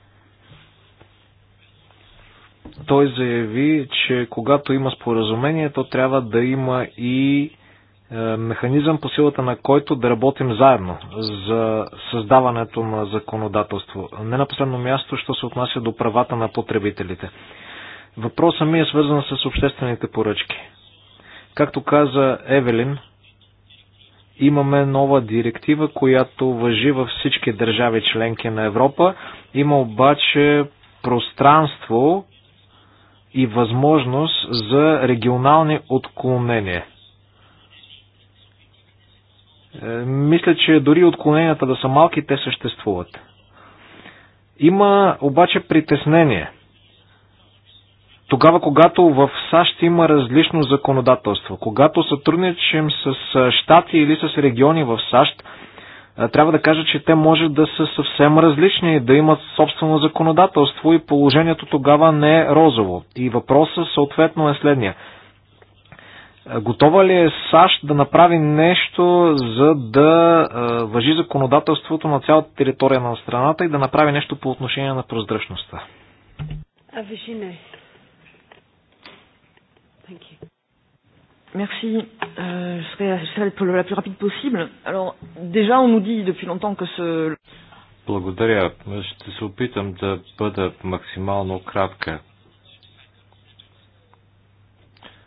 Speaker 5: той заяви, че когато има споразумение, то трябва да има и е, механизъм по силата на който да работим заедно за създаването на законодателство. Не на последно място, що се отнася до правата на потребителите. Въпросът ми е свързан с обществените поръчки. Както каза Евелин, имаме нова директива, която въжи във всички държави членки на Европа. Има обаче пространство, и възможност за регионални отклонения. Е, мисля, че дори отклоненията да са малки, те съществуват. Има обаче притеснение. Тогава, когато в САЩ има различно законодателство, когато сътрудничим с е, щати или с региони в САЩ, трябва да кажа, че те може да са съвсем различни, да имат собствено законодателство и положението тогава не е розово. И въпросът съответно е следния. Готова ли е САЩ да направи нещо, за да въжи законодателството на цялата територия на страната и да направи нещо по отношение на прозрачността?
Speaker 2: А не.
Speaker 1: Merci. Euh, je serai, je serai le, la plus rapide possible. Alors, déjà, on nous dit depuis longtemps que ce...
Speaker 4: Благодаря. Ще се опитам да бъда максимално кратка.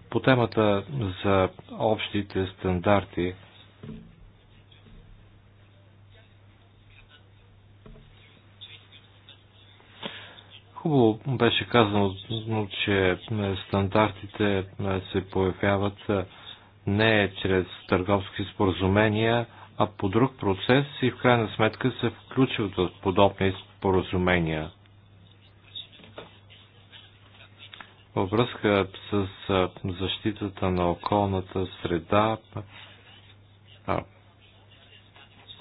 Speaker 4: По темата за общите стандарти, Хубаво беше казано, че е, стандартите е, се появяват е, не чрез търговски споразумения, а по друг процес и в крайна сметка се включват в подобни споразумения. Във връзка с защитата на околната среда,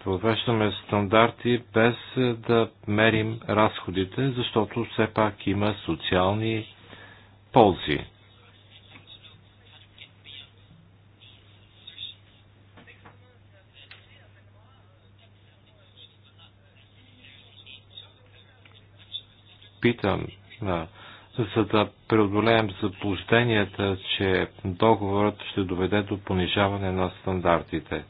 Speaker 4: въвеждаме стандарти без е, да мерим разходите, защото все пак има социални ползи. Питам, да, за да преодолеем заблужденията, че договорът ще доведе до понижаване на стандартите.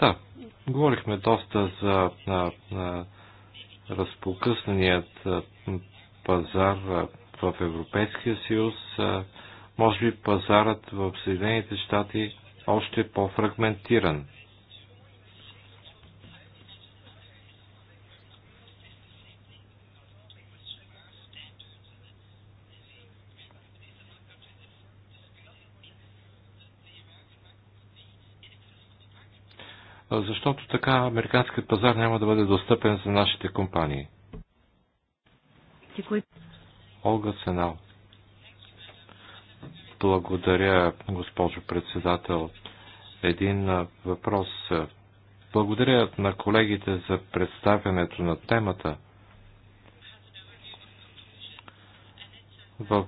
Speaker 4: Да, говорихме доста за на, на разпокъсненият пазар в Европейския съюз. Може би пазарът в Съединените щати още е по-фрагментиран. защото така американският пазар няма да бъде достъпен за нашите компании. Олга Сенал. Благодаря, госпожо председател. Един въпрос. Благодаря на колегите за представянето на темата. В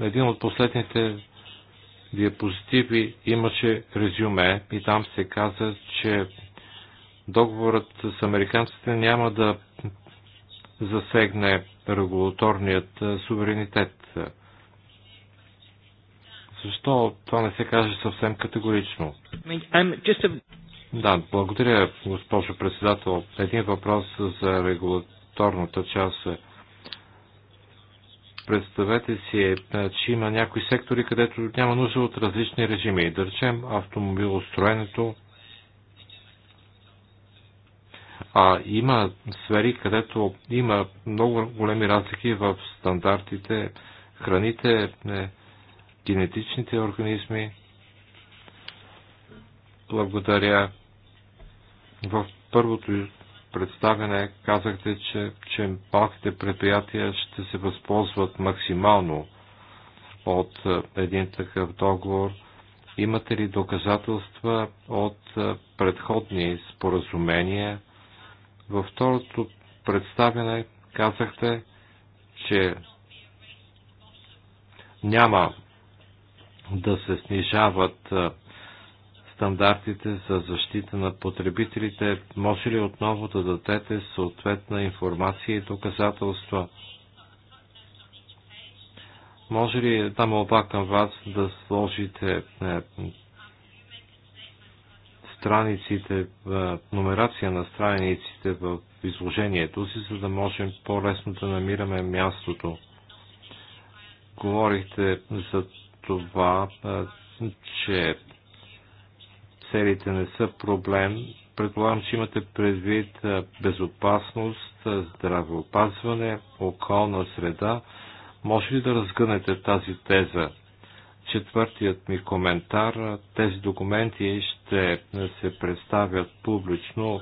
Speaker 4: един от последните диапозитиви имаше резюме и там се каза, че договорът с американците няма да засегне регулаторният суверенитет. Защо това не се каже съвсем категорично?
Speaker 5: Um, a...
Speaker 4: Да, благодаря, госпожо председател. Един въпрос за регулаторната част. Представете си, е, е, че има някои сектори, където няма нужда от различни режими. Да речем автомобилостроенето, а има сфери, където има много големи разлики в стандартите, храните, е, генетичните организми. Благодаря. В първото представяне казахте, че, че малките предприятия ще се възползват максимално от е, един такъв договор. Имате ли доказателства от е, предходни споразумения? Във второто представяне казахте, че няма да се снижават е, стандартите за защита на потребителите, може ли отново да дадете съответна информация и доказателства? Може ли една молба към вас да сложите е, страниците, е, номерация на страниците в изложението си, за да можем по-лесно да намираме мястото? Говорихте за това, е, че целите не са проблем. Предполагам, че имате предвид безопасност, здравеопазване, околна среда. Може ли да разгънете тази теза? Четвъртият ми коментар. Тези документи ще се представят публично.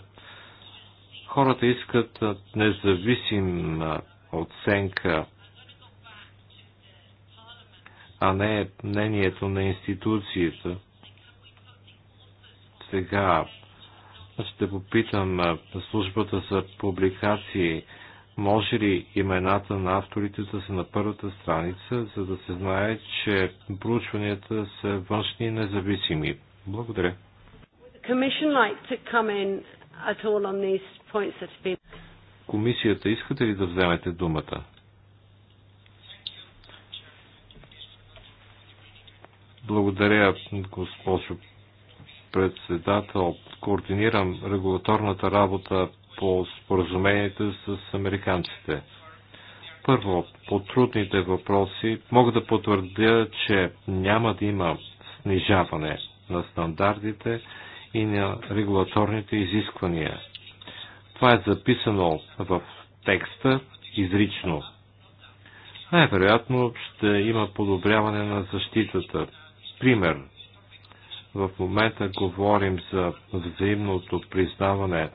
Speaker 4: Хората искат независима оценка, а не мнението на институцията. Сега ще попитам службата за публикации, може ли имената на авторите да са на първата страница, за да се знае, че проучванията са външни и независими? Благодаря. Комисията, искате ли да вземете думата? Благодаря, госпожо председател. Координирам регулаторната работа по споразумението с американците. Първо, по трудните въпроси мога да потвърдя, че няма да има снижаване на стандартите и на регулаторните изисквания. Това е записано в текста изрично. Най-вероятно ще има подобряване на защитата. Пример в момента говорим за взаимното признаване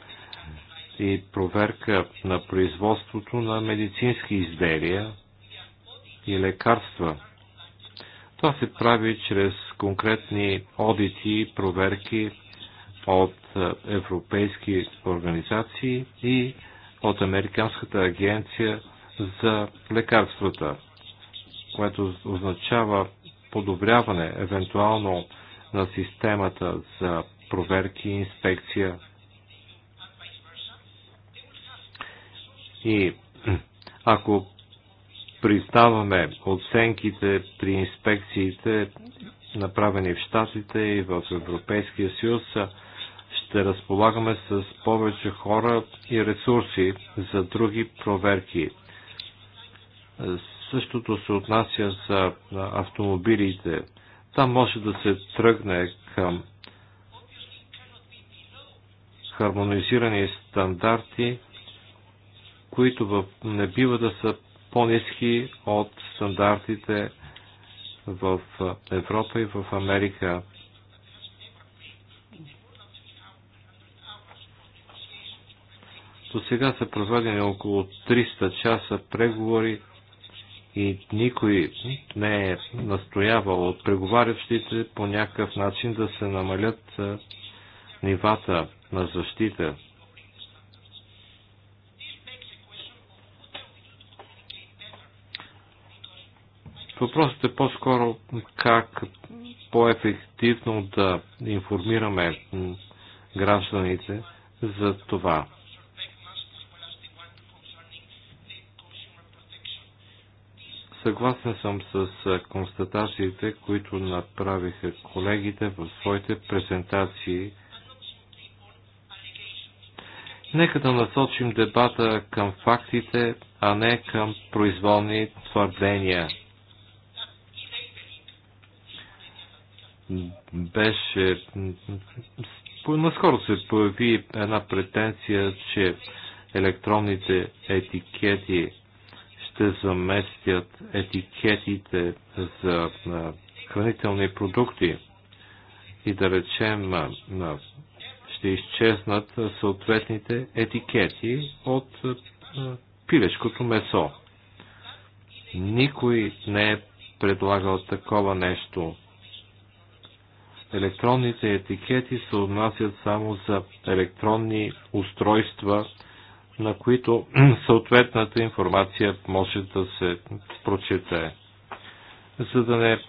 Speaker 4: и проверка на производството на медицински изделия и лекарства. Това се прави чрез конкретни одити и проверки от европейски организации и от Американската агенция за лекарствата, което означава подобряване, евентуално на системата за проверки и инспекция. И ако признаваме оценките при инспекциите, направени в Штатите и в Европейския съюз, ще разполагаме с повече хора и ресурси за други проверки. Същото се отнася за автомобилите. Там може да се тръгне към хармонизирани стандарти, които не бива да са по-низки от стандартите в Европа и в Америка. До сега са проведени около 300 часа преговори и никой не е настоявал от преговарящите по някакъв начин да се намалят нивата на защита. Въпросът е по-скоро как по-ефективно да информираме гражданите за това. Съгласен съм с констатациите, които направиха колегите в своите презентации. Нека да насочим дебата към фактите, а не към произволни твърдения. Беше. Наскоро се появи една претенция, че електронните етикети ще заместят етикетите за хранителни продукти и да речем ще изчезнат съответните етикети от пилешкото месо. Никой не е предлагал такова нещо. Електронните етикети се отнасят само за електронни устройства, на които съответната информация може да се прочете. За да не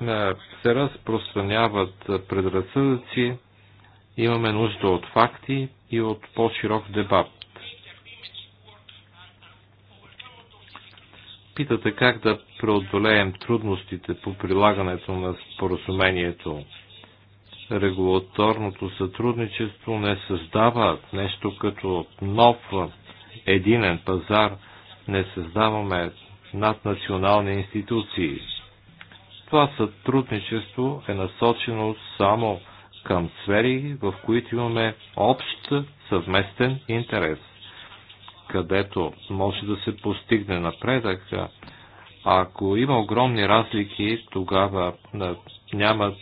Speaker 4: се разпространяват предразсъдъци, имаме нужда от факти и от по-широк дебат. Питате как да преодолеем трудностите по прилагането на споразумението. Регулаторното сътрудничество не създава нещо като нов единен пазар, не създаваме наднационални институции. Това сътрудничество е насочено само към сфери, в които имаме общ съвместен интерес, където може да се постигне напредък. Ако има огромни разлики, тогава няма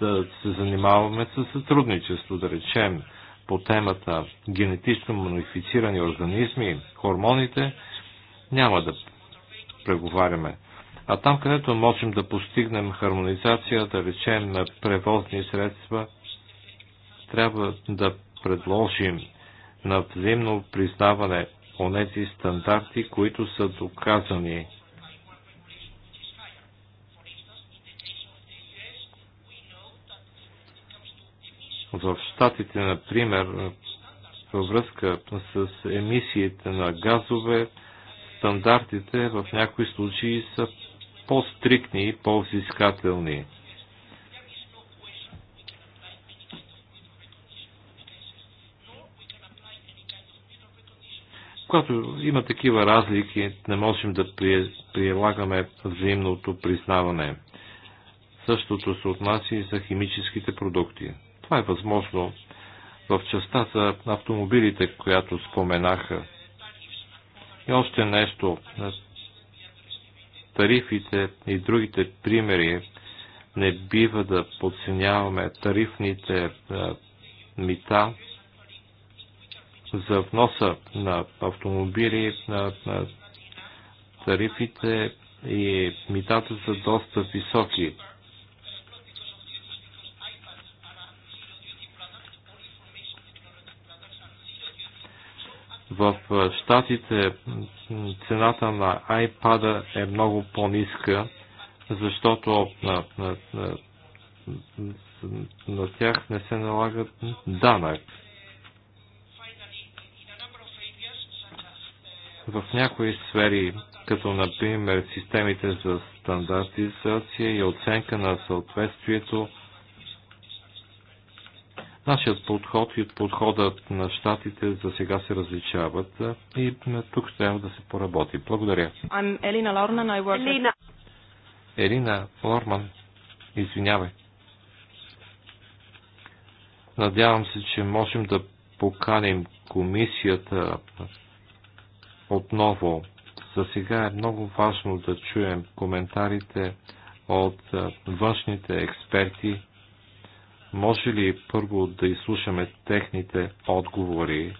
Speaker 4: да се занимаваме с сътрудничество, да речем по темата генетично модифицирани организми, хормоните, няма да преговаряме. А там, където можем да постигнем хармонизация, да речем на превозни средства, трябва да предложим на взаимно признаване онези стандарти, които са доказани В Штатите, например, във връзка с емисиите на газове, стандартите в някои случаи са по-стрикни и по-взискателни. Когато има такива разлики, не можем да прилагаме взаимното признаване. Същото се отнася и за химическите продукти. Това е възможно в частта за автомобилите, която споменаха. И още нещо. Тарифите и другите примери не бива да подценяваме тарифните е, мита за вноса на автомобили, на, на тарифите и митата са доста високи. В Штатите цената на ipad е много по-ниска, защото на, на, на, на тях не се налагат данък. В някои сфери, като например системите за стандартизация и оценка на съответствието, Нашият подход и подходът на щатите за сега се различават и тук трябва да се поработи. Благодаря.
Speaker 2: I'm Elina Lorman, I work Elina.
Speaker 4: Елина Лорман, извинявай. Надявам се, че можем да поканим комисията отново. За сега е много важно да чуем коментарите от външните експерти може ли първо да изслушаме техните отговори?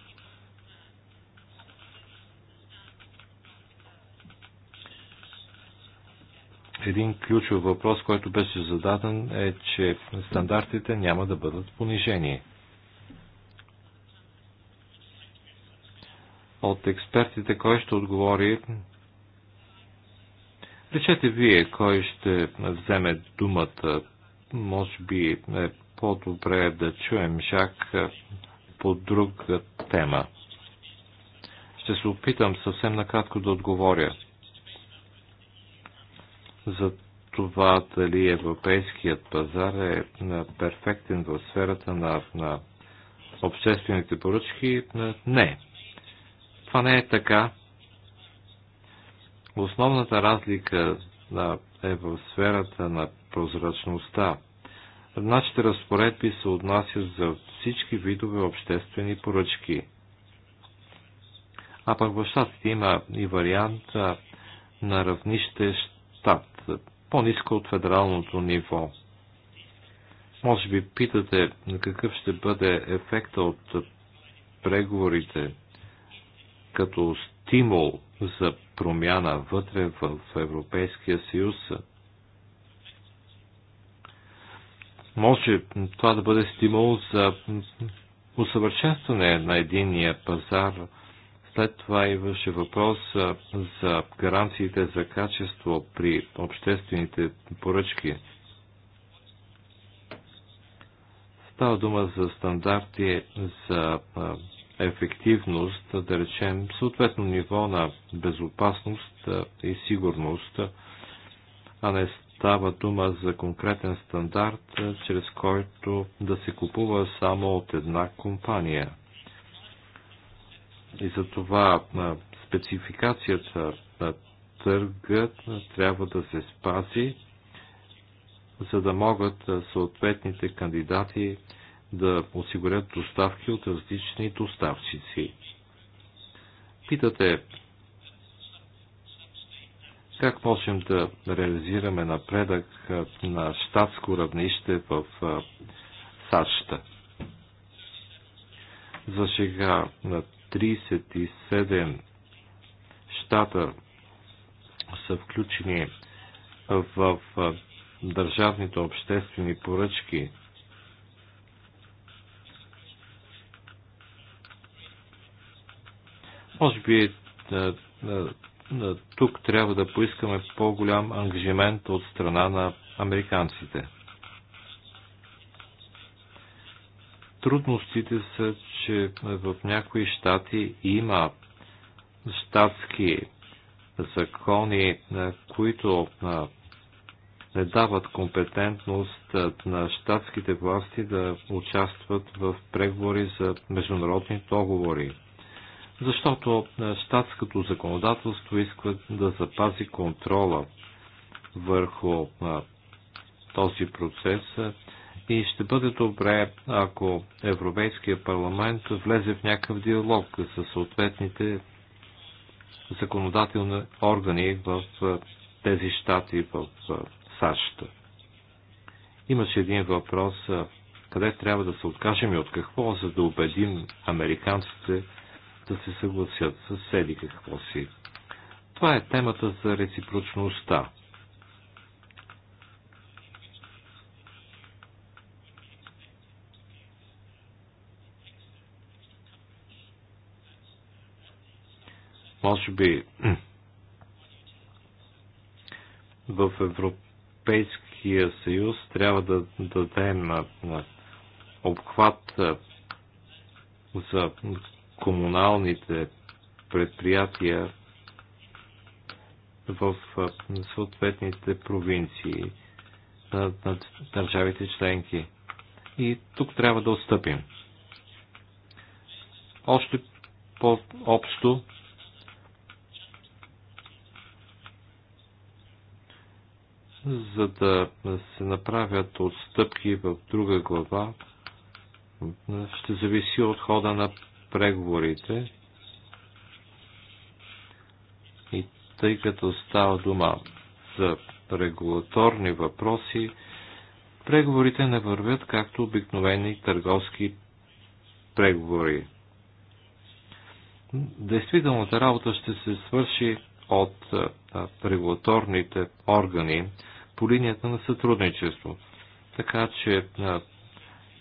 Speaker 4: Един ключов въпрос, който беше зададен е, че стандартите няма да бъдат понижени. От експертите кой ще отговори? Речете вие кой ще вземе думата. Може би е по-добре е да чуем Жак по друга тема. Ще се опитам съвсем накратко да отговоря за това дали европейският пазар е перфектен в сферата на, на обществените поръчки. Не. Това не е така. Основната разлика е в сферата на прозрачността. Нашите разпоредби се отнасят за всички видове обществени поръчки. А пък в щатите има и вариант на равнище щат, по-низко от федералното ниво. Може би питате какъв ще бъде ефекта от преговорите като стимул за промяна вътре в Европейския съюз – Може това да бъде стимул за усъвършенстване на единния пазар. След това имаше въпрос за гаранциите за качество при обществените поръчки. Става дума за стандарти за ефективност, да речем, съответно ниво на безопасност и сигурност, а не Става дума за конкретен стандарт, е, чрез който да се купува само от една компания. И за това е, спецификацията на търгът е, трябва да се спази, за да могат съответните кандидати да осигурят доставки от различни доставчици. Питате как можем да реализираме напредък на щатско равнище в САЩ. За сега на 37 щата са включени в държавните обществени поръчки. Може би тук трябва да поискаме по-голям ангажимент от страна на американците. Трудностите са, че в някои щати има щатски закони, които не дават компетентност на щатските власти да участват в преговори за международни договори защото щатското е, законодателство иска да запази контрола върху а, е, този процес е, и ще бъде добре, ако Европейския парламент влезе в някакъв диалог с съответните законодателни органи в тези щати в САЩ. Имаше един въпрос, къде трябва да се откажем и от какво, за да убедим американците, да се съгласят с седи какво си. Това е темата за реципрочността. Може би в Европейския съюз трябва да дадем на, на обхват за комуналните предприятия в съответните провинции на, на държавите членки. И тук трябва да отстъпим. Още по-общо за да се направят отстъпки в друга глава, ще зависи от хода на преговорите и тъй като става дума за регулаторни въпроси, преговорите не вървят както обикновени търговски преговори. Действителната работа ще се свърши от регулаторните органи по линията на сътрудничество. Така че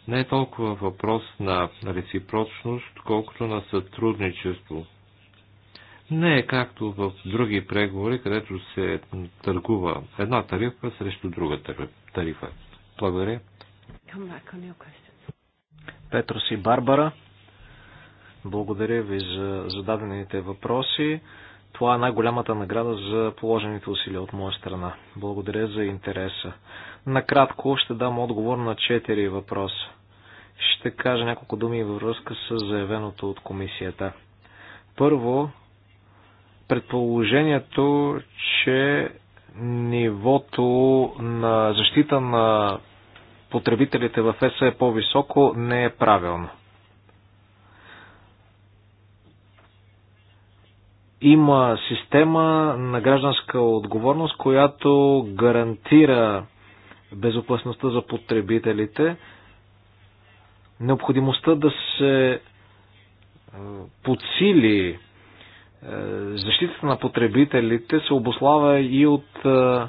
Speaker 4: не е толкова въпрос на реципрочност, колкото на сътрудничество. Не е както в други преговори, където се търгува една тарифа срещу друга тарифа.
Speaker 5: Благодаря. Петрос и Барбара, благодаря ви за зададените въпроси. Това е най-голямата награда за положените усилия от моя страна. Благодаря за интереса. Накратко ще дам отговор на четири въпроса ще кажа няколко думи във връзка с заявеното от комисията. Първо, предположението, че нивото на защита на потребителите в ЕСА е по-високо, не е правилно. Има система на гражданска отговорност, която гарантира безопасността за потребителите необходимостта да се е, подсили е, защитата на потребителите се обослава и от е,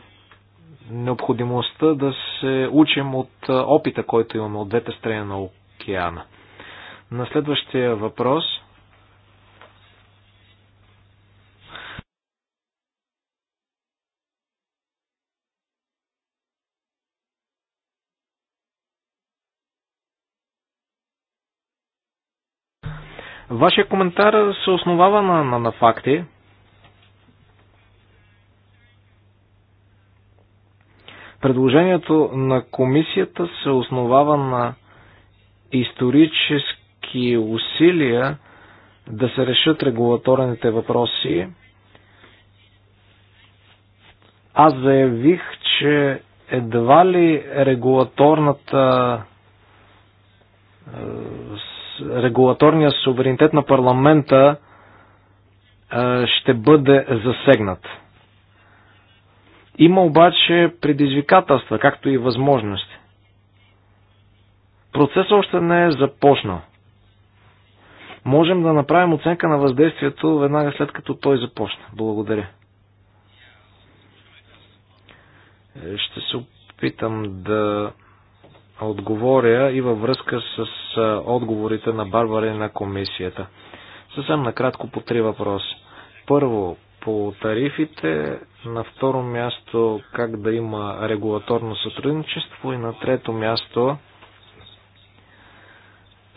Speaker 5: необходимостта да се учим от опита, който имаме от двете страни на океана. На следващия въпрос Вашия коментар се основава на, на, на факти. Предложението на комисията се основава на исторически усилия да се решат регулаторните въпроси. Аз заявих, че едва ли регулаторната е, регулаторния суверенитет на парламента е, ще бъде засегнат. Има обаче предизвикателства, както и възможности. Процесът още не е започнал. Можем да направим оценка на въздействието веднага след като той започне. Благодаря. Е, ще се опитам да отговоря и във връзка с отговорите на Барбара и на комисията. Съвсем накратко по три въпроса. Първо, по тарифите, на второ място как да има регулаторно сътрудничество и на трето място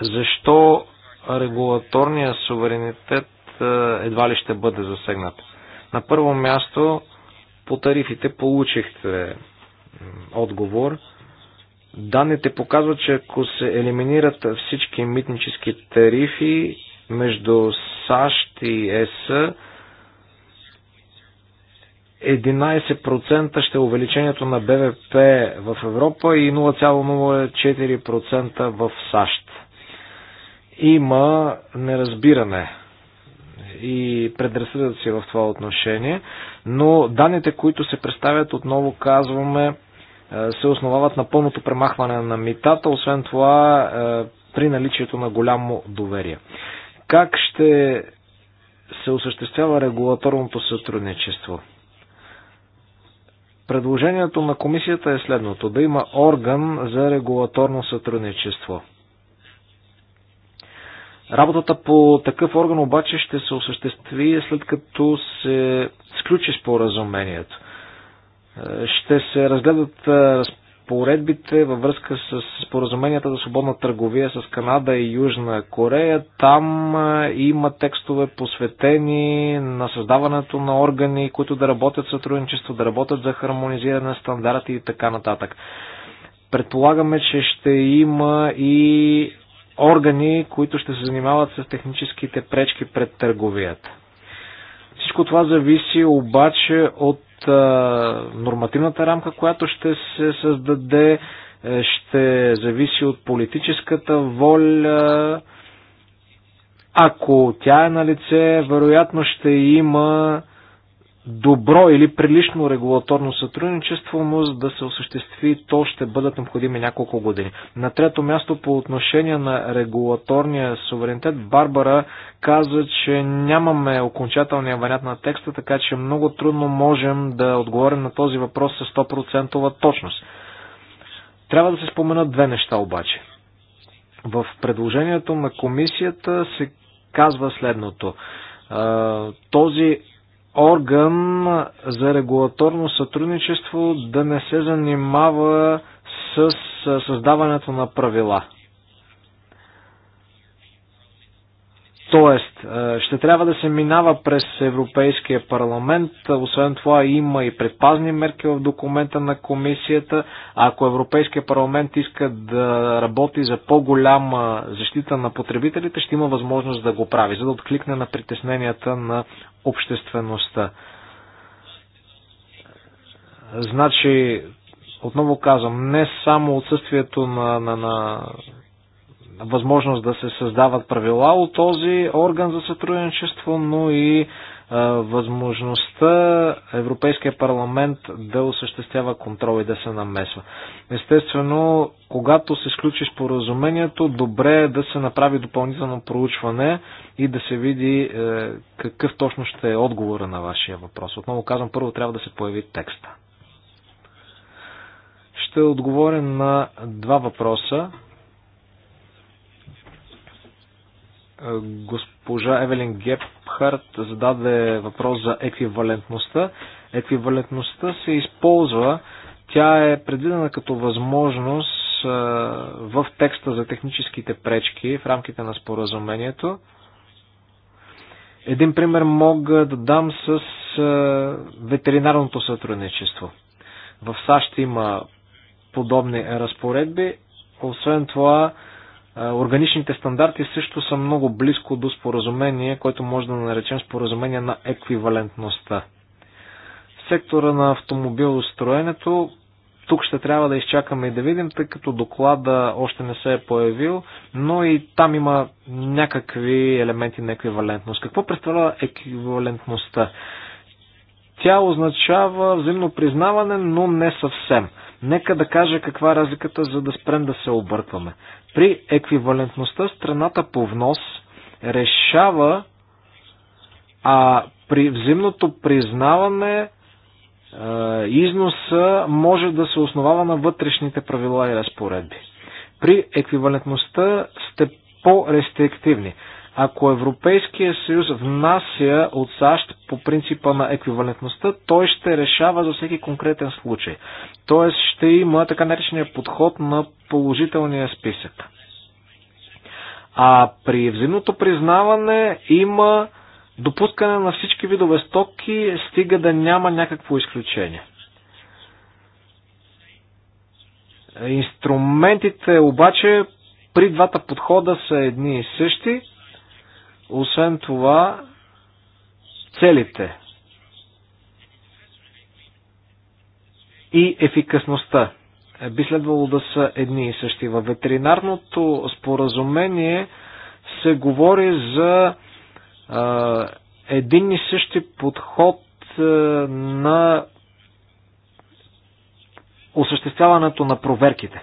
Speaker 5: защо регулаторния суверенитет едва ли ще бъде засегнат. На първо място по тарифите получихте отговор – Данните показват, че ако се елиминират всички митнически тарифи между САЩ и ЕС, 11% ще е увеличението на БВП в Европа и 0,04% в САЩ. Има неразбиране и предразсъдъци в това отношение, но данните, които се представят, отново казваме, е, се основават на пълното премахване на митата, освен това е, при наличието на голямо доверие. Как ще се осъществява регулаторното сътрудничество? Предложението на комисията е следното да има орган за регулаторно сътрудничество. Работата по такъв орган обаче ще се осъществи след като се сключи споразумението ще се разгледат разпоредбите във връзка с споразуменията за свободна търговия с Канада и Южна Корея. Там има текстове посветени на създаването на органи, които да работят сътрудничество, да работят за хармонизиране на стандарти и така нататък. Предполагаме, че ще има и органи, които ще се занимават с техническите пречки пред търговията. Всичко това зависи обаче от нормативната рамка, която ще се създаде, е, ще зависи от политическата воля. Ако тя е на лице, вероятно ще има добро или прилично регулаторно сътрудничество, но за да се осъществи то ще бъдат необходими няколко години. На трето място по отношение на регулаторния суверенитет, Барбара каза, че нямаме окончателния вариант на текста, така че много трудно можем да отговорим на този въпрос с 100% точност. Трябва да се споменат две неща обаче. В предложението на комисията се казва следното. Този орган за регулаторно сътрудничество да не се занимава с създаването на правила. Тоест, е, ще трябва да се минава през Европейския парламент. Освен това има и предпазни мерки в документа на комисията. Ако Европейския парламент иска да работи за по-голяма защита на потребителите, ще има възможност да го прави, за да откликне на притесненията на обществеността. Значи, отново казвам, не само отсъствието на, на, на възможност да се създават правила от този орган за сътрудничество, но и е, възможността Европейския парламент да осъществява контрол и да се намесва. Естествено, когато се сключи споразумението, добре е да се направи допълнително проучване и да се види е, какъв точно ще е отговора на вашия въпрос. Отново казвам, първо трябва да се появи текста. Ще отговоря на два въпроса. Госпожа Евелин Гепхарт зададе въпрос за еквивалентността. Еквивалентността се използва, тя е предвидена като възможност в текста за техническите пречки в рамките на споразумението. Един пример мога да дам с ветеринарното сътрудничество. В САЩ има подобни разпоредби. Освен това, Органичните стандарти също са много близко до споразумение, което може да наречем споразумение на еквивалентността. В сектора на автомобилостроенето тук ще трябва да изчакаме и да видим, тъй като доклада още не се е появил, но и там има някакви елементи на еквивалентност. Какво представлява еквивалентността? Тя означава взаимно признаване, но не съвсем. Нека да кажа каква е разликата, за да спрем да се объркваме. При еквивалентността страната по внос решава, а при взаимното признаване е, износа може да се основава на вътрешните правила и разпоредби. При еквивалентността сте по-рестриктивни. Ако Европейския съюз внася от САЩ по принципа на еквивалентността, той ще решава за всеки конкретен случай. Тоест ще има така наречения подход на положителния списък. А при взаимното признаване има допускане на всички видове стоки, стига да няма някакво изключение. Инструментите обаче при двата подхода са едни и същи. Освен това, целите и ефикасността би следвало да са едни и същи. Във ветеринарното споразумение се говори за а, един и същи подход а, на осъществяването на проверките.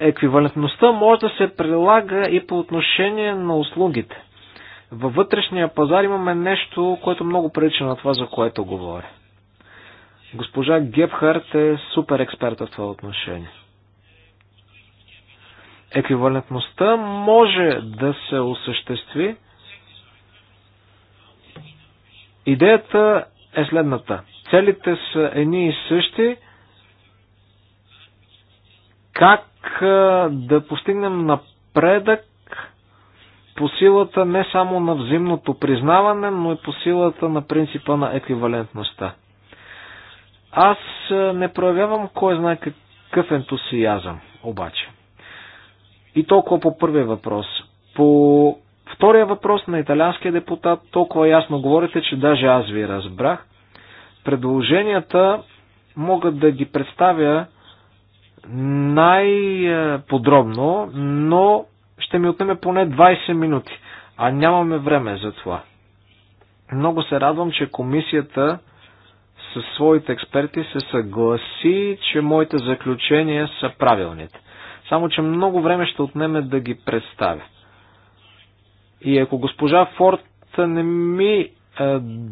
Speaker 5: еквивалентността може да се прилага и по отношение на услугите. Във вътрешния пазар имаме нещо, което много прилича на това, за което говоря. Госпожа Гепхарт е супер експерта в това отношение. Еквивалентността може да се осъществи. Идеята е следната. Целите са едни и същи, как да постигнем напредък по силата не само на взаимното признаване, но и по силата на принципа на еквивалентността. Аз не проявявам кой знае какъв ентусиазъм, обаче. И толкова по първия въпрос. По втория въпрос на италианския депутат толкова ясно говорите, че даже аз ви разбрах. Предложенията могат да ги представя най-подробно, но ще ми отнеме поне 20 минути, а нямаме време за това. Много се радвам, че комисията със своите експерти се съгласи, че моите заключения са правилните. Само, че много време ще отнеме да ги представя. И ако госпожа Форд не ми е,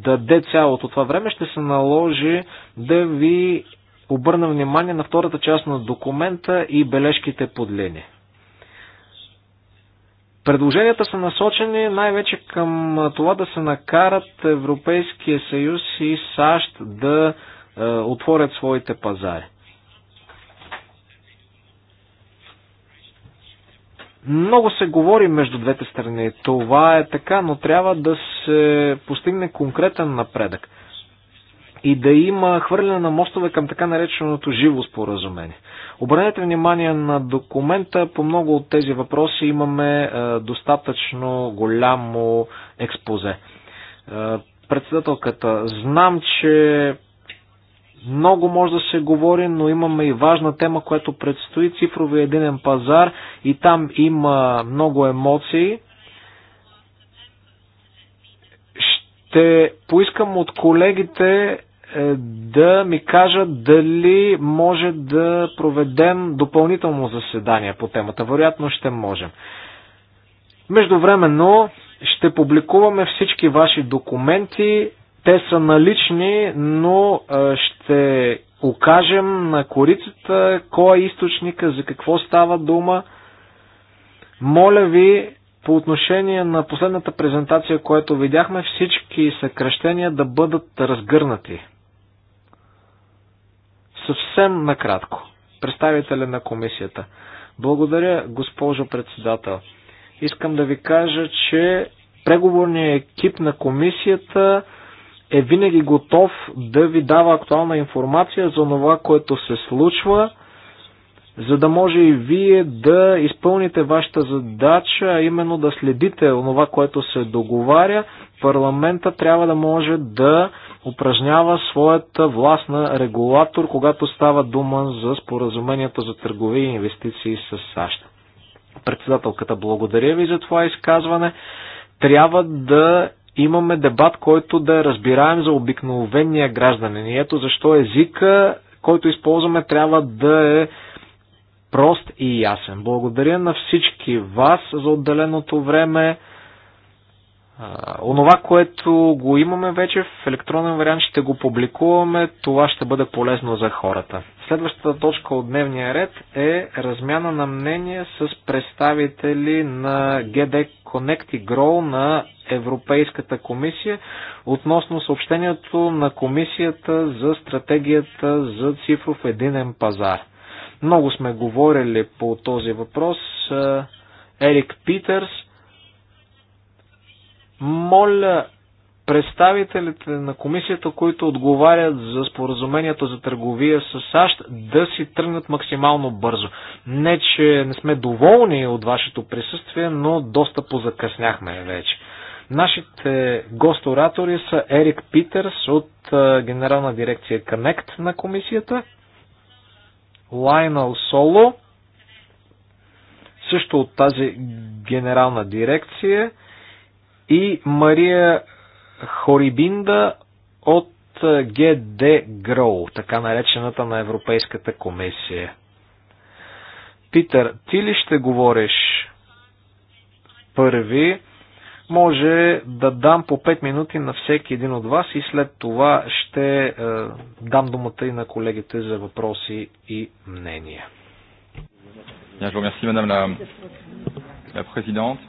Speaker 5: даде цялото това време, ще се наложи да ви обърна внимание на втората част на документа и бележките под линия. Предложенията са насочени най-вече към това да се накарат Европейския съюз и САЩ да е, отворят своите пазари. Много се говори между двете страни. Това е така, но трябва да се постигне конкретен напредък и да има хвърляне на мостове към така нареченото живо споразумение. Обранете внимание на документа, по много от тези въпроси имаме е, достатъчно голямо експозе. Е, председателката, знам, че много може да се говори, но имаме и важна тема, която предстои цифровия единен пазар и там има много емоции. ще поискам от колегите е, да ми кажат дали може да проведем допълнително заседание по темата. Вероятно ще можем. Междувременно ще публикуваме всички ваши документи. Те са налични, но е, ще окажем на корицата кой е източника, за какво става дума. Моля ви, по отношение на последната презентация, която видяхме, всички съкръщения да бъдат разгърнати. Съвсем накратко. Представителя на комисията. Благодаря, госпожо председател. Искам да ви кажа, че преговорният екип на комисията е винаги готов да ви дава актуална информация за това, което се случва за да може и вие да изпълните вашата задача, а именно да следите онова, което се договаря. Парламента трябва да може да упражнява своята власт на регулатор, когато става дума за споразумението за търгови и инвестиции с САЩ. Председателката, благодаря ви за това изказване. Трябва да имаме дебат, който да разбираем за обикновения гражданин. И ето защо езика, който използваме, трябва да е прост и ясен. Благодаря на всички вас за отделеното време. Онова, което го имаме вече в електронен вариант, ще го публикуваме. Това ще бъде полезно за хората. Следващата точка от дневния ред е размяна на мнение с представители на GD Connect и Grow на Европейската комисия относно съобщението на комисията за стратегията за цифров единен пазар. Много сме говорили по този въпрос. Е, Ерик Питърс, моля представителите на комисията, които отговарят за споразумението за търговия с САЩ, да си тръгнат максимално бързо. Не, че не сме доволни от вашето присъствие, но доста позакъсняхме вече. Нашите госторатори са Ерик Питърс от е, Генерална дирекция Connect на комисията Лайнал Соло, също от тази генерална дирекция, и Мария Хорибинда от ГД Гроу, така наречената на Европейската комисия. Питър, ти ли ще говориш първи? Може да дам по 5 минути на всеки един от вас и след това ще е, дам думата и на колегите за въпроси
Speaker 3: и мнения.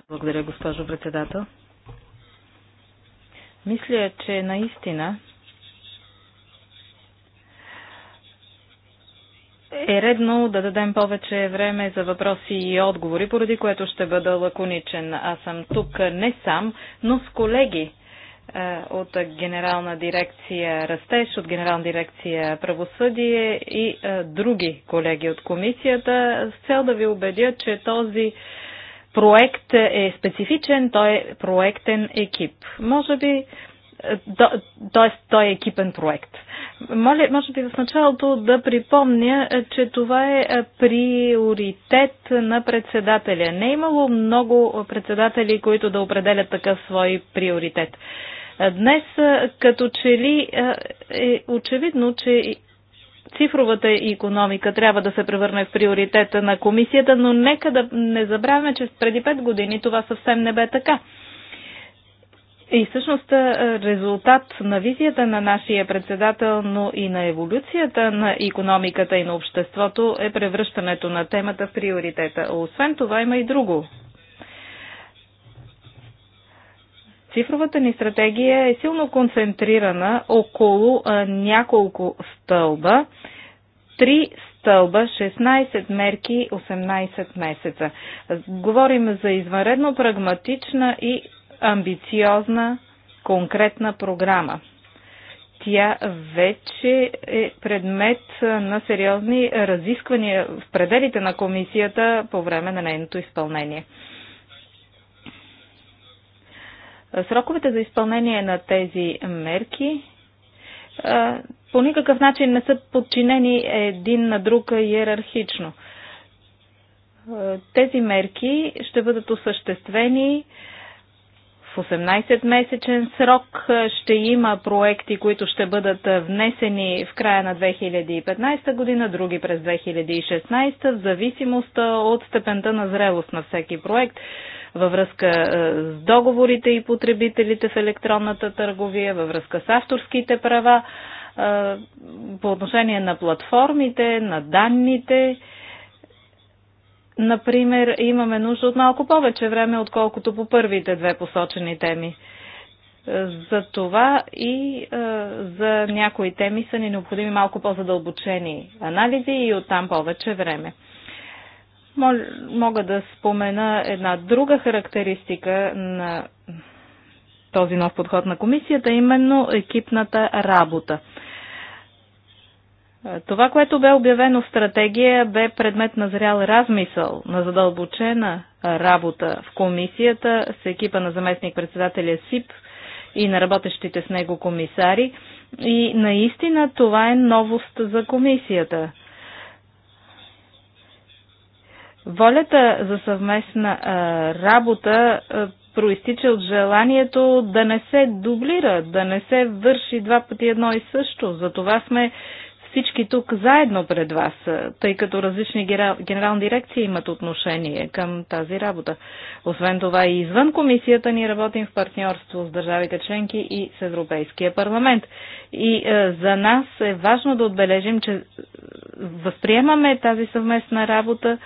Speaker 1: Благодаря, госпожо председател. Мисля, че наистина е редно да дадем повече време за въпроси и отговори, поради което ще бъда лаконичен. Аз съм тук не сам, но с колеги е, от Генерална дирекция Растеж, от Генерална дирекция Правосъдие и е, други колеги от комисията, с цел да ви убедя, че този проект е специфичен, той е проектен екип. Може би т.е. той е екипен проект. Моля, може би в началото да припомня, е, че това е, е приоритет на председателя. Не е имало много председатели, които да определят такъв свой приоритет. Е, днес, като че ли е очевидно, че цифровата економика трябва да се превърне в приоритета на комисията, но нека да не забравяме, че преди 5 години това съвсем не бе така. И всъщност е, резултат на визията на нашия председател, но и на еволюцията на економиката и на обществото е превръщането на темата в приоритета. Освен това има и друго. Цифровата ни стратегия е силно концентрирана около е, няколко стълба. Три стълба 16 мерки 18 месеца. Говорим за извънредно прагматична и амбициозна, конкретна програма. Тя вече е предмет на сериозни разисквания в пределите на комисията по време на нейното изпълнение. Сроковете за изпълнение на тези мерки по никакъв начин не са подчинени един на друг иерархично. Тези мерки ще бъдат осъществени 18-месечен срок ще има проекти, които ще бъдат внесени в края на 2015 година, други през 2016, в зависимост от степента на зрелост на всеки проект във връзка с договорите и потребителите в електронната търговия, във връзка с авторските права, по отношение на платформите, на данните Например, имаме нужда от малко повече време, отколкото по първите две посочени теми. За това и за някои теми са ни необходими малко по-задълбочени анализи и оттам повече време. Мога да спомена една друга характеристика на този нов подход на комисията, именно екипната работа. Е, това, което бе обявено в стратегия, бе предмет на зрял размисъл, на задълбочена работа в комисията с екипа на заместник-председателя СИП и на работещите с него комисари. И наистина това е новост за комисията. Волята за съвместна а, е, работа а, е, проистича от желанието да не се дублира, да не се върши два пъти едно и също. Затова сме всички тук заедно пред вас, тъй като различни генерални дирекции имат отношение към тази работа. Освен това и извън комисията ни работим в партньорство с държавите членки и с Европейския парламент. И е, за нас е важно да отбележим, че възприемаме тази съвместна работа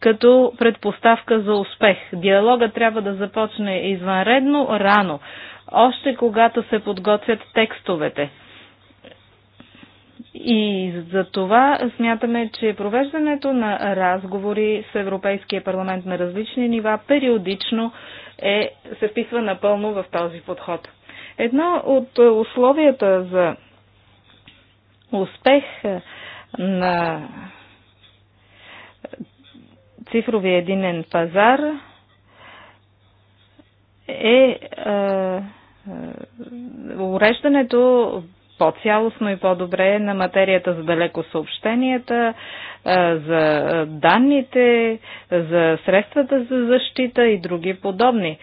Speaker 1: като предпоставка за успех. Диалога трябва да започне извънредно рано, още когато се подготвят текстовете и за това смятаме, че провеждането на разговори с Европейския парламент на различни нива периодично е, се вписва напълно в този подход. Едно от условията за успех на цифровия единен пазар е, е, е уреждането по-цялостно и по-добре на материята за далеко съобщенията, за данните, за средствата за защита и други подобни.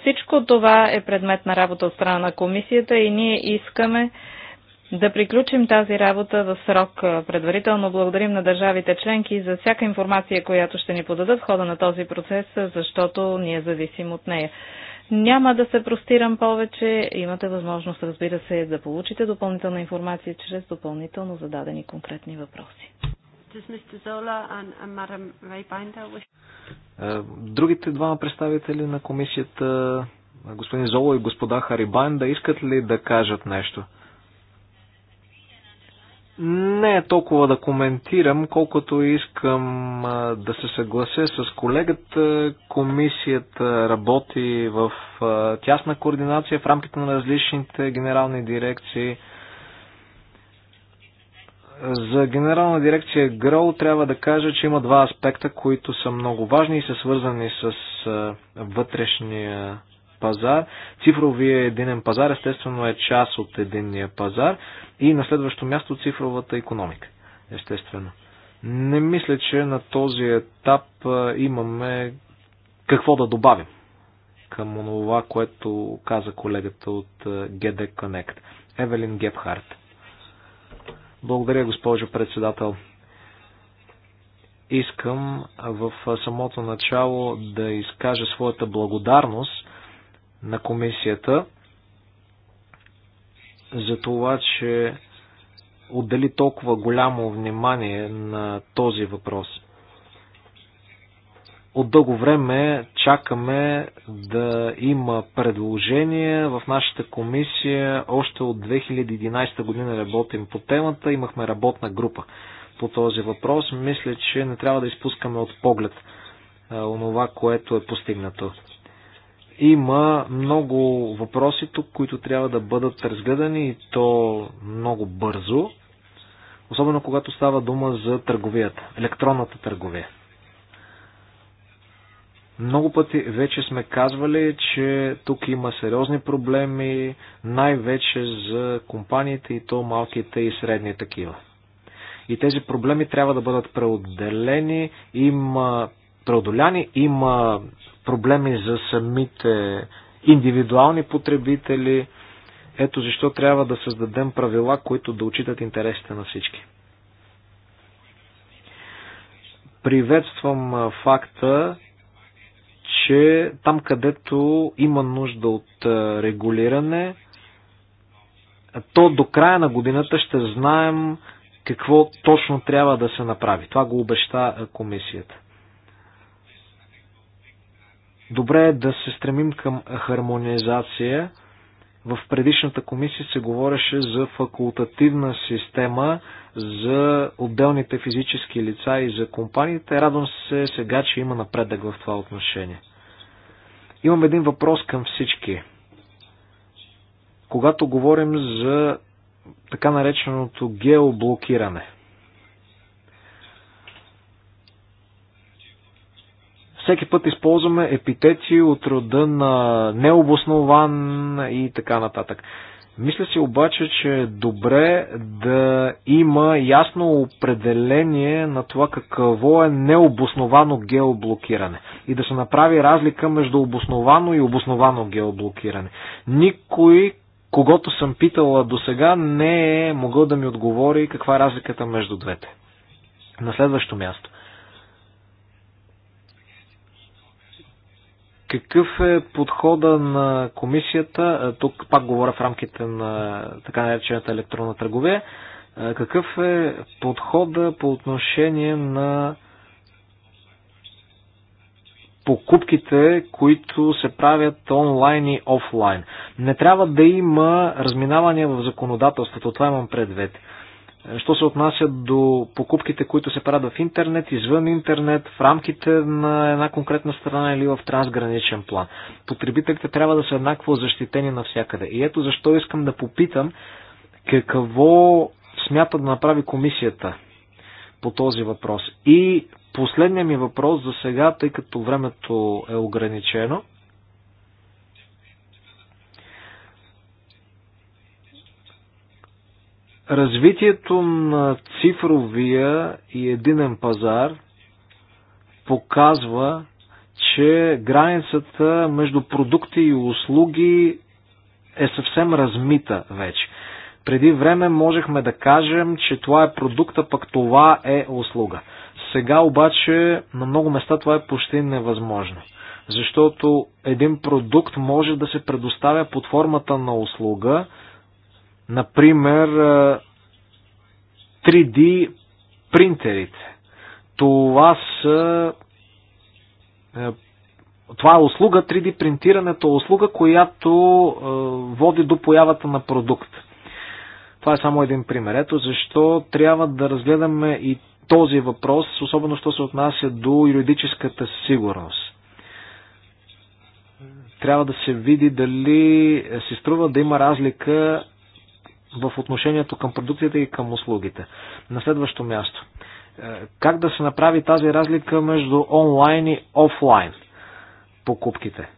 Speaker 1: Всичко това е предмет на работа от страна на комисията и ние искаме да приключим тази работа в срок. Предварително благодарим на държавите членки за всяка информация, която ще ни подадат в хода на този процес, защото ние зависим от нея. Няма да се простирам повече. Имате възможност, разбира се, да получите допълнителна информация чрез допълнително зададени конкретни въпроси.
Speaker 5: Е, другите двама представители на комисията, господин Зола и господа Харибайн, да искат ли да кажат нещо? не е толкова да коментирам, колкото искам да се съглася с колегата. Комисията работи в тясна координация в рамките на различните генерални дирекции. За генерална дирекция ГРО трябва да кажа, че има два аспекта, които са много важни и са свързани с вътрешния пазар. Цифровия единен пазар естествено е част от единния пазар и на следващо място цифровата економика. Естествено. Не мисля, че на този етап имаме какво да добавим към това, което каза колегата от GD Connect. Евелин Гепхарт. Благодаря, госпожо председател. Искам в самото начало да изкажа своята благодарност на комисията за това, че отдели толкова голямо внимание на този въпрос. От дълго време чакаме да има предложение в нашата комисия. Още от 2011 година работим по темата. Имахме работна група по този въпрос. Мисля, че не трябва да изпускаме от поглед онова, което е постигнато. Има много въпроси тук, които трябва да бъдат разгледани и то много бързо, особено когато става дума за търговията, електронната търговия. Много пъти вече сме казвали, че тук има сериозни проблеми, най-вече за компаниите и то малките и средни такива. И тези проблеми трябва да бъдат преодолени, има преодоляни, има проблеми за самите индивидуални потребители. Ето защо трябва да създадем правила, които да учитат интересите на всички. Приветствам факта, че там, където има нужда от регулиране, то до края на годината ще знаем какво точно трябва да се направи. Това го обеща комисията. Добре е да се стремим към хармонизация. В предишната комисия се говореше за факултативна система за отделните физически лица и за компаниите. Радвам се сега, че има напредък в това отношение. Имам един въпрос към всички. Когато говорим за така нареченото геоблокиране – всеки път използваме епитети от рода на необоснован и така нататък. Мисля си обаче, че е добре да има ясно определение на това какво е необосновано геоблокиране и да се направи разлика между обосновано и обосновано геоблокиране. Никой, когато съм питала до сега, не е могъл да ми отговори каква е разликата между двете. На следващо място. Какъв е подхода на комисията? Е, тук пак говоря в рамките на така наречената електронна търговия. Е, какъв е подхода по отношение на покупките, които се правят онлайн и офлайн? Не трябва да има разминавания в законодателството, това имам предвид. Що се отнася до покупките, които се правят в интернет, извън интернет, в рамките на една конкретна страна или в трансграничен план. Потребителите трябва да са еднакво защитени навсякъде. И ето защо искам да попитам какво смята да направи комисията по този въпрос. И последният ми въпрос за сега, тъй като времето е ограничено – Развитието на цифровия и единен пазар показва, че границата между продукти и услуги е съвсем размита вече. Преди време можехме да кажем, че това е продукта, пък това е услуга. Сега обаче на много места това е почти невъзможно. Защото един продукт може да се предоставя под формата на услуга, Например, 3D принтерите. Това са е, това е услуга, 3D принтирането е услуга, която е, води до появата на продукт. Това е само един пример. Ето защо трябва да разгледаме и този въпрос, особено що се отнася до юридическата сигурност. Трябва да се види дали се струва да има разлика в отношението към продукцията и към услугите. На следващо място. Е, как да се направи тази разлика между онлайн и офлайн покупките?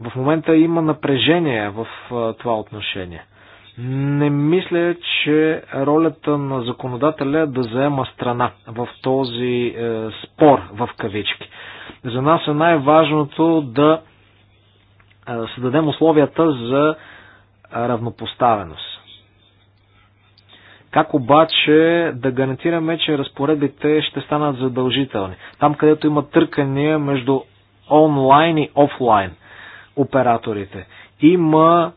Speaker 5: В момента има напрежение в е, това отношение. Не мисля, че ролята на законодателя е да заема страна в този е, спор в кавички. За нас е най-важното да е, създадем условията за е, равнопоставеност. Как обаче да гарантираме, че разпоредбите ще станат задължителни? Там, където има търкания между онлайн и офлайн операторите. Има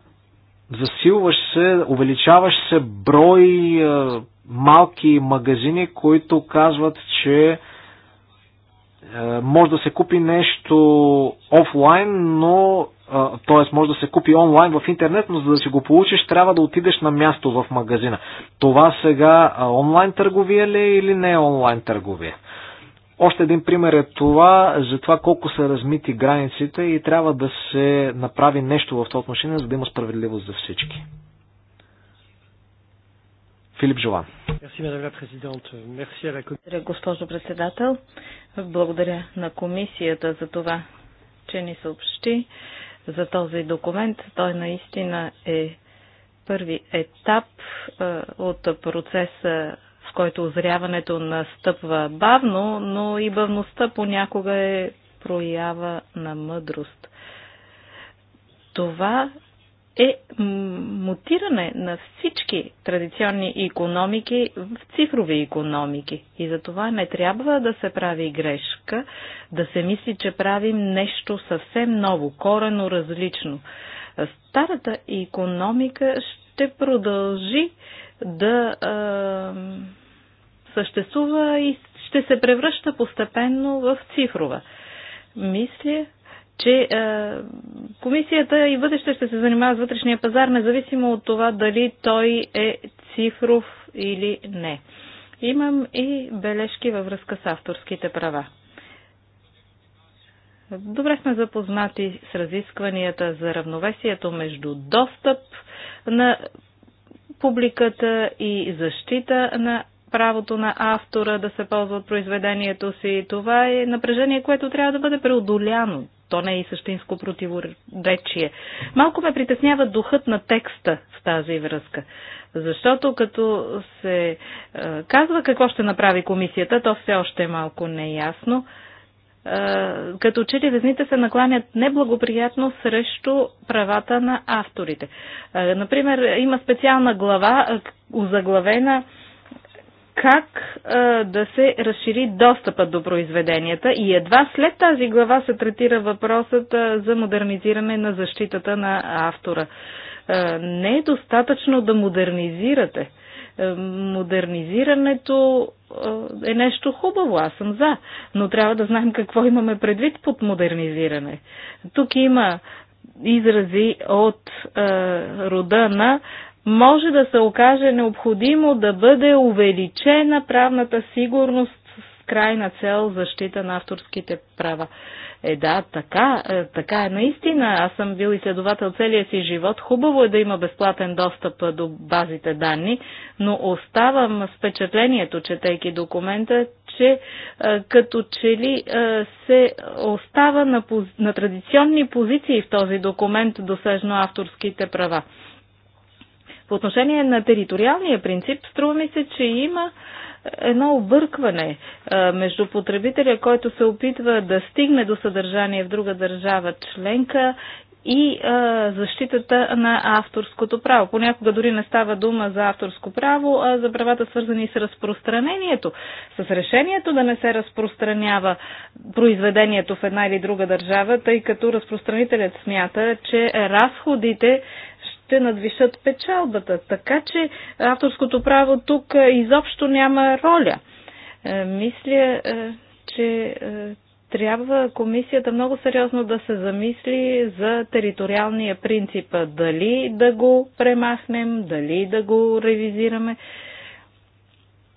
Speaker 5: засилващ се, увеличаващ се брой е, малки магазини, които казват, че е, може да се купи нещо офлайн, но т.е. може да се купи онлайн в интернет, но за да си го получиш, трябва да отидеш на място в магазина. Това сега е, онлайн търговия ли е или не е онлайн търговия? Още един пример е това, за това колко са размити границите и трябва да се направи нещо в това отношение, за да има справедливост за всички. Филип Жолан.
Speaker 1: Благодаря, госпожо председател. Благодаря на комисията за това, че ни съобщи за този документ. Той наистина е първи етап от процеса, в който озряването настъпва бавно, но и бавността понякога е проява на мъдрост. Това е мутиране на всички традиционни економики в цифрови економики. И за това не трябва да се прави грешка, да се мисли, че правим нещо съвсем ново, корено различно. Старата економика ще продължи да е, съществува и ще се превръща постепенно в цифрова. Мисля, че е, комисията и бъдеще ще се занимава с вътрешния пазар, независимо от това дали той е цифров или не. Имам и бележки във връзка с авторските права. Добре сме запознати с разискванията за равновесието между достъп на публиката и защита на правото на автора да се ползва от произведението си. Това е напрежение, което трябва да бъде преодоляно. То не е и същинско противоречие. Малко ме притеснява духът на текста в тази връзка. Защото като се е, казва какво ще направи комисията, то все още е малко неясно е, като че ли везните се накланят неблагоприятно срещу правата на авторите. Е, например, има специална глава, озаглавена как а, да се разшири достъпа до произведенията и едва след тази глава се третира въпросът а, за модернизиране на защитата на автора. А, не е достатъчно да модернизирате. А, модернизирането а, е нещо хубаво, аз съм за, но трябва да знаем какво имаме предвид под модернизиране. Тук има изрази от а, рода на може да се окаже необходимо да бъде увеличена правната сигурност с крайна цел защита на авторските права. Е да, така, е, така е наистина. Аз съм бил изследовател целия си живот. Хубаво е да има безплатен достъп е, до базите данни, но оставам с впечатлението, четейки документа, че е, като че ли е, се остава на, на традиционни позиции в този документ досежно авторските права. По отношение на териториалния принцип, струва ми се, че има едно объркване е, между потребителя, който се опитва да стигне до съдържание в друга държава членка и а, е, защитата на авторското право. Понякога дори не става дума за авторско право, а за правата свързани с разпространението. С решението да не се разпространява произведението в една или друга държава, тъй като разпространителят смята, че разходите ще надвишат печалбата. Така че авторското право тук е, изобщо няма роля. Е, мисля, е, че трябва комисията много сериозно да се замисли за териториалния принцип. Дали да го премахнем, дали да го ревизираме.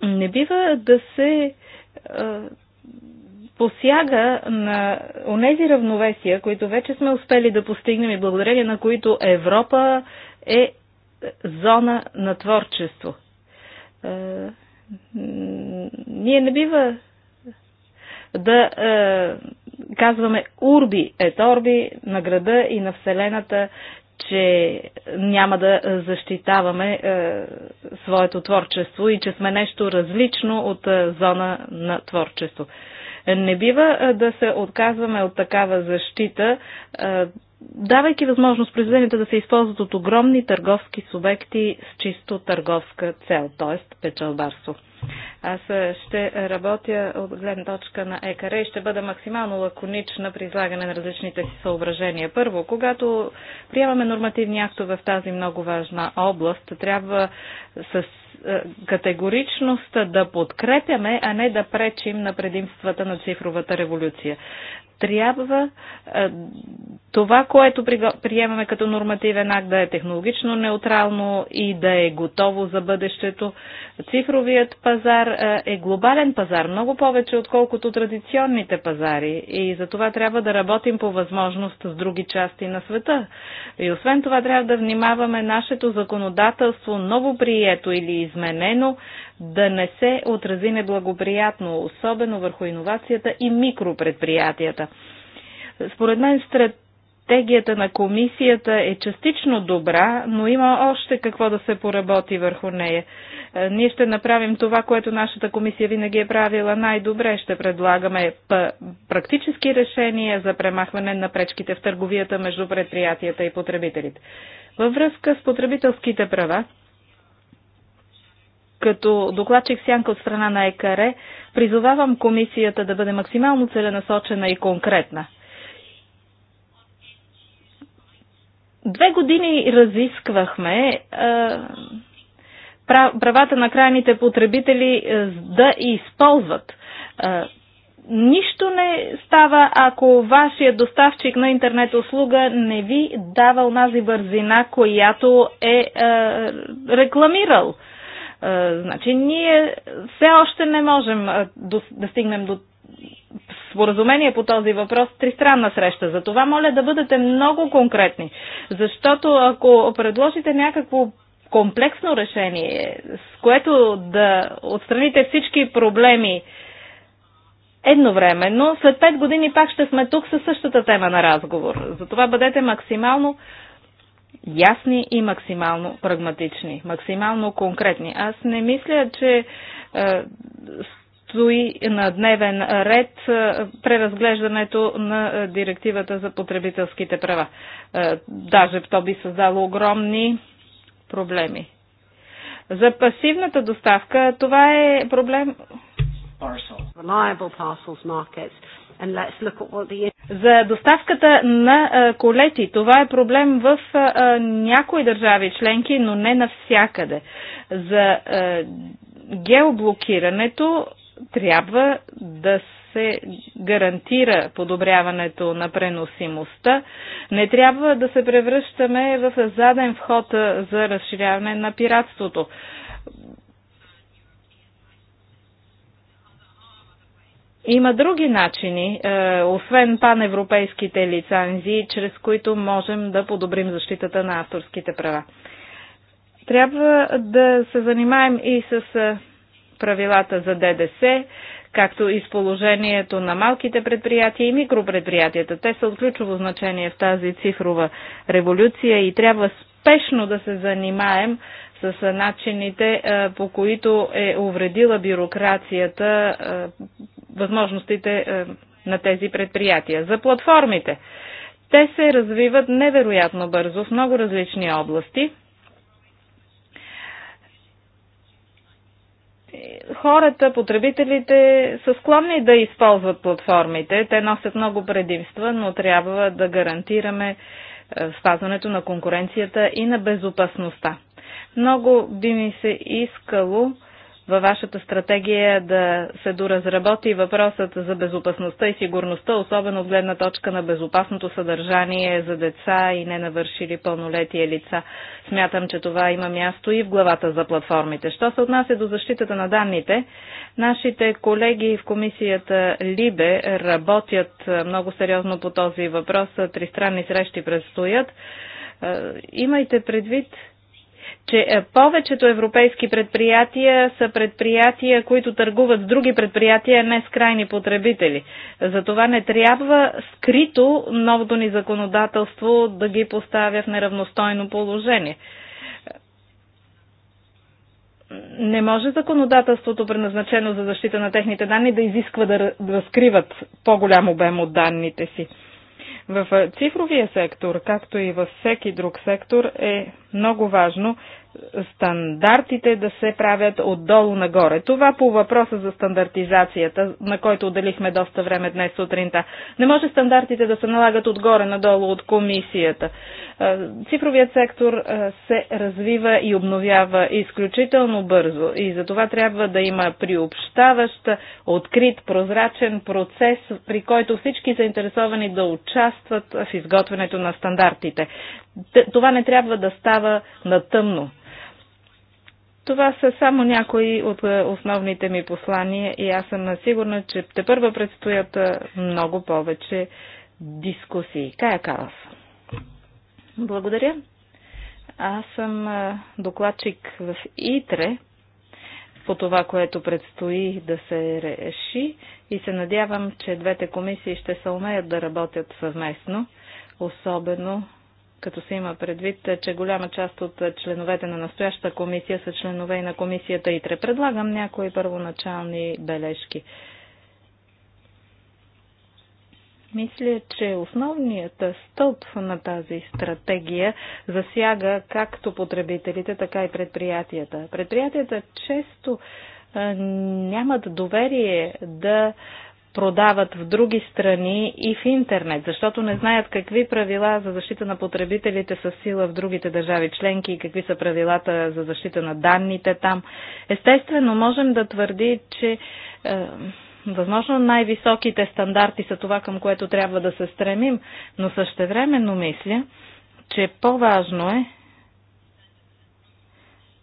Speaker 1: Не бива да се посяга на онези равновесия, които вече сме успели да постигнем и благодарение на които Европа е зона на творчество. Е, ние не бива да е, казваме урби е торби на града и на Вселената, че няма да защитаваме е, своето творчество и че сме нещо различно от е, зона на творчество. Не бива да се отказваме от такава защита давайки възможност произведенията да се използват от огромни търговски субекти с чисто търговска цел, т.е. печалбарство. Аз ще работя от гледна точка на ЕКР и ще бъда максимално лаконична при излагане на различните си съображения. Първо, когато приемаме нормативни актове в тази много важна област, трябва с категоричност да подкрепяме, а не да пречим на предимствата на цифровата революция трябва е, това, което приемаме като нормативен акт, да е технологично неутрално и да е готово за бъдещето. Цифровият пазар е, е глобален пазар, много повече отколкото традиционните пазари и за това трябва да работим по възможност с други части на света. И освен това трябва да внимаваме нашето законодателство, ново прието или изменено, да не се отрази неблагоприятно, особено върху иновацията и микропредприятията. Според мен стратегията на комисията е частично добра, но има още какво да се поработи върху нея. Е, ние ще направим това, което нашата комисия винаги е правила най-добре. Ще предлагаме практически решения за премахване на пречките в търговията между предприятията и потребителите. Във връзка с потребителските права, като докладчик сянка от страна на ЕКР, призовавам комисията да бъде максимално целенасочена и конкретна. Две години разисквахме е, правата на крайните потребители е, да използват. Е, нищо не става, ако вашия доставчик на интернет услуга не ви дава онази бързина, която е, е рекламирал. Значи ние все още не можем да стигнем до споразумение по този въпрос тристранна среща. За това моля да бъдете много конкретни, защото ако предложите някакво комплексно решение, с което да отстраните всички проблеми едновременно, след 5 години пак ще сме тук със същата тема на разговор. Затова бъдете максимално ясни и максимално прагматични, максимално конкретни. Аз не мисля, че е, стои на дневен ред е, преразглеждането на е, директивата за потребителските права. Даже то би създало огромни проблеми. За пасивната доставка това е проблем. За доставката на колети, това е проблем в някои държави членки, но не навсякъде. За геоблокирането трябва да се гарантира подобряването на преносимостта. Не трябва да се превръщаме в заден вход за разширяване на пиратството. Има други начини, е, освен паневропейските лицензии, чрез които можем да подобрим защитата на авторските права. Трябва да се занимаем и с е, правилата за ДДС, както и с положението на малките предприятия и микропредприятията. Те са от ключово значение в тази цифрова революция и трябва спешно да се занимаем с е, начините, по които е увредила бюрокрацията възможностите е, на тези предприятия. За платформите. Те се развиват невероятно бързо в много различни области. Хората, потребителите са склонни да използват платформите. Те носят много предимства, но трябва да гарантираме е, спазването на конкуренцията и на безопасността. Много би ми се искало във вашата стратегия да се доразработи въпросът за безопасността и сигурността, особено от гледна точка на безопасното съдържание за деца и ненавършили пълнолетие лица. Смятам, че това има място и в главата за платформите. Що се отнася до защитата на данните, нашите колеги в комисията Либе работят много сериозно по този въпрос. Тристранни срещи предстоят. Имайте предвид, че е, повечето европейски предприятия са предприятия, които търгуват с други предприятия, не с крайни потребители. Затова не трябва скрито новото ни законодателство да ги поставя в неравностойно положение. Не може законодателството, предназначено за защита на техните данни, да изисква да разкриват по-голям обем от данните си. В е, цифровия сектор, както и във всеки друг сектор, е много важно стандартите да се правят отдолу нагоре. Това по въпроса за стандартизацията, на който отделихме доста време днес сутринта. Не може стандартите да се налагат отгоре надолу от комисията. Цифровият сектор се развива и обновява изключително бързо и за това трябва да има приобщаващ, открит, прозрачен процес, при който всички заинтересовани да участват в изготвянето на стандартите това не трябва да става на тъмно. Това са само някои от е, основните ми послания и аз съм сигурна, че те първа предстоят е, много повече дискусии. Кая Калас. Благодаря. Аз съм е, докладчик в ИТРЕ по това, което предстои да се реши и се надявам, че двете комисии ще се умеят да работят съвместно, особено като се има предвид, че голяма част от членовете на настоящата комисия са членове и на комисията ИТРЕ. Предлагам някои първоначални бележки. Мисля, че основният стълб на тази стратегия засяга както потребителите, така и предприятията. Предприятията често нямат доверие да продават в други страни и в интернет, защото не знаят какви правила за защита на потребителите са сила в другите държави членки и какви са правилата за защита на данните там. Естествено, можем да твърди, че е, възможно най-високите стандарти са това, към което трябва да се стремим, но същевременно мисля, че по-важно е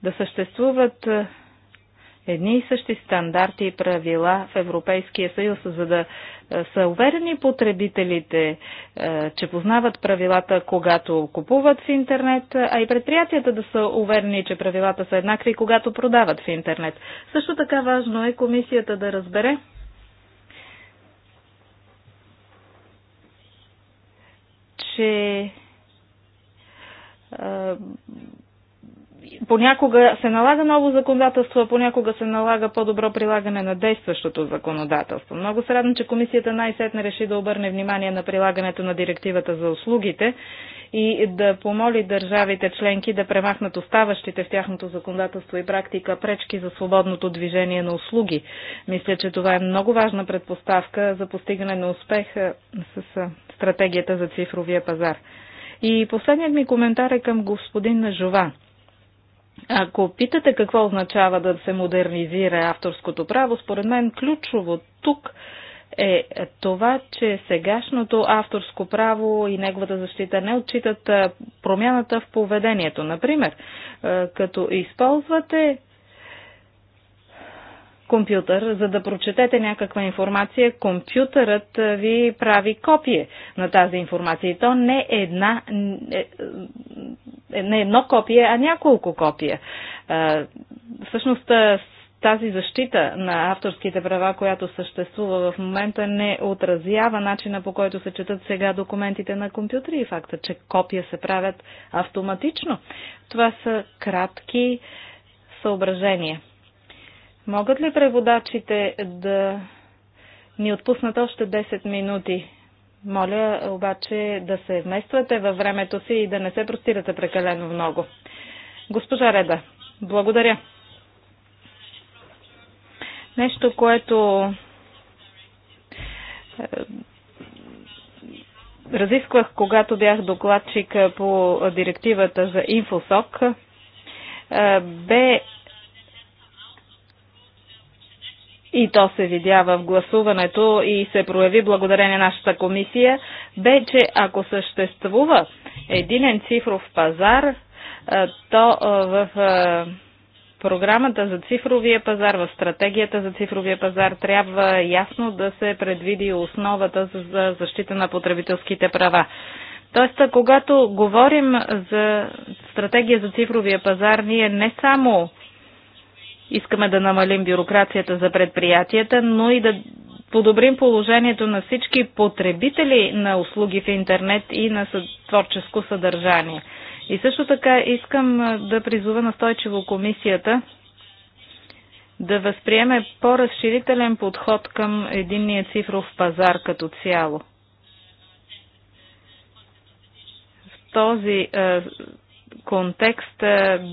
Speaker 1: да съществуват е, едни и същи стандарти и правила в Европейския съюз, за да е, са уверени потребителите, е, че познават правилата, когато купуват в интернет, а и предприятията да са уверени, че правилата са еднакви, когато продават в интернет. Също така важно е комисията да разбере, че е, понякога се налага ново законодателство, а понякога се налага по-добро прилагане на действащото законодателство. Много се радвам, че комисията най-сетне реши да обърне внимание на прилагането на директивата за услугите и да помоли държавите членки да премахнат оставащите в тяхното законодателство и практика пречки за свободното движение на услуги. Мисля, че това е много важна предпоставка за постигане на успех с стратегията за цифровия пазар. И последният ми коментар е към господин Нажова. Ако питате какво означава да се модернизира авторското право, според мен ключово тук е това, че сегашното авторско право и неговата защита не отчитат промяната в поведението. Например, като използвате компютър, за да прочетете някаква информация, компютърът ви прави копие на тази информация. И то не една, не едно копие, а няколко копия. Всъщност тази защита на авторските права, която съществува в момента, не отразява начина по който се четат сега документите на компютри и факта, че копия се правят автоматично. Това са кратки съображения. Могат ли преводачите да ни отпуснат още 10 минути? Моля обаче да се вмествате във времето си и да не се простирате прекалено много. Госпожа Реда, благодаря. Нещо, което е, разисквах, когато бях докладчик по директивата за Инфосок, е, бе и то се видя в гласуването и се прояви благодарение на нашата комисия, бе, че ако съществува единен цифров пазар, то в програмата за цифровия пазар, в стратегията за цифровия пазар трябва ясно да се предвиди основата за защита на потребителските права. Тоест, когато говорим за стратегия за цифровия пазар, ние не само Искаме да намалим бюрокрацията за предприятията, но и да подобрим положението на всички потребители на услуги в интернет и на творческо съдържание. И също така искам да призова настойчиво комисията да възприеме по-разширителен подход към единния цифров пазар като цяло. В този контекст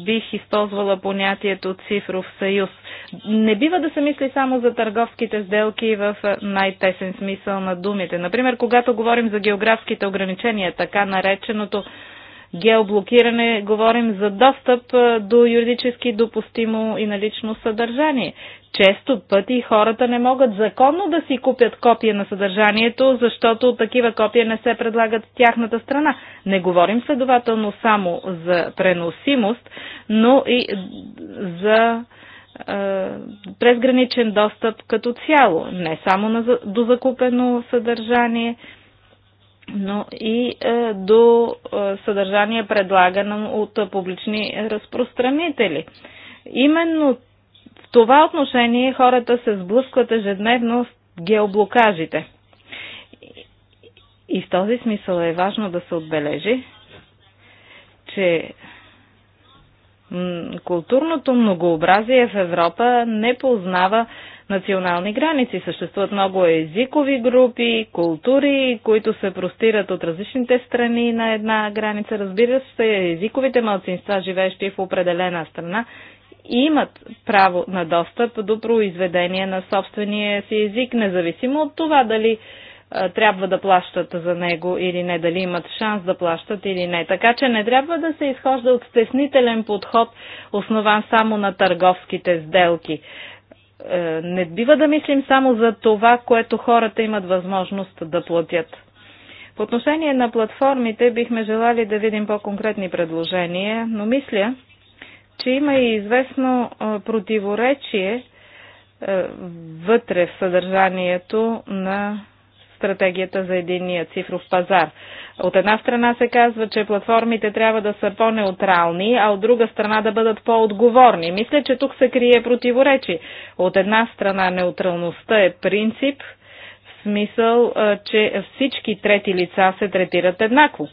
Speaker 1: бих използвала понятието цифров съюз. Не бива да се мисли само за търговските сделки в най-тесен смисъл на думите. Например, когато говорим за географските ограничения, така нареченото геоблокиране, говорим за достъп до юридически допустимо и налично съдържание. Често пъти хората не могат законно да си купят копия на съдържанието, защото такива копия не се предлагат в тяхната страна. Не говорим следователно само за преносимост, но и за презграничен достъп като цяло, не само на закупено съдържание, но и е, до е, съдържание предлагано от публични разпространители. Именно в това отношение хората се сблъскват ежедневно с геоблокажите. И в този смисъл е важно да се отбележи, че културното многообразие в Европа не познава национални граници. Съществуват много езикови групи, култури, които се простират от различните страни на една граница. Разбира се, езиковите малцинства, живеещи в определена страна, имат право на достъп до произведения на собствения си език, независимо от това дали трябва да плащат за него или не, дали имат шанс да плащат или не. Така че не трябва да се изхожда от стеснителен подход, основан само на търговските сделки. Е, не бива да мислим само за това, което хората имат възможност да платят. По отношение на платформите бихме желали да видим по-конкретни предложения, но мисля, че има и известно е, противоречие е, вътре в съдържанието на стратегията за единния цифров пазар. От една страна се казва, че платформите трябва да са по-неутрални, а от друга страна да бъдат по-отговорни. Мисля, че тук се крие противоречи. От една страна неутралността е принцип, в смисъл, че всички трети лица се третират еднакво.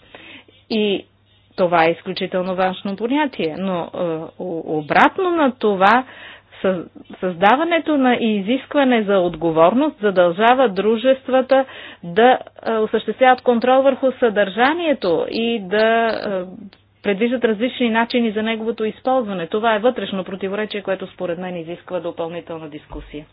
Speaker 1: И това е изключително важно понятие. Но обратно на това Създаването на изискване за отговорност задължава дружествата да осъществяват контрол върху съдържанието и да предвиждат различни начини за неговото използване. Това е вътрешно противоречие, което според мен изисква допълнителна дискусия.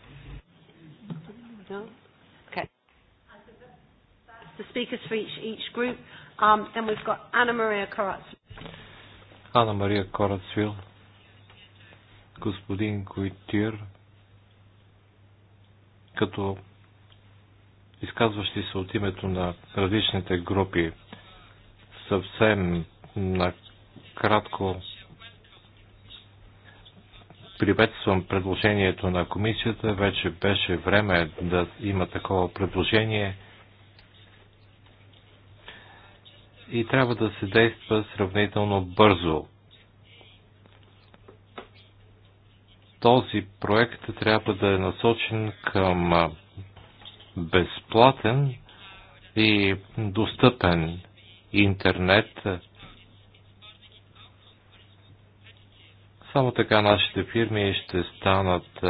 Speaker 4: Анна Мария Корацвил господин Койтир като изказващи се от името на различните групи съвсем накратко приветствам предложението на комисията. Вече беше време да има такова предложение. И трябва да се действа сравнително бързо. този проект трябва да е насочен към безплатен и достъпен интернет. Само така нашите фирми ще станат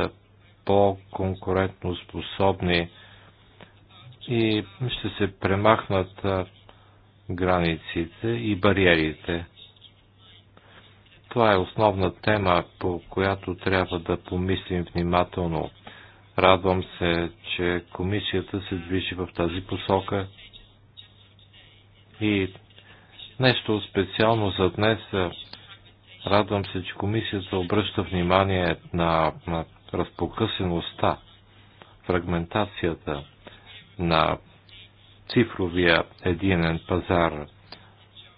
Speaker 4: по-конкурентно способни и ще се премахнат границите и бариерите. Това е основна тема, по която трябва да помислим внимателно. Радвам се, че комисията се движи в тази посока. И нещо специално за днес. Радвам се, че комисията обръща внимание на, на разпокъсеността, фрагментацията на цифровия единен пазар.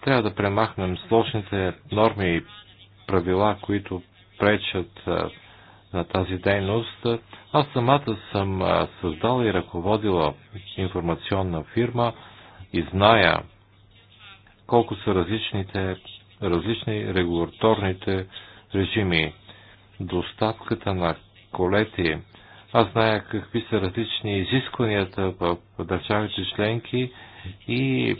Speaker 4: Трябва да премахнем сложните норми и правила, които пречат на тази дейност. Аз самата съм създала и ръководила информационна фирма и зная колко са различните, различни регулаторните режими. Доставката на колети. Аз зная какви са различни изискванията в държавите членки и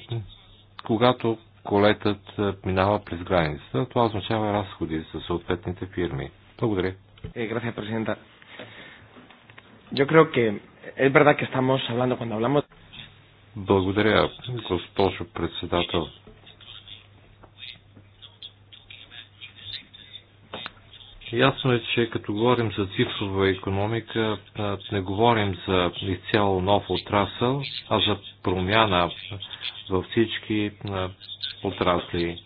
Speaker 4: когато колетът е, минава през границата. Това означава разходи за съответните фирми. Благодаря.
Speaker 5: Е, грация, президента. Yo creo que es verdad que estamos hablando cuando hablamos.
Speaker 4: Благодаря, госпожо председател. Ясно е, че като говорим за цифрова економика, не говорим за изцяло нов отрасъл, а за промяна във всички отрасли.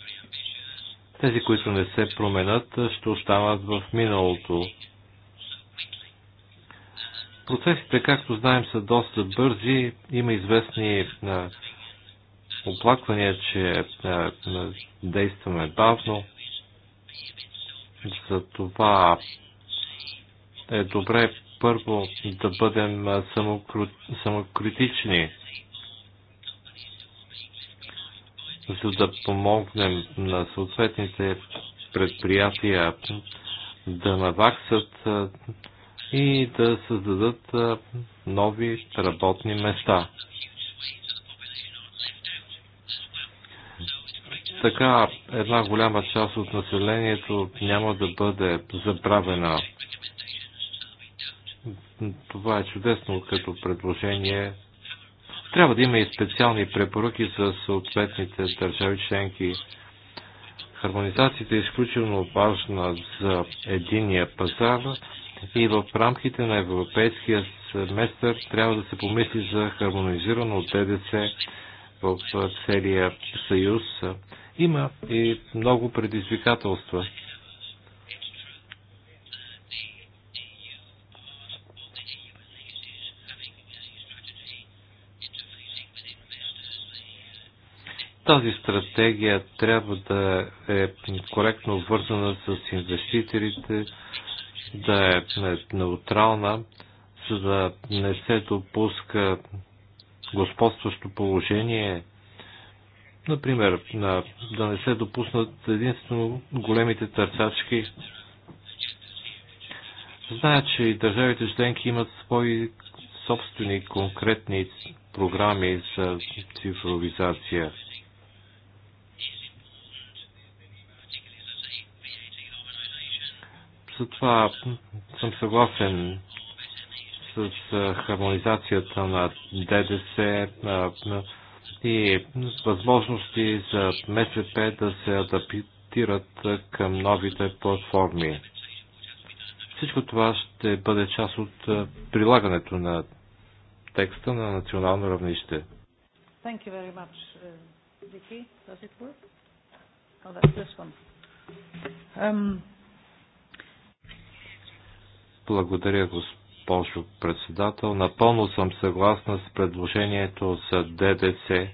Speaker 4: Тези, които не се променят, ще останат в миналото. Процесите, както знаем, са доста бързи. Има известни оплаквания, че действаме бавно. За това е добре първо да бъдем самокритични, за да помогнем на съответните предприятия да наваксат и да създадат нови работни места. така една голяма част от населението няма да бъде забравена. Това е чудесно като предложение. Трябва да има и специални препоръки за съответните държави членки. Хармонизацията е изключително важна за единия пазар и в рамките на европейския семестър трябва да се помисли за хармонизирано ДДС в целия съюз. Има и много предизвикателства. тази стратегия трябва да е коректно вързана с инвеститорите, да е неутрална, за да не се допуска господстващо положение Например, на, да не се допуснат единствено големите търсачки. Зная, че и държавите членки имат свои собствени конкретни програми за цифровизация. Затова съм съгласен с хармонизацията на ДДС, на, на конкретни възможности за МСП да се адаптират към новите платформи. Всичко това ще бъде част от прилагането на текста на национално равнище.
Speaker 1: Thank you very much. Uh, Vicky, does it work? Oh, that's this one.
Speaker 2: Um...
Speaker 4: Благодаря, господин госпожо председател. Напълно съм съгласна с предложението за ДДС.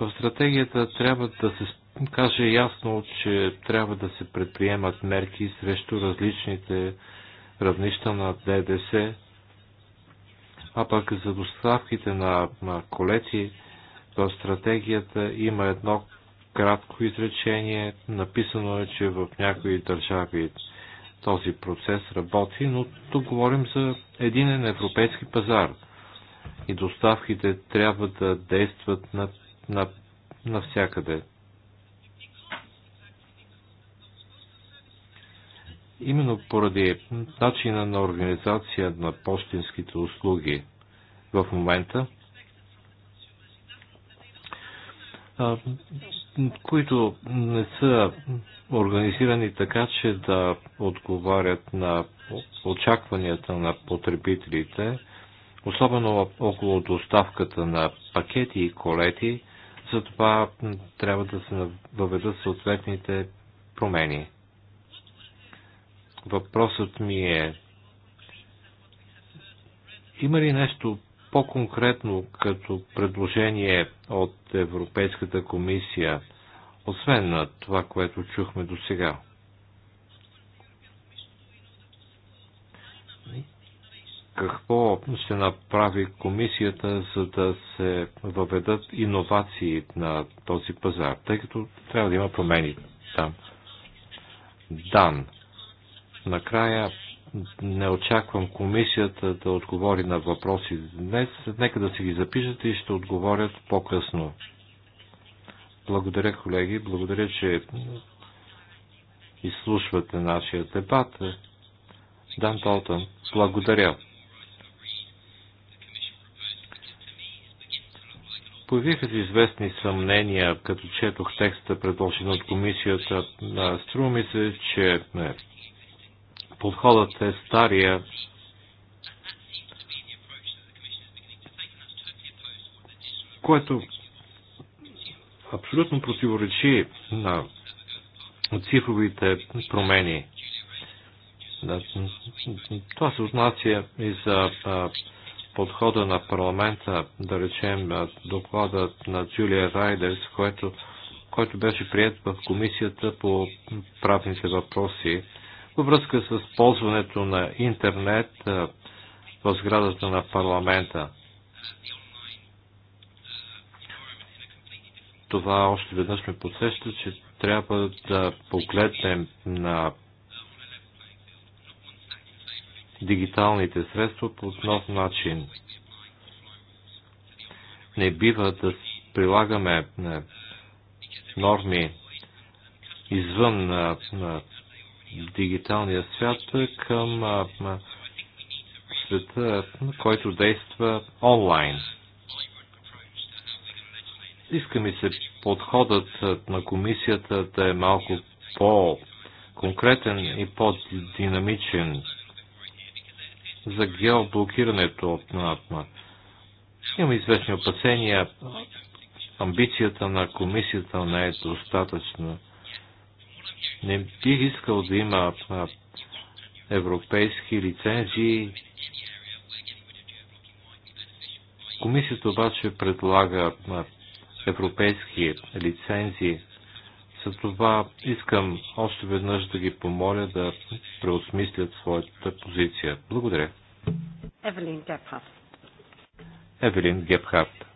Speaker 4: В стратегията трябва да се каже ясно, че трябва да се предприемат мерки срещу различните равнища на ДДС, а пък за доставките на колети в стратегията има едно кратко изречение. Написано е, че в някои държави този процес работи, но тук говорим за един европейски пазар. И доставките трябва да действат на, на, навсякъде. Именно поради начина на организация на почтинските услуги в момента, които не са организирани така, че да отговарят на очакванията на потребителите, особено около доставката на пакети и колети, затова трябва да се въведат съответните промени. Въпросът ми е има ли нещо по-конкретно като предложение от Европейската комисия, освен на това, което чухме до сега? Какво ще направи комисията, за да се въведат иновации на този пазар, тъй като трябва да има промени там? Дан. Накрая не очаквам комисията да отговори на въпроси днес. Нека да си ги запишете и ще отговорят по-късно. Благодаря, колеги. Благодаря, че изслушвате нашия дебат. Дан Толтън, благодаря. Появиха се известни съмнения, като четох текста, предложен от комисията. Струва ми се, че не подходът е стария. Което абсолютно противоречи на цифровите промени. Това се отнася и за подхода на парламента, да речем доклада на Джулия Райдерс, който, който беше прият в комисията по правните въпроси във връзка с ползването на интернет в сградата на парламента. Това още веднъж ме подсеща, че трябва да погледнем на дигиталните средства по нов начин. Не бива да прилагаме норми извън на, на дигиталния свят към света, който действа онлайн. Иска ми се подходът на комисията да е малко по-конкретен и по-динамичен за геоблокирането на Имам известни опасения. Амбицията на комисията не е достатъчна. Не бих искал да има европейски лицензии. Комисията обаче предлага европейски лицензии. За това искам още веднъж да ги помоля да преосмислят своята позиция. Благодаря.
Speaker 2: Евелин Гепхарт.
Speaker 4: Евелин Гепхарт.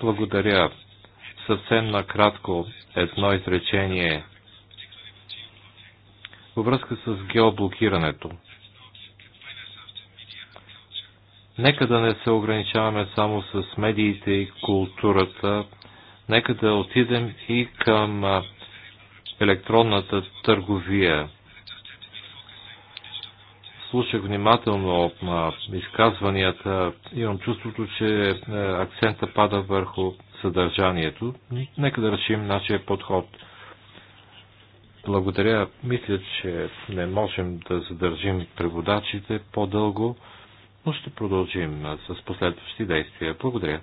Speaker 4: Благодаря. Съвсем накратко едно изречение във връзка с геоблокирането. Нека да не се ограничаваме само с медиите и културата, нека да отидем и към електронната търговия. Слушах внимателно изказванията. Имам чувството, че акцента пада върху съдържанието. Нека да решим нашия подход. Благодаря. Мисля, че не можем да задържим преводачите по-дълго, но ще продължим с последващи действия. Благодаря.